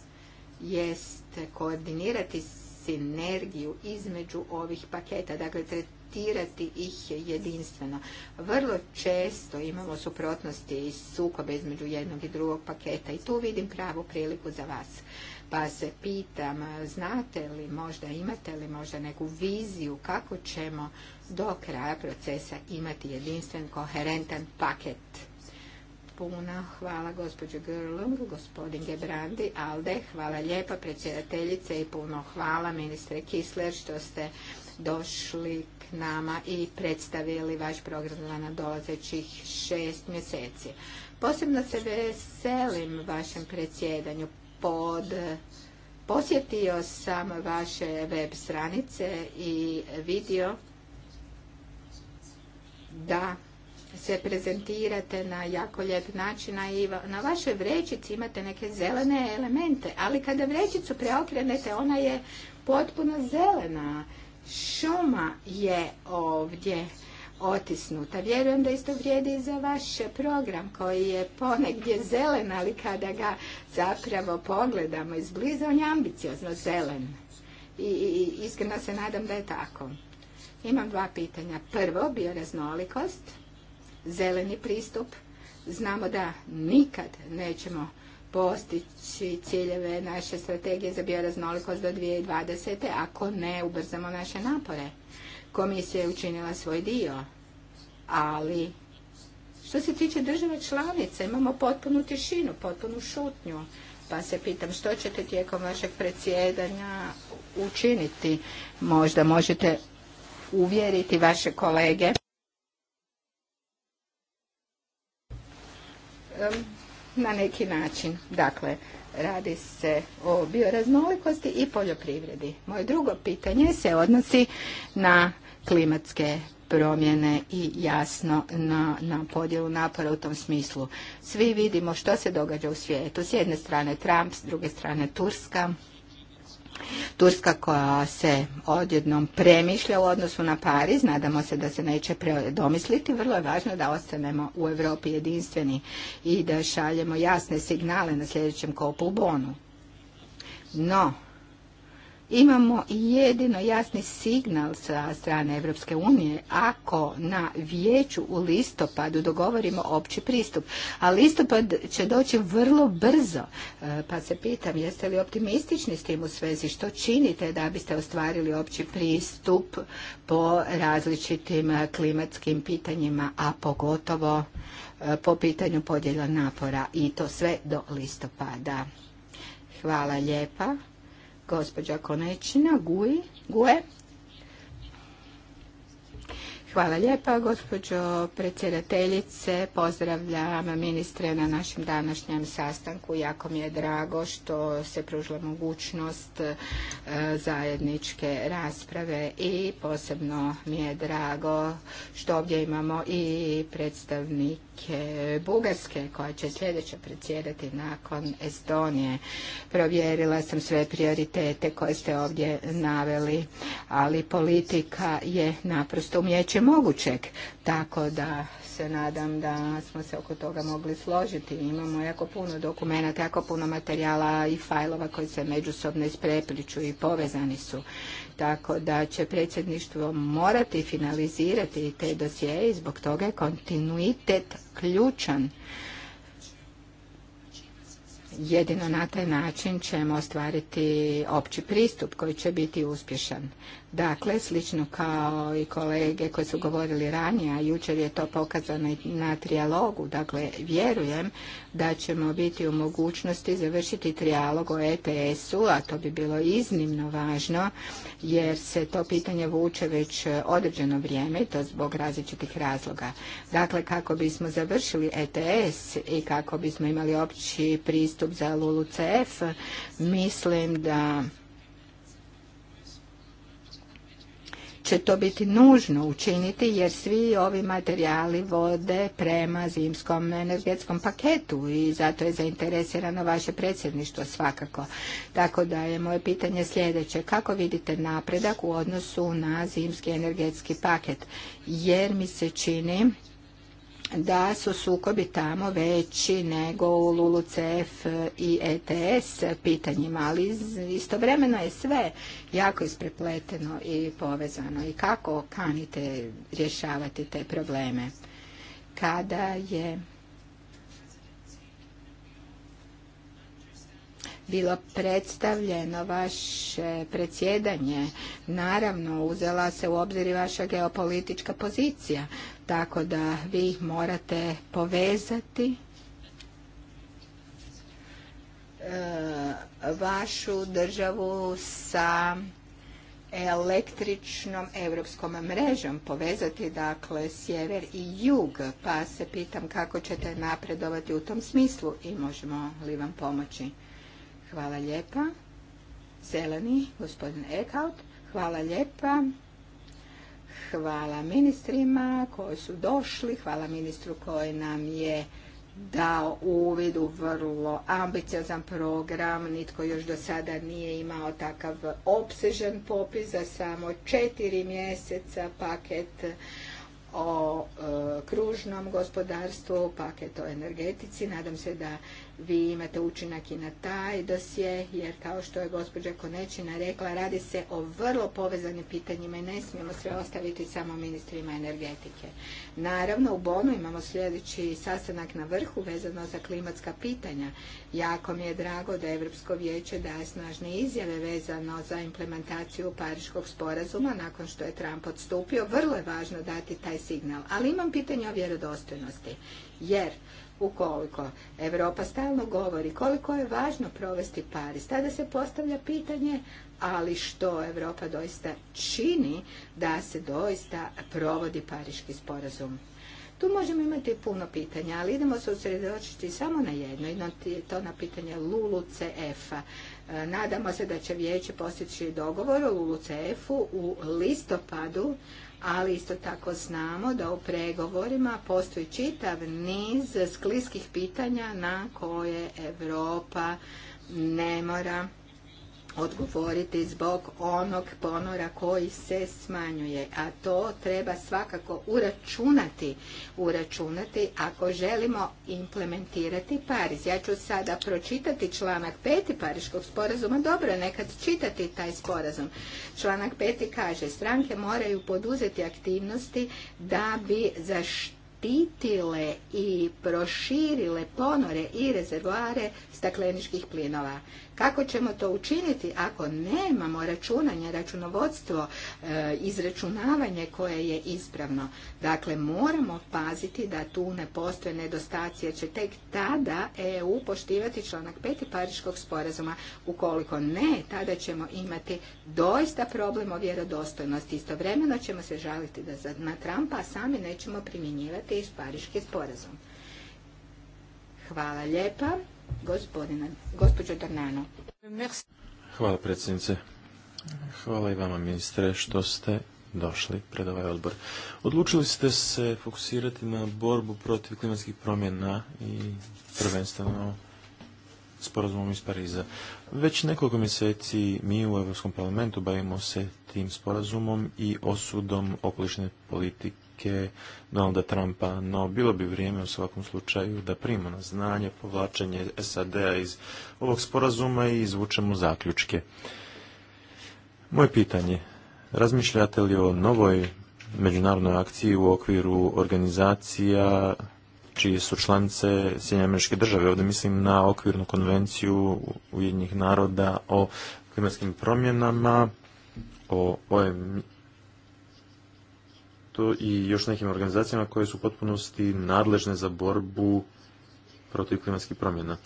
jest koordinirati sinergiju između ovih paketa. Dakle, tretirati ih jedinstveno. Vrlo često imamo suprotnosti i sukobe između jednog i drugog paketa i tu vidim pravu priliku za vas. Pa se pitam, znate li možda, imate li možda neku viziju kako ćemo do kraja procesa imati jedinstven, koherentan paket? puno. Hvala gospođo Grlung, gospodin Gebrandi, Alde, hvala lijepa predsjedateljice i puno hvala ministre Kisler što ste došli k nama i predstavili vaš program na nadolazećih šest mjeseci. Posebno se veselim vašem predsjedanju pod Posjetio sam vaše web stranice i vidio da se prezentirate na jako lijep način i na vašoj vrećici imate neke zelene elemente, ali kada vrećicu preokrenete ona je potpuno zelena šuma je ovdje otisnuta. Vjerujem da isto vrijedi i za vaš program koji je ponegdje zelen, ali kada ga zapravo pogledamo izbliza, on je ambiciozno zelen. I, i iskreno se nadam da je tako. Imam dva pitanja. Prvo, bioraznolikost, zeleni pristup. Znamo da nikad nećemo postići ciljeve naše strategije za bioraznolikost do 2020. ako ne ubrzamo naše napore. Komisija je učinila svoj dio, ali što se tiče države članice, imamo potpunu tišinu, potpunu šutnju. Pa se pitam što ćete tijekom vašeg predsjedanja učiniti. Možda možete uvjeriti vaše kolege na neki način. Dakle, radi se o bioraznolikosti i poljoprivredi. Moje drugo pitanje se odnosi na klimatske promjene i jasno na, na podjelu napora u tom smislu. Svi vidimo što se događa u svijetu. S jedne strane Trump, s druge strane Turska. Turska koja se odjednom premišlja u odnosu na Pariz, nadamo se da se neće predomisliti, vrlo je važno da ostanemo u Europi jedinstveni i da šaljemo jasne signale na sljedećem kopu u Bonu. No, imamo jedino jasni signal sa strane Europske unije ako na vijeću u listopadu dogovorimo opći pristup. A listopad će doći vrlo brzo, e, pa se pitam jeste li optimistični s tim u svezi, što činite da biste ostvarili opći pristup po različitim klimatskim pitanjima, a pogotovo e, po pitanju podjela napora i to sve do listopada. Hvala lijepa. Gospođa Konečina, Guje. Hvala lijepa, gospođo predsjedateljice. Pozdravljam ministre na našem današnjem sastanku. Jako mi je drago što se pružila mogućnost e, zajedničke rasprave i posebno mi je drago što ovdje imamo i predstavnike Bugarske koja će sljedeće predsjedati nakon Estonije. Provjerila sam sve prioritete koje ste ovdje naveli, ali politika je naprosto umjeće mogućeg. Tako da se nadam da smo se oko toga mogli složiti. Imamo jako puno dokumenta, jako puno materijala i fajlova koji se međusobno isprepliču i povezani su. Tako da će predsjedništvo morati finalizirati te dosije i zbog toga je kontinuitet ključan. Jedino na taj način ćemo ostvariti opći pristup koji će biti uspješan. Dakle, slično kao i kolege koji su govorili ranije, a jučer je to pokazano i na trijalogu, dakle, vjerujem da ćemo biti u mogućnosti završiti trijalog o ETS-u, a to bi bilo iznimno važno, jer se to pitanje vuče već određeno vrijeme to zbog različitih razloga. Dakle, kako bismo završili ETS i kako bismo imali opći pristup za LULU-CF, mislim da će to biti nužno učiniti jer svi ovi materijali vode prema zimskom energetskom paketu i zato je zainteresirano vaše predsjedništvo svakako. Tako da je moje pitanje sljedeće. Kako vidite napredak u odnosu na zimski energetski paket? Jer mi se čini da su sukobi tamo veći nego u LULU-CF i ETS pitanjima, ali istovremeno je sve jako isprepleteno i povezano. I kako kanite rješavati te probleme? Kada je bilo predstavljeno vaše predsjedanje. Naravno, uzela se u obzir i vaša geopolitička pozicija tako da vi morate povezati e, vašu državu sa električnom europskom mrežom povezati dakle sjever i jug pa se pitam kako ćete napredovati u tom smislu i možemo li vam pomoći hvala lijepa zeleni gospodin Ekaut hvala lijepa Hvala ministrima koji su došli, hvala ministru koji nam je dao uvid u vrlo ambiciozan program. Nitko još do sada nije imao takav opsežan popis za samo četiri mjeseca paket o e, kružnom gospodarstvu, paket o energetici. Nadam se da vi imate učinak i na taj dosje, jer kao što je gospođa Konečina rekla, radi se o vrlo povezanim pitanjima i ne smijemo sve ostaviti samo ministrima energetike. Naravno, u Bonu imamo sljedeći sastanak na vrhu vezano za klimatska pitanja. Jako mi je drago da Evropsko vijeće daje snažne izjave vezano za implementaciju Pariškog sporazuma nakon što je Trump odstupio. Vrlo je važno dati taj signal. Ali imam pitanje o vjerodostojnosti. Jer ukoliko Europa stalno govori koliko je važno provesti Paris, tada se postavlja pitanje ali što Europa doista čini da se doista provodi Pariški sporazum. Tu možemo imati puno pitanja, ali idemo se usredočiti samo na jedno, i to na pitanje Lulu CF-a. E, nadamo se da će vijeće postići dogovor o Lulu CF-u u listopadu, ali isto tako znamo da u pregovorima postoji čitav niz skliskih pitanja na koje Europa ne mora odgovoriti zbog onog ponora koji se smanjuje, a to treba svakako uračunati, uračunati ako želimo implementirati Pariz. Ja ću sada pročitati članak peti Pariškog sporazuma, dobro je nekad čitati taj sporazum. Članak 5. kaže, stranke moraju poduzeti aktivnosti da bi zaštitile i proširile ponore i rezervoare stakleničkih plinova. Kako ćemo to učiniti ako nemamo računanje, računovodstvo, e, izračunavanje koje je ispravno? Dakle, moramo paziti da tu ne postoje nedostaci, će tek tada EU poštivati članak 5. Pariškog sporazuma. Ukoliko ne, tada ćemo imati doista problem o vjerodostojnosti. Istovremeno ćemo se žaliti da na Trumpa, a sami nećemo primjenjivati iz Pariški sporazum. Hvala lijepa. Hvala predsjednice. Hvala i vama ministre što ste došli pred ovaj odbor. Odlučili ste se fokusirati na borbu protiv klimatskih promjena i prvenstveno sporazumom iz Pariza. Već nekoliko mjeseci mi u Europskom parlamentu bavimo se tim sporazumom i osudom okolišne politike politike Donalda Trumpa, no bilo bi vrijeme u svakom slučaju da primimo na znanje povlačenje SAD-a iz ovog sporazuma i izvučemo zaključke. Moje pitanje, razmišljate li o novoj međunarodnoj akciji u okviru organizacija čije su članice Sjedinjene države. Ovdje mislim na okvirnu konvenciju Ujedinjenih naroda o klimatskim promjenama, o to i još nekim organizacijama koje su u potpunosti nadležne za borbu protiv klimatskih promjena.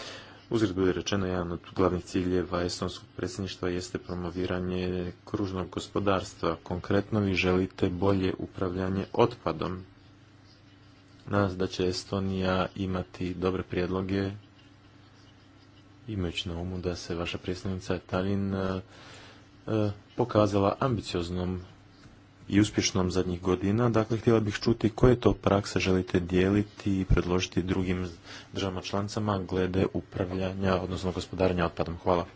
Uzgled bude rečeno, jedan od glavnih ciljeva estonskog predsjedništva jeste promoviranje kružnog gospodarstva. Konkretno vi želite bolje upravljanje otpadom. Nadam se da će Estonija imati dobre prijedloge, imajući na umu da se vaša predsjednica Talin eh, eh, pokazala ambicioznom i uspješnom zadnjih godina. Dakle, htjela bih čuti koje to prakse želite dijeliti i predložiti drugim državama člancama glede upravljanja, odnosno gospodarenja otpadom. Hvala.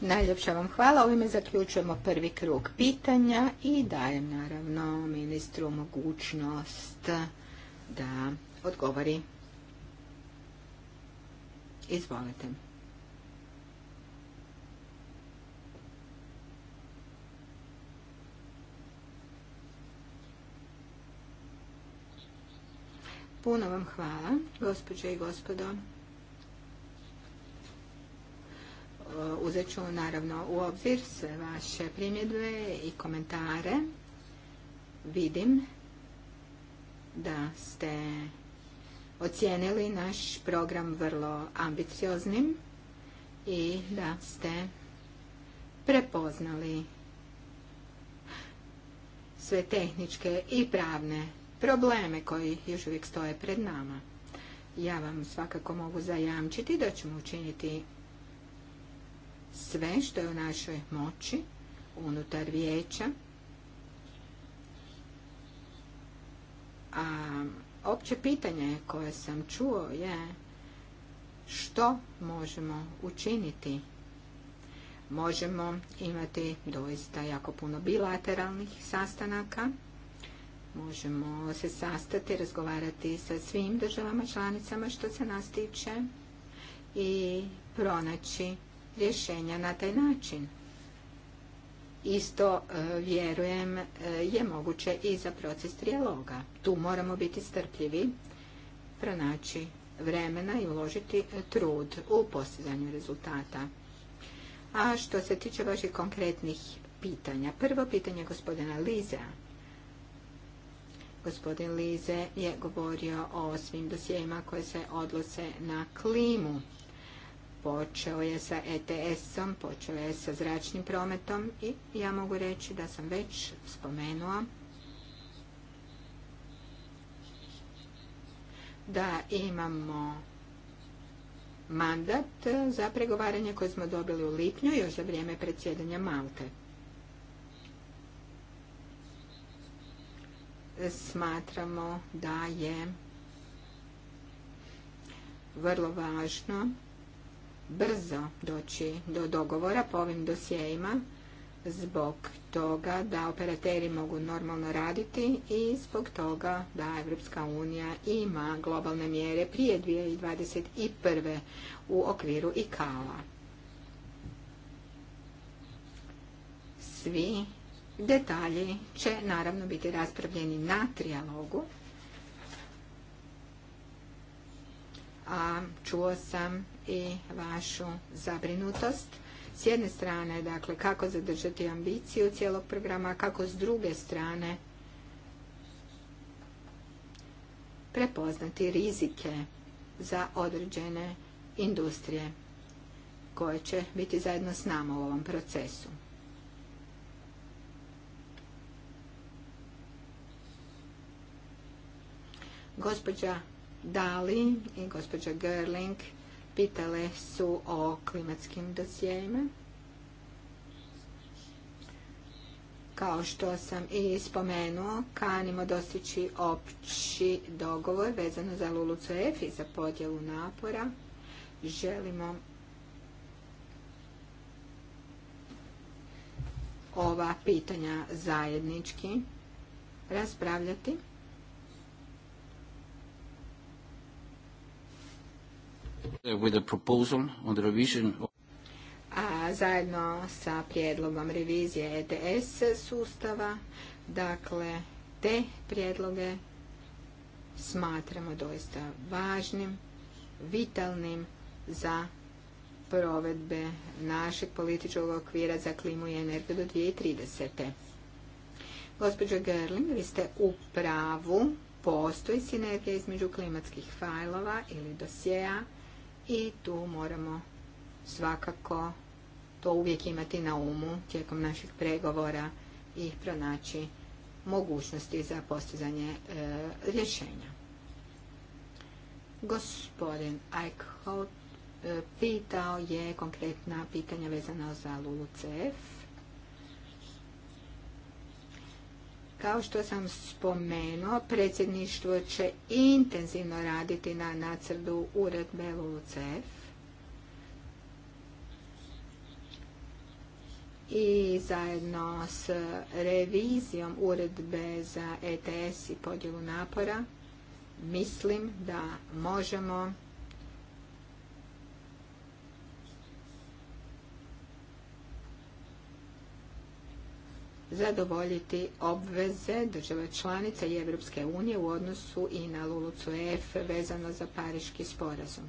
Najljepša vam hvala. Ovime zaključujemo prvi krug pitanja i dajem naravno ministru mogućnost da odgovori. Izvolite. Puno vam hvala, gospođe i gospodo. E, uzet ću naravno u obzir sve vaše primjedbe i komentare. Vidim da ste ocijenili naš program vrlo ambicioznim i da ste prepoznali sve tehničke i pravne probleme koji još uvijek stoje pred nama. Ja vam svakako mogu zajamčiti da ćemo učiniti sve što je u našoj moći unutar vijeća. A opće pitanje koje sam čuo je što možemo učiniti. Možemo imati doista jako puno bilateralnih sastanaka možemo se sastati, razgovarati sa svim državama članicama što se nas tiče i pronaći rješenja na taj način. Isto, e, vjerujem, e, je moguće i za proces trijaloga. Tu moramo biti strpljivi, pronaći vremena i uložiti trud u postizanju rezultata. A što se tiče vaših konkretnih pitanja, prvo pitanje gospodina Liza. Gospodin Lize je govorio o svim dosjeima koje se odlose na klimu. Počeo je sa ETS-om, počeo je sa zračnim prometom i ja mogu reći da sam već spomenula da imamo mandat za pregovaranje koje smo dobili u lipnju još za vrijeme predsjedanja Malte. smatramo da je vrlo važno brzo doći do dogovora po ovim dosjejima zbog toga da operateri mogu normalno raditi i zbog toga da Evropska unija ima globalne mjere prije 2021. u okviru ICAO-a. Svi Detalji će naravno biti raspravljeni na trijalogu. A čuo sam i vašu zabrinutost. S jedne strane, dakle, kako zadržati ambiciju cijelog programa, kako s druge strane prepoznati rizike za određene industrije koje će biti zajedno s nama u ovom procesu. Gospođa Dali i gospođa Gerling pitale su o klimatskim dosjejima. Kao što sam i spomenuo, kanimo dostići opći dogovor vezano za LULUCF i za podjelu napora. Želimo ova pitanja zajednički raspravljati. Uh, a zajedno sa prijedlogom revizije ETS sustava, dakle, te prijedloge smatramo doista važnim, vitalnim za provedbe našeg političkog okvira za klimu i energiju do 2030. Gospođo Gerling, vi ste u pravu, postoji sinergija između klimatskih fajlova ili dosjeja i tu moramo svakako to uvijek imati na umu tijekom naših pregovora i pronaći mogućnosti za postizanje e, rješenja. Gospodin Eichhout e, pitao je konkretna pitanja vezana za LULU-CF. Kao što sam spomenuo, predsjedništvo će intenzivno raditi na nacrdu uredbe UCF i zajedno s revizijom uredbe za ETS i podjelu napora mislim da možemo zadovoljiti obveze države članica i Europske unije u odnosu i na EF vezano za Pariški sporazum.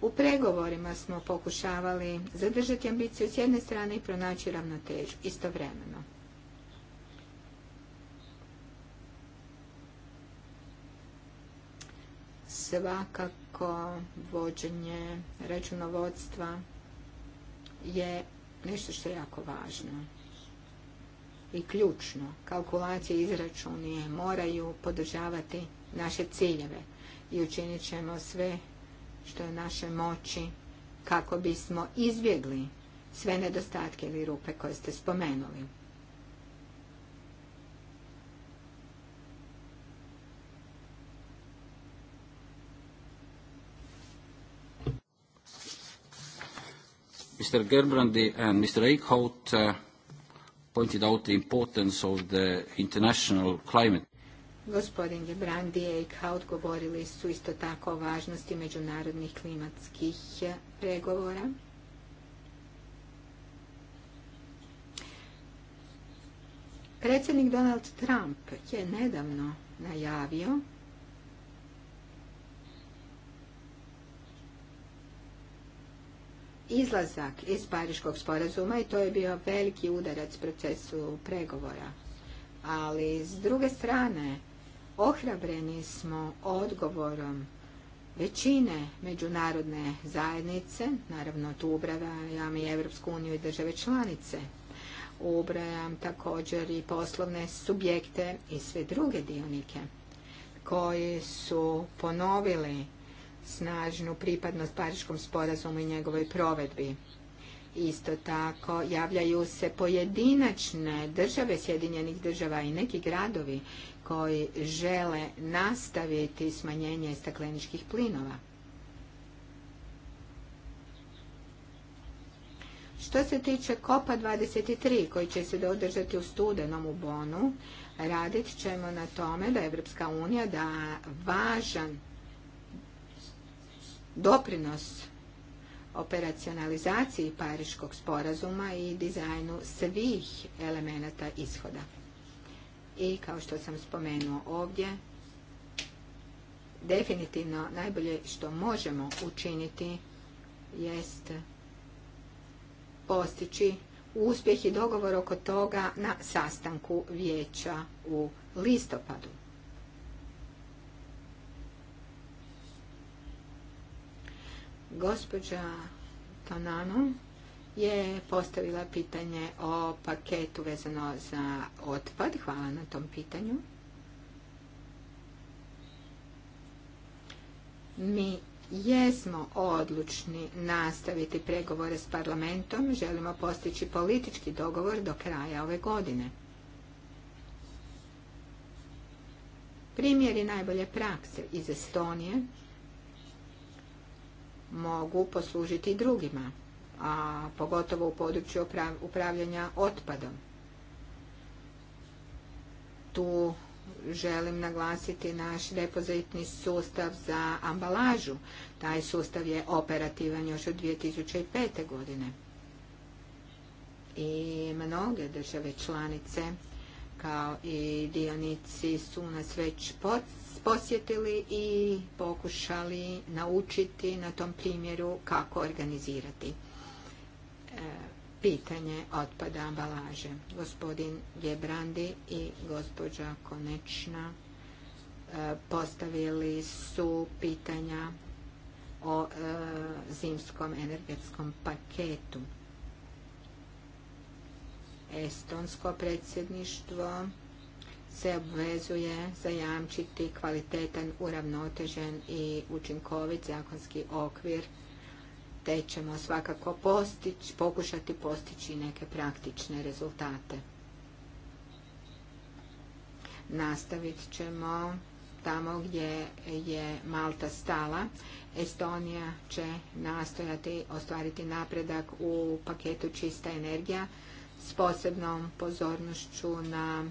U pregovorima smo pokušavali zadržati ambiciju s jedne strane i pronaći ravnotežu istovremeno. Svakako vođenje računovodstva je nešto što je jako važno i ključno. Kalkulacije i izračuni moraju podržavati naše ciljeve i učinit ćemo sve što je naše moći kako bismo izbjegli sve nedostatke ili rupe koje ste spomenuli. Mr. Gerbrandi Mr. Eichhout uh, pointed out the importance of the international climate. Gospodin Gebrandi i Kaut govorili su isto tako o važnosti međunarodnih klimatskih pregovora. Predsjednik Donald Trump je nedavno najavio izlazak iz Pariškog sporazuma i to je bio veliki udarac procesu pregovora. Ali s druge strane, ohrabreni smo odgovorom većine međunarodne zajednice, naravno tu ubravajam i Evropsku uniju i države članice, ubrajam također i poslovne subjekte i sve druge dionike koji su ponovili snažnu pripadnost Pariškom sporazumu i njegovoj provedbi. Isto tako javljaju se pojedinačne države Sjedinjenih država i neki gradovi koji žele nastaviti smanjenje stakleničkih plinova. Što se tiče Kopa 23 koji će se održati u studenom u Bonu, radit ćemo na tome da Evropska unija da važan doprinos operacionalizaciji Pariškog sporazuma i dizajnu svih elemenata ishoda. I kao što sam spomenuo ovdje, definitivno najbolje što možemo učiniti jest postići uspjeh i dogovor oko toga na sastanku vijeća u listopadu. Gospođa Tonano je postavila pitanje o paketu vezano za otpad. Hvala na tom pitanju. Mi jesmo odlučni nastaviti pregovore s parlamentom. Želimo postići politički dogovor do kraja ove godine. Primjeri najbolje prakse iz Estonije mogu poslužiti drugima, a pogotovo u području upravljanja otpadom. Tu želim naglasiti naš depozitni sustav za ambalažu. Taj sustav je operativan još od 2005. godine. I mnoge države članice kao i dionici su nas već posjetili i pokušali naučiti na tom primjeru kako organizirati e, pitanje otpada ambalaže. Gospodin Gebrandi i gospođa Konečna e, postavili su pitanja o e, zimskom energetskom paketu. Estonsko predsjedništvo se obvezuje zajamčiti kvalitetan, uravnotežen i učinkovit zakonski okvir, te ćemo svakako postić, pokušati postići neke praktične rezultate. Nastavit ćemo tamo gdje je Malta stala. Estonija će nastojati ostvariti napredak u paketu čista energija s posebnom pozornošću na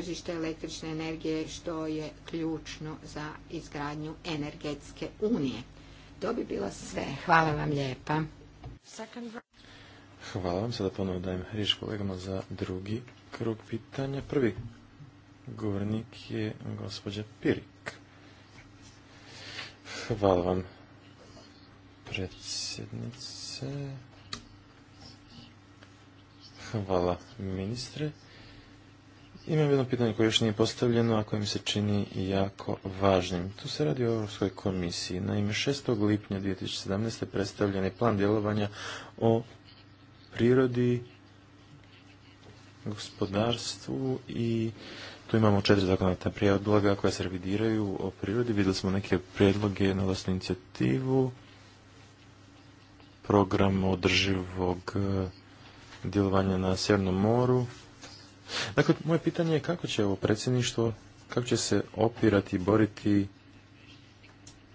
tržište električne energije što je ključno za izgradnju energetske unije. To bi bilo sve. Hvala vam lijepa. Hvala vam. Sada ponovno dajem riječ kolegama za drugi krug pitanja. Prvi govornik je gospođa Pirik. Hvala vam predsjednice. Hvala ministre. Imam jedno pitanje koje još nije postavljeno, a koje mi se čini jako važnim. Tu se radi o Europskoj komisiji. Naime, 6. lipnja 2017. predstavljen je plan djelovanja o prirodi, gospodarstvu i tu imamo četiri zakonata prijedloga koja se revidiraju o prirodi. Vidjeli smo neke prijedloge na vlastnu inicijativu, program održivog eh, djelovanja na Sjevernom moru, Dakle, moje pitanje je kako će ovo predsjedništvo, kako će se opirati i boriti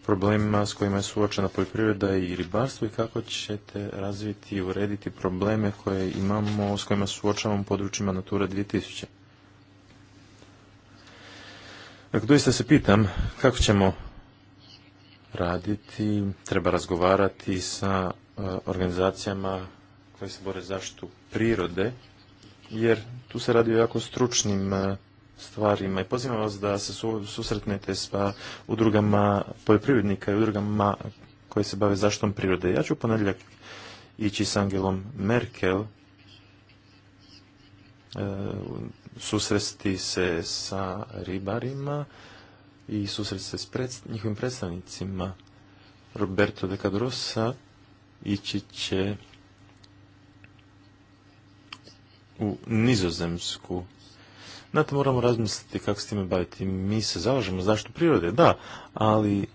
problemima s kojima je suočena poljoprivreda i ribarstvo i kako ćete razviti i urediti probleme koje imamo, s kojima suočavamo u područjima Natura 2000. Dakle, doista se pitam kako ćemo raditi, treba razgovarati sa e, organizacijama koje se bore zaštitu prirode jer tu se radi o jako stručnim e, stvarima i pozivam vas da se susretnete sa udrugama poljoprivrednika i udrugama koje se bave zaštom prirode. Ja ću ponedjeljak ići s Angelom Merkel e, susresti se sa ribarima i susresti se s njihovim predstavnicima Roberto de Cadrosa ići će u nizozemsku. Znate, moramo razmisliti kako s time baviti. Mi se zalažemo zaštitu prirode, da, ali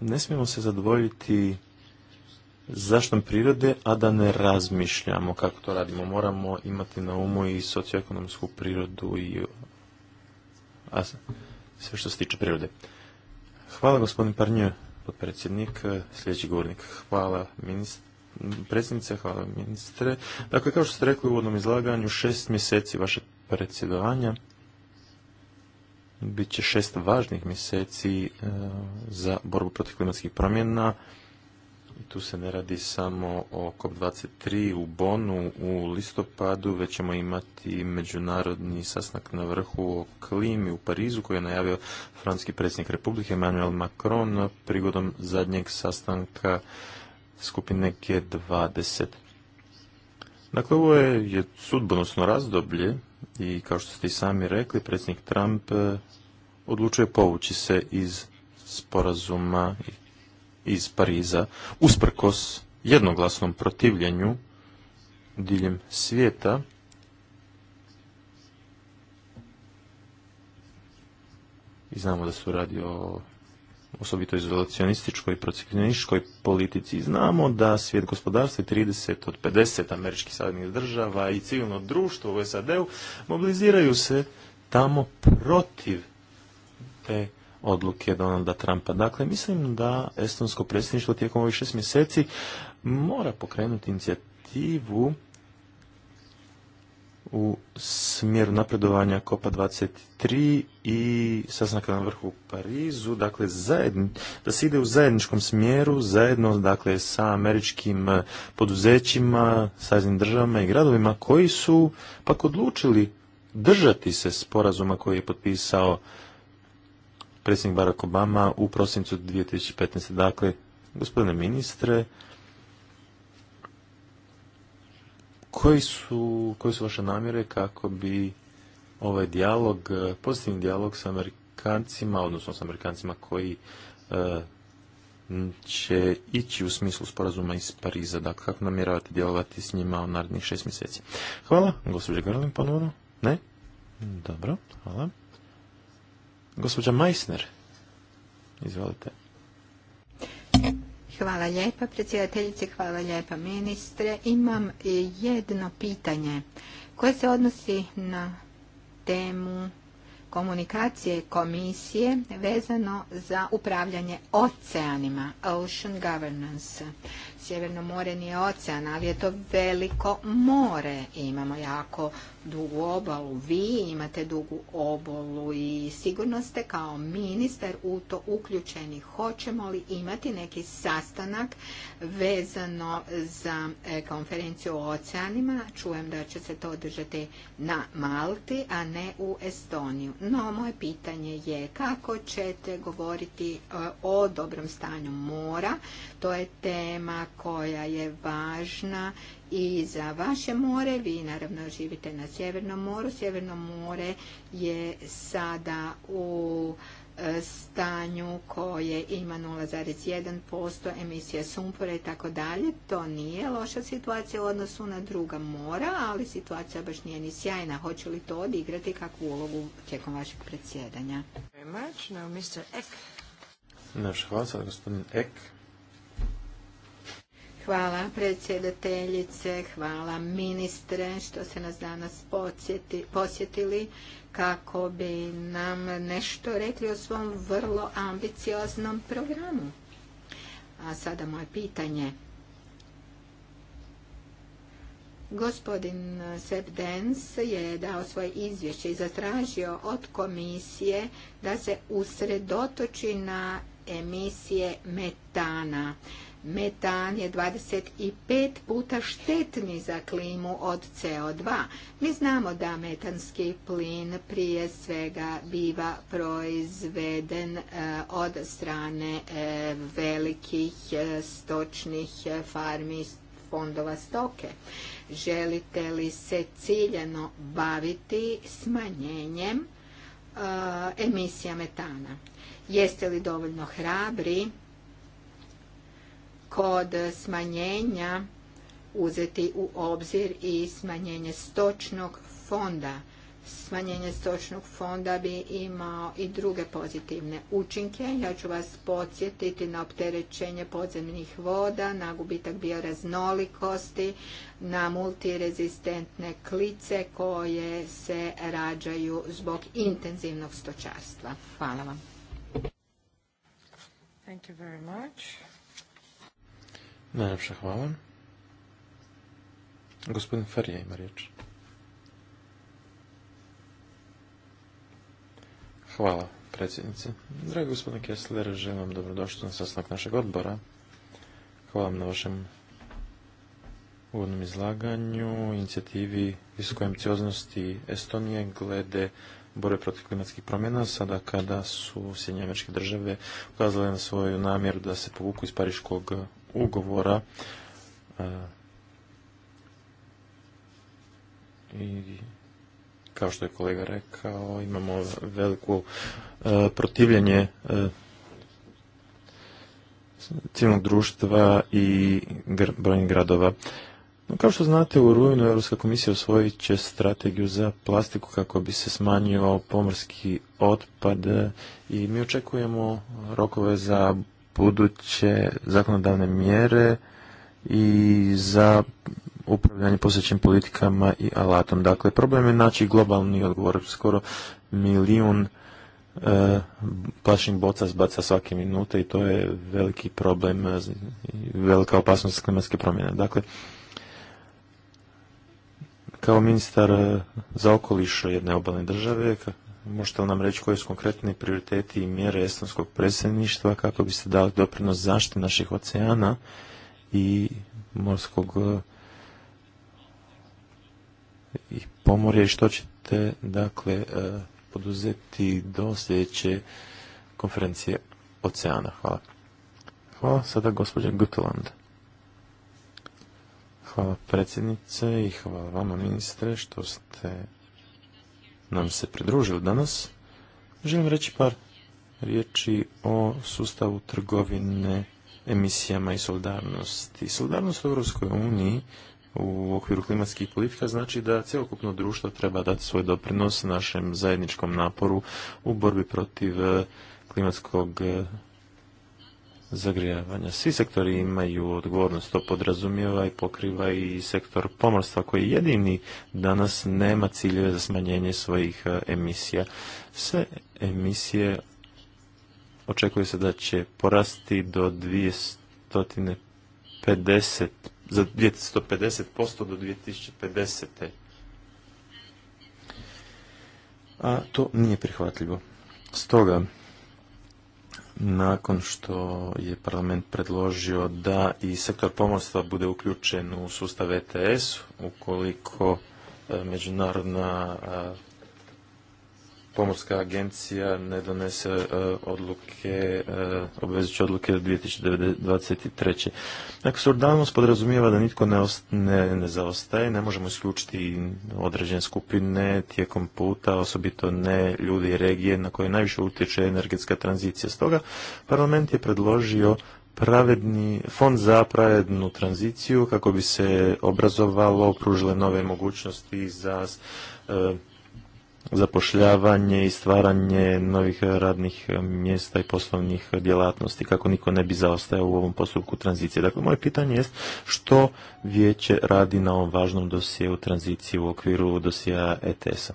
ne smijemo se zadovoljiti zaštitom prirode, a da ne razmišljamo kako to radimo. Moramo imati na umu i socioekonomsku prirodu i sve što se tiče prirode. Hvala gospodin Parnjö, potpredsjednik, sljedeći govornik. Hvala ministar predsjednice, hvala ministre. Dakle, kao što ste rekli u uvodnom izlaganju, šest mjeseci vaše predsjedovanja bit će šest važnih mjeseci e, za borbu protiv klimatskih promjena. Tu se ne radi samo o COP23 u Bonu u listopadu, već ćemo imati međunarodni sasnak na vrhu o klimi u Parizu koji je najavio franski predsjednik Republike Emmanuel Macron prigodom zadnjeg sastanka skupine G20. Dakle, ovo je sudbonosno razdoblje i kao što ste i sami rekli, predsjednik Trump e, odlučuje povući se iz sporazuma iz Pariza, usprkos jednoglasnom protivljenju diljem svijeta, i znamo da su radi o osobito izolacionističkoj i protekcionističkoj politici. Znamo da svijet gospodarstva i 30 od 50 američkih savjetnih država i civilno društvo u SAD-u mobiliziraju se tamo protiv te odluke Donalda Trumpa. Dakle, mislim da Estonsko predsjedništvo tijekom ovih šest mjeseci mora pokrenuti inicijativu u smjeru napredovanja Kopa 23 i sastanka na vrhu u Parizu, dakle da se ide u zajedničkom smjeru, zajedno dakle sa američkim eh, poduzećima, saznim državama i gradovima koji su pak odlučili držati se sporazuma koji je potpisao predsjednik Barack Obama u prosincu 2015. Dakle, gospodine ministre, koji su, koje su vaše namjere kako bi ovaj dijalog, eh, pozitivni dijalog sa Amerikancima, odnosno sa Amerikancima koji eh, će ići u smislu sporazuma iz Pariza, dakle kako namjeravate djelovati s njima u narednih šest mjeseci. Hvala, gospođa Grlin ponovno. Ne? Dobro, hvala. Gospođa Meissner, izvolite. Hvala lijepa predsjedateljice, hvala lijepa ministre. Imam jedno pitanje koje se odnosi na temu komunikacije komisije vezano za upravljanje oceanima, ocean governance. Sjeverno more nije ocean, ali je to veliko more. Imamo jako dugu obalu. Vi imate dugu obalu i sigurno ste kao ministar u to uključeni. Hoćemo li imati neki sastanak vezano za e, konferenciju o oceanima? Čujem da će se to održati na Malti, a ne u Estoniju. No, moje pitanje je kako ćete govoriti e, o dobrom stanju mora. To je tema koja je važna i za vaše more. Vi naravno živite na Sjevernom moru. Sjeverno more je sada u stanju koje ima 0,1% emisija sumpora i tako dalje. To nije loša situacija u odnosu na druga mora, ali situacija baš nije ni sjajna. Hoće li to odigrati kakvu ulogu tijekom vašeg predsjedanja? hvala gospodin Hvala predsjedateljice, hvala ministre što ste nas danas posjetili kako bi nam nešto rekli o svom vrlo ambicioznom programu. A sada moje pitanje. Gospodin Sepp Dens je dao svoje izvješće i zatražio od komisije da se usredotoči na emisije metana metan je 25 puta štetni za klimu od CO2. Mi znamo da metanski plin prije svega biva proizveden e, od strane e, velikih e, stočnih farmi fondova stoke. Želite li se ciljano baviti smanjenjem emisija metana? Jeste li dovoljno hrabri kod smanjenja uzeti u obzir i smanjenje stočnog fonda. Smanjenje stočnog fonda bi imao i druge pozitivne učinke. Ja ću vas podsjetiti na opterećenje podzemnih voda, na gubitak bioraznolikosti, na multirezistentne klice koje se rađaju zbog intenzivnog stočarstva. Hvala vam. Thank Najljepše hvala. Gospodin Farija ima riječ. Hvala, predsjednice. Dragi gospodine Kessler, želim vam dobrodošli na sastanak našeg odbora. Hvala vam na vašem uvodnom izlaganju, inicijativi visokoj ambicioznosti Estonije glede bore protiv klimatskih promjena, sada kada su Sjedinje države ukazale na svoju namjeru da se povuku iz Pariškog ugovora e, i kao što je kolega rekao imamo veliko e, protivljenje e, cijelog društva i brojnih gradova. No, kao što znate, u rujnu Europska komisija osvojit će strategiju za plastiku kako bi se smanjio pomorski otpad i mi očekujemo rokove za buduće zakonodavne mjere i za upravljanje posjećim politikama i alatom. Dakle, problem je naći globalni odgovor. Skoro milijun e, boca zbaca svake minute i to je veliki problem, i velika opasnost klimatske promjene. Dakle, kao ministar e, za okoliš jedne obalne države, možete li nam reći koji su konkretni prioriteti i mjere estonskog predsjedništva kako biste dali doprinos zaštiti naših oceana i morskog eh, i pomorje i što ćete dakle eh, poduzeti do sljedeće konferencije oceana. Hvala. Hvala sada gospođa Hvala predsjednice i hvala vama ministre što ste nam se pridružili danas, želim reći par riječi o sustavu trgovine emisijama i solidarnosti. Solidarnost u Europskoj uniji u okviru klimatskih politika znači da cjelokupno društvo treba dati svoj doprinos našem zajedničkom naporu u borbi protiv eh, klimatskog eh, zagrijavanja. Svi sektori imaju odgovornost, to podrazumijeva i pokriva i sektor pomorstva koji jedini danas nema ciljeve za smanjenje svojih e, emisija. Sve emisije očekuje se da će porasti do 250 za 250% do 2050. A to nije prihvatljivo. Stoga, nakon što je parlament predložio da i sektor pomorstva bude uključen u sustav ETS, ukoliko e, međunarodna pomorska agencija ne donese e, odluke, e, obvezuće odluke 2023. Dakle, surdalnost podrazumijeva da nitko ne, ne, zaostaje, ne možemo isključiti određene skupine tijekom puta, osobito ne ljudi i regije na koje najviše utječe energetska tranzicija. Stoga parlament je predložio pravedni, fond za pravednu tranziciju kako bi se obrazovalo, pružile nove mogućnosti za e, zapošljavanje i stvaranje novih radnih mjesta i poslovnih djelatnosti, kako niko ne bi zaostajao u ovom postupku tranzicije. Dakle, moje pitanje jest što vijeće radi na ovom važnom dosijeu tranzicije u okviru dosija ETS-a.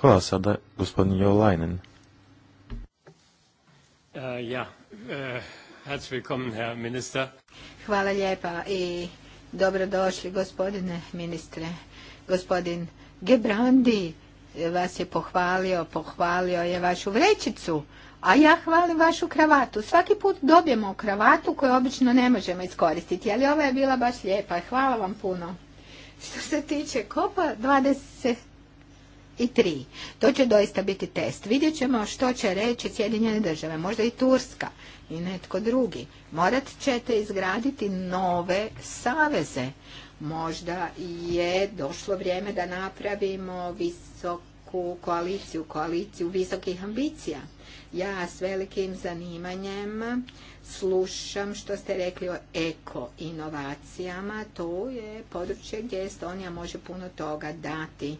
Hvala sada, gospodin Uh, ja, eh, herr minister. Hvala lijepa i dobrodošli gospodine ministre. Gospodin Gebrandi, vas je pohvalio, pohvalio je vašu vrećicu, a ja hvalim vašu kravatu. Svaki put dobijemo kravatu koju obično ne možemo iskoristiti, ali ova je bila baš lijepa. Hvala vam puno. Što se tiče kopa 20 i tri. To će doista biti test. Vidjet ćemo što će reći Sjedinjene države, možda i Turska i netko drugi. Morat ćete izgraditi nove saveze. Možda je došlo vrijeme da napravimo visok u koaliciju, koaliciju visokih ambicija. Ja s velikim zanimanjem slušam što ste rekli o eko-inovacijama. To je područje gdje Estonija može puno toga dati,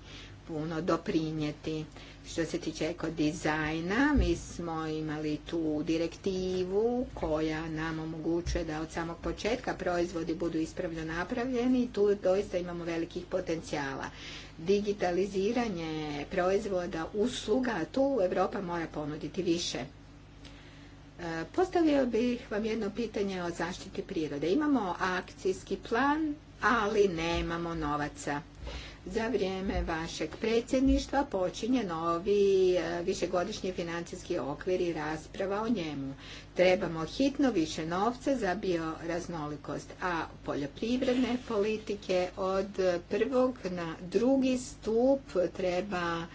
puno doprinijeti. Što se tiče ekodizajna, mi smo imali tu direktivu koja nam omogućuje da od samog početka proizvodi budu ispravno napravljeni i tu doista imamo velikih potencijala. Digitaliziranje proizvoda, usluga, tu Europa mora ponuditi više. E, postavio bih vam jedno pitanje o zaštiti prirode. Imamo akcijski plan, ali nemamo novaca. Za vrijeme vašeg predsjedništva počinje novi e, višegodišnji financijski okvir i rasprava o njemu. Trebamo hitno više novca za bioraznolikost, a poljoprivredne politike od prvog na drugi stup treba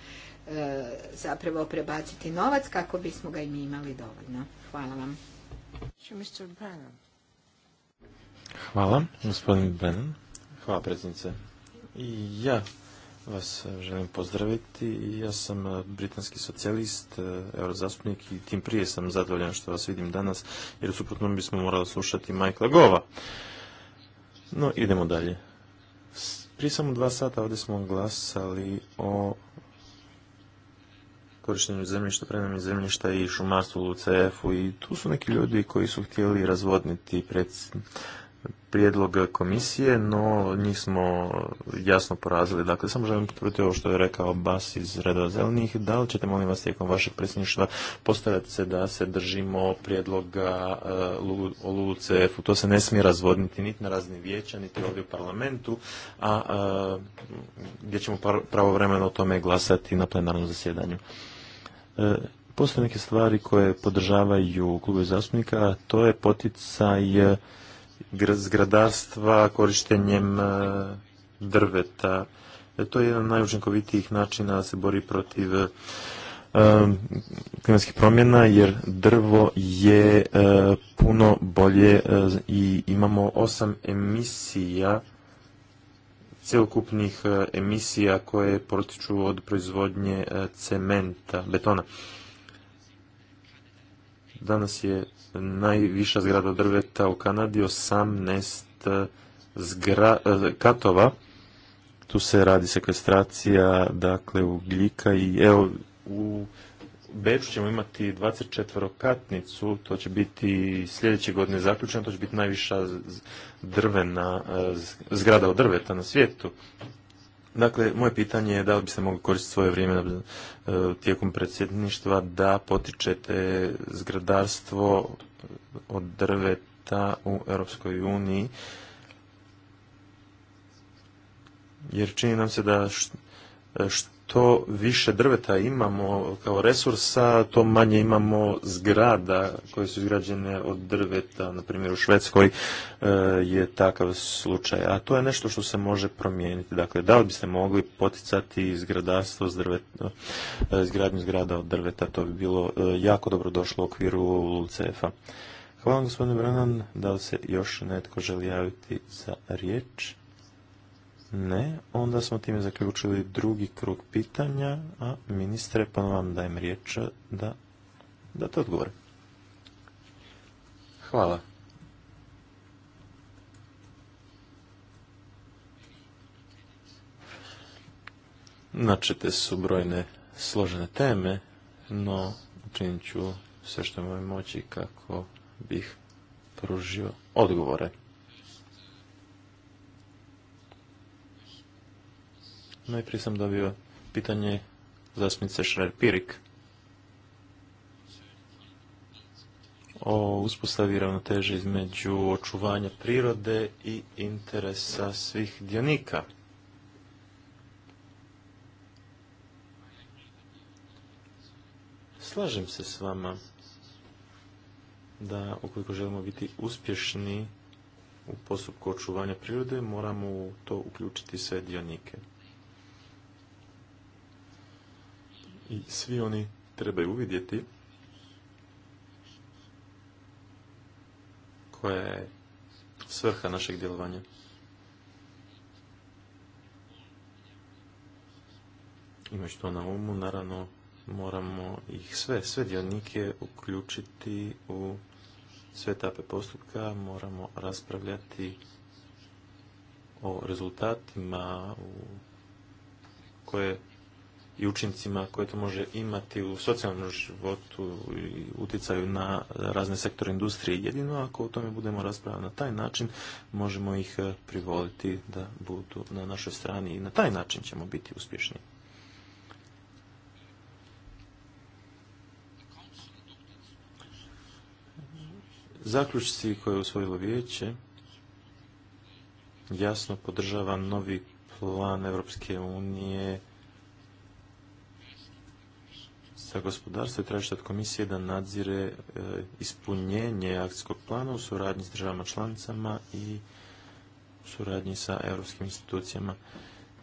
e, zapravo prebaciti novac kako bismo ga i imali dovoljno. Hvala vam. Hvala, gospodin Brennan. Hvala, predsjednice. I ja vas želim pozdraviti. Ja sam eh, britanski socijalist, eh, eurozastupnik i tim prije sam zadovoljan što vas vidim danas, jer suprotno bismo morali slušati Michaela Gova. No, idemo dalje. Prije samo dva sata ovdje smo glasali o korištenju zemljišta, prenamjeni zemljišta i šumarstvu u CF-u i tu su neki ljudi koji su htjeli razvodniti prijedlog komisije, no njih smo jasno porazili. Dakle, samo želim potvrditi ovo što je rekao Bas iz Reda Zelenih. Da li ćete, molim vas, tijekom vašeg predsjedništva postavljati se da se držimo prijedloga eh, o Lucefu. u To se ne smije razvodniti niti na razni vijeća, niti ovdje u parlamentu, a, eh, gdje ćemo pravovremeno o tome glasati na plenarnom zasjedanju. Eh, postoje neke stvari koje podržavaju klube zastupnika, a to je poticaj zgradarstva korištenjem e, drveta. E, to je jedan najučinkovitijih načina da se bori protiv e, klimatskih promjena jer drvo je puno bolje i imamo osam emisija cjelokupnih emisija koje potiču od proizvodnje cementa, betona. Danas je najviša zgrada od drveta u Kanadi, 18 e, zgra, e, katova. Tu se radi sekvestracija, dakle, ugljika i evo, u Beču ćemo imati 24 katnicu, to će biti sljedeće godine zaključeno, to će biti najviša drvena, e, zgrada od drveta na svijetu. Dakle, moje pitanje je da li biste mogli koristiti svoje vrijeme e, tijekom predsjedništva da potičete zgradarstvo od drveta u Europskoj uniji, jer čini nam se da Što. E, to više drveta imamo kao resursa, to manje imamo zgrada koje su izgrađene od drveta. Na primjer u Švedskoj e, je takav slučaj. A to je nešto što se može promijeniti. Dakle, da li biste mogli poticati zgradarstvo, e, izgradnju zgrada od drveta? To bi bilo e, jako dobro došlo u okviru Lucefa. Hvala vam gospodine Branan. Da li se još netko želi javiti za riječ? Ne, onda smo time zaključili drugi krug pitanja, a ministre, pa vam dajem riječ da, da te odgovore. Hvala. Načete su brojne složene teme, no učinit ću sve što je moći kako bih pružio odgovore. Najprije sam dobio pitanje zastupnice Šrer-Pirik o uspostavi ravnoteže između očuvanja prirode i interesa svih dionika. Slažem se s vama da ukoliko želimo biti uspješni u postupku očuvanja prirode, moramo to uključiti sve dionike. i svi oni trebaju uvidjeti koja je svrha našeg djelovanja. Imajući to na umu, naravno moramo ih sve, sve dionike uključiti u sve tape postupka, moramo raspravljati o rezultatima u koje i učincima koje to može imati u socijalnom životu i utjecaju na razne sektore industrije. Jedino ako o tome budemo raspravljati na taj način, možemo ih e, privoliti da budu na našoj strani i na taj način ćemo biti uspješni. Zaključci koje je usvojilo vijeće jasno podržava novi plan Europske unije za gospodarstvo i tražiti od komisije da nadzire e, ispunjenje akcijskog plana u suradnji s državama članicama i u suradnji sa europskim institucijama.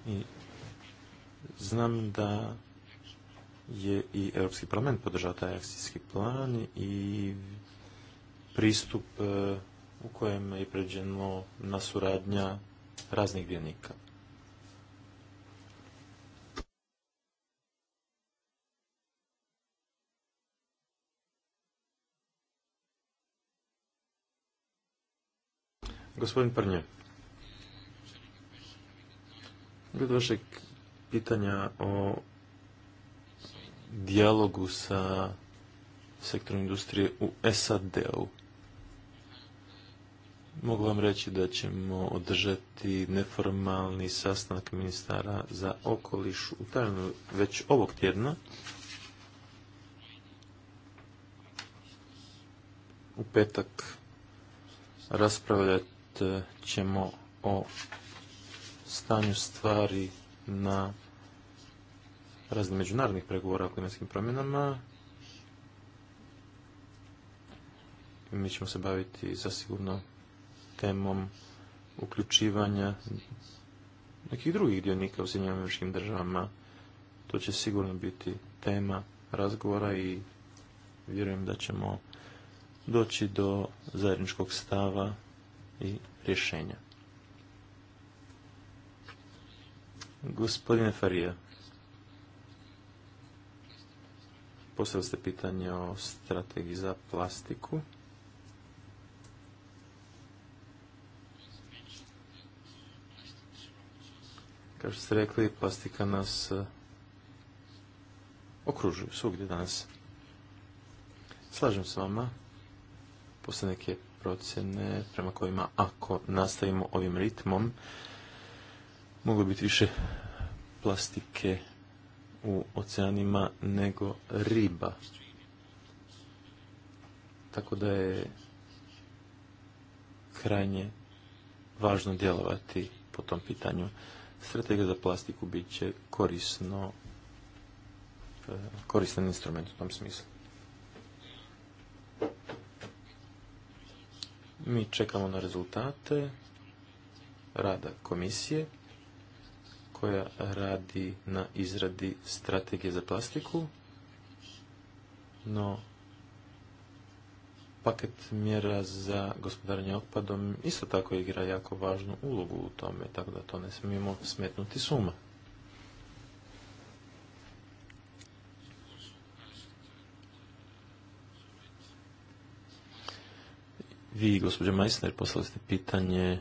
I znam da je i Europski parlament podržao taj akcijski plan i pristup e, u kojem je pređeno na suradnja raznih dionika. Gospodin Prnje, gled vašeg pitanja o dijalogu sa sektorom industrije u SAD-u. Mogu vam reći da ćemo održati neformalni sastanak ministara za okoliš u Talinu već ovog tjedna. U petak raspravljati E, ćemo o stanju stvari na razne međunarodnih pregovora o klimatskim promjenama. Mi ćemo se baviti zasigurno temom uključivanja nekih drugih dionika u Sjedinjenim državama. To će sigurno biti tema razgovora i vjerujem da ćemo doći do zajedničkog stava i rješenja. Gospodine Farija, postavili ste pitanje o strategiji za plastiku. Kao što ste rekli, plastika nas e, okružuje svugdje danas. Slažem s vama, poslije neke procjene prema kojima ako nastavimo ovim ritmom mogu biti više plastike u oceanima nego riba. Tako da je krajnje važno djelovati po tom pitanju. Strategija za plastiku bit će korisno, e, koristan instrument u tom smislu. Mi čekamo na rezultate rada komisije koja radi na izradi strategije za plastiku, no paket mjera za gospodarenje otpadom isto tako igra jako važnu ulogu u tome, tako da to ne smijemo smetnuti suma. Vi, gospođa Majsner, poslali ste pitanje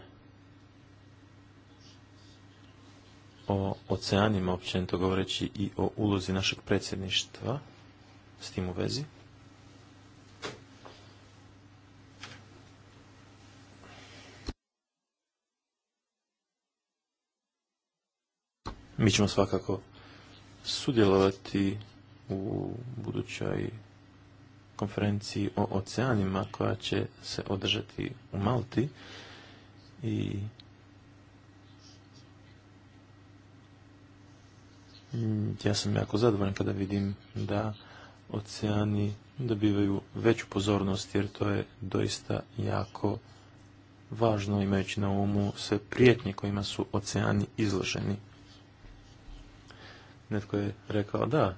o oceanima, općenito govoreći i o ulozi našeg predsjedništva s tim u vezi. Mi ćemo svakako sudjelovati u budućoj konferenciji o oceanima koja će se održati u Malti i mm, ja sam jako zadovoljan kada vidim da oceani dobivaju veću pozornost jer to je doista jako važno imajući na umu sve prijetnje kojima su oceani izloženi. Netko je rekao da,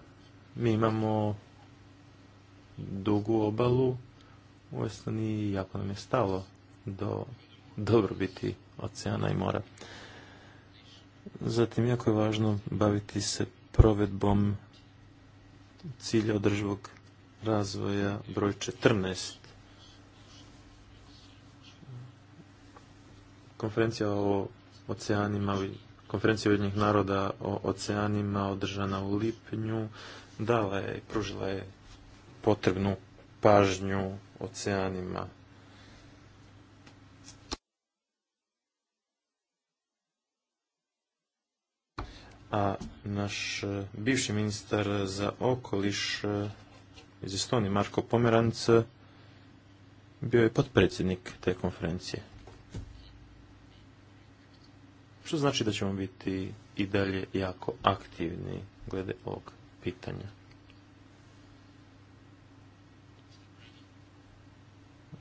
mi imamo dugu obalu u Estoniji jako nam je stalo do dobrobiti oceana i mora. Zatim, jako je važno baviti se provedbom cilja održivog razvoja broj 14. Konferencija o oceanima, konferencija Ujednjih naroda o oceanima održana u lipnju dala je, pružila je potrebnu pažnju oceanima. A naš e, bivši ministar za okoliš e, iz Estonije, Marko Pomeranc, e, bio je potpredsjednik te konferencije. Što znači da ćemo biti i dalje jako aktivni glede ovog pitanja.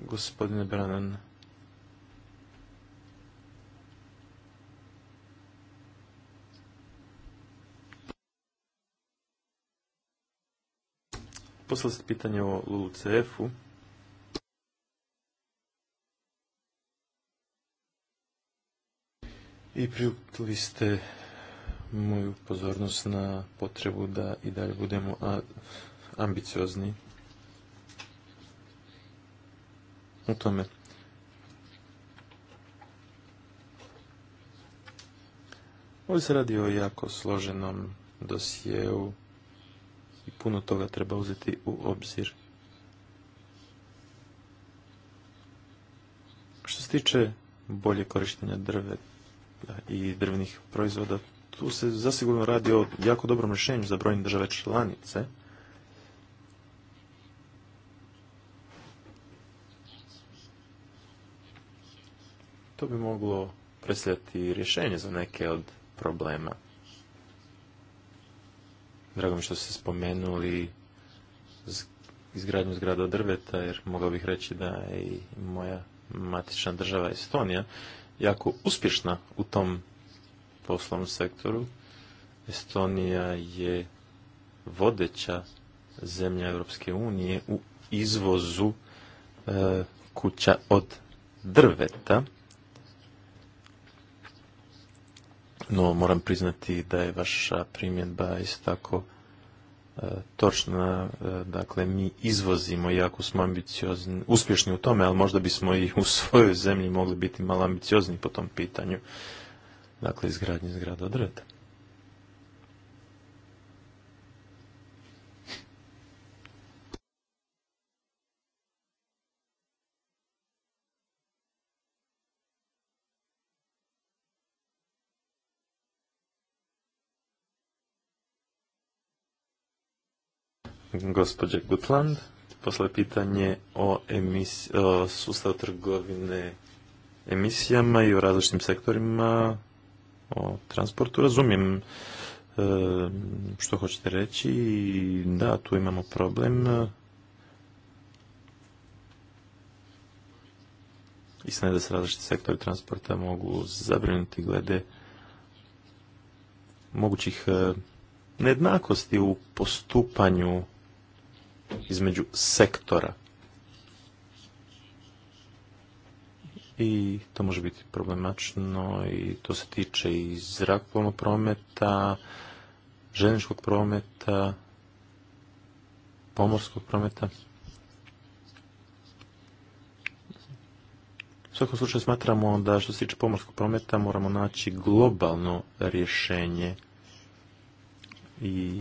gospodine Branan. Poslali ste pitanje o LULCF-u. I priutili ste moju pozornost na potrebu da i dalje budemo ambiciozni u tome. Ovdje se radi o jako složenom dosjeu i puno toga treba uzeti u obzir. Što se tiče bolje korištenja drve i drvnih proizvoda, tu se zasigurno radi o jako dobrom rješenju za brojne države članice. To bi moglo predstavljati rješenje za neke od problema. Drago mi što ste spomenuli izgradnju zgrada od drveta, jer mogao bih reći da je i moja matična država Estonija jako uspješna u tom poslovnom sektoru. Estonija je vodeća zemlja Europske unije u izvozu e, kuća od drveta no moram priznati da je vaša primjedba isto tako e, točna, e, dakle mi izvozimo, jako smo ambiciozni, uspješni u tome, ali možda bismo i u svojoj zemlji mogli biti malo ambiciozni po tom pitanju, dakle izgradnje zgrada od gospođe Gutland. Posle pitanje o, sustavu trgovine emisijama i o različitim sektorima o transportu. Razumijem e, što hoćete reći i da, tu imamo problem. Istina je da se različiti sektori transporta mogu zabrinuti glede mogućih e, nejednakosti u postupanju između sektora. I to može biti problematično i to se tiče i zrakoplovnog prometa, željezničkog prometa, pomorskog prometa. U svakom slučaju smatramo da što se tiče pomorskog prometa moramo naći globalno rješenje i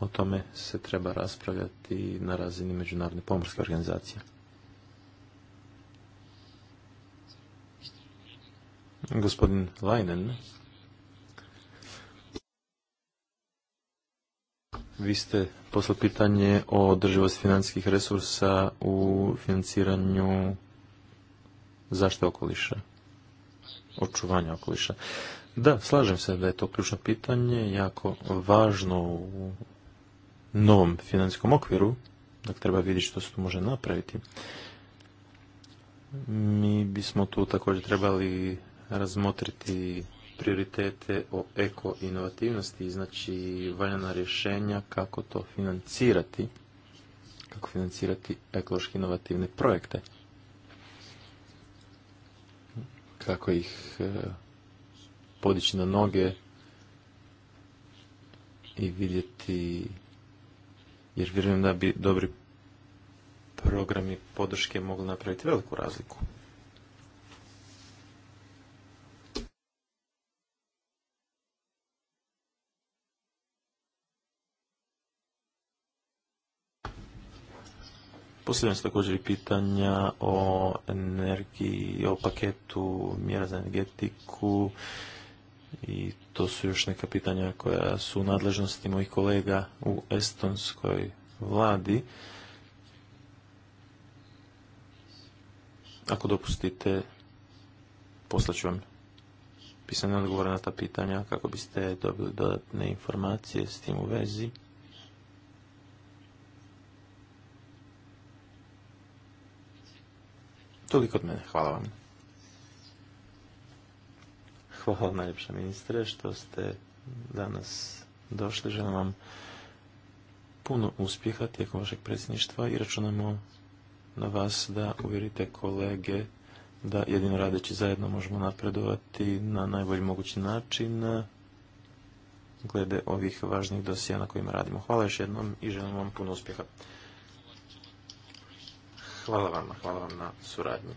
o tome se treba raspravljati na razini Međunarodne pomorske organizacije. Gospodin Lajnen, vi ste poslali pitanje o održivosti financijskih resursa u financiranju zaštite okoliša, očuvanja okoliša. Da, slažem se da je to ključno pitanje, jako važno u novom financijskom okviru, dakle treba vidjeti što se tu može napraviti. Mi bismo tu također trebali razmotriti prioritete o eko-inovativnosti, znači valjana rješenja kako to financirati, kako financirati ekološki inovativne projekte. Kako ih e, podići na noge i vidjeti jer vjerujem da bi dobri programi podrške mogli napraviti veliku razliku. Postavljam se također i pitanja o energiji, o paketu mjera za energetiku, i to su još neka pitanja koja su u nadležnosti mojih kolega u estonskoj vladi. Ako dopustite, poslaću vam pisane odgovore na ta pitanja kako biste dobili dodatne informacije s tim u vezi. Toliko od mene. Hvala vam hvala najljepša ministre što ste danas došli. Želim vam puno uspjeha tijekom vašeg predsjedništva i računamo na vas da uvjerite kolege da jedino radeći zajedno možemo napredovati na najbolji mogući način glede ovih važnih dosija na kojima radimo. Hvala još jednom i želim vam puno uspjeha. Hvala vam, hvala vam na suradnji.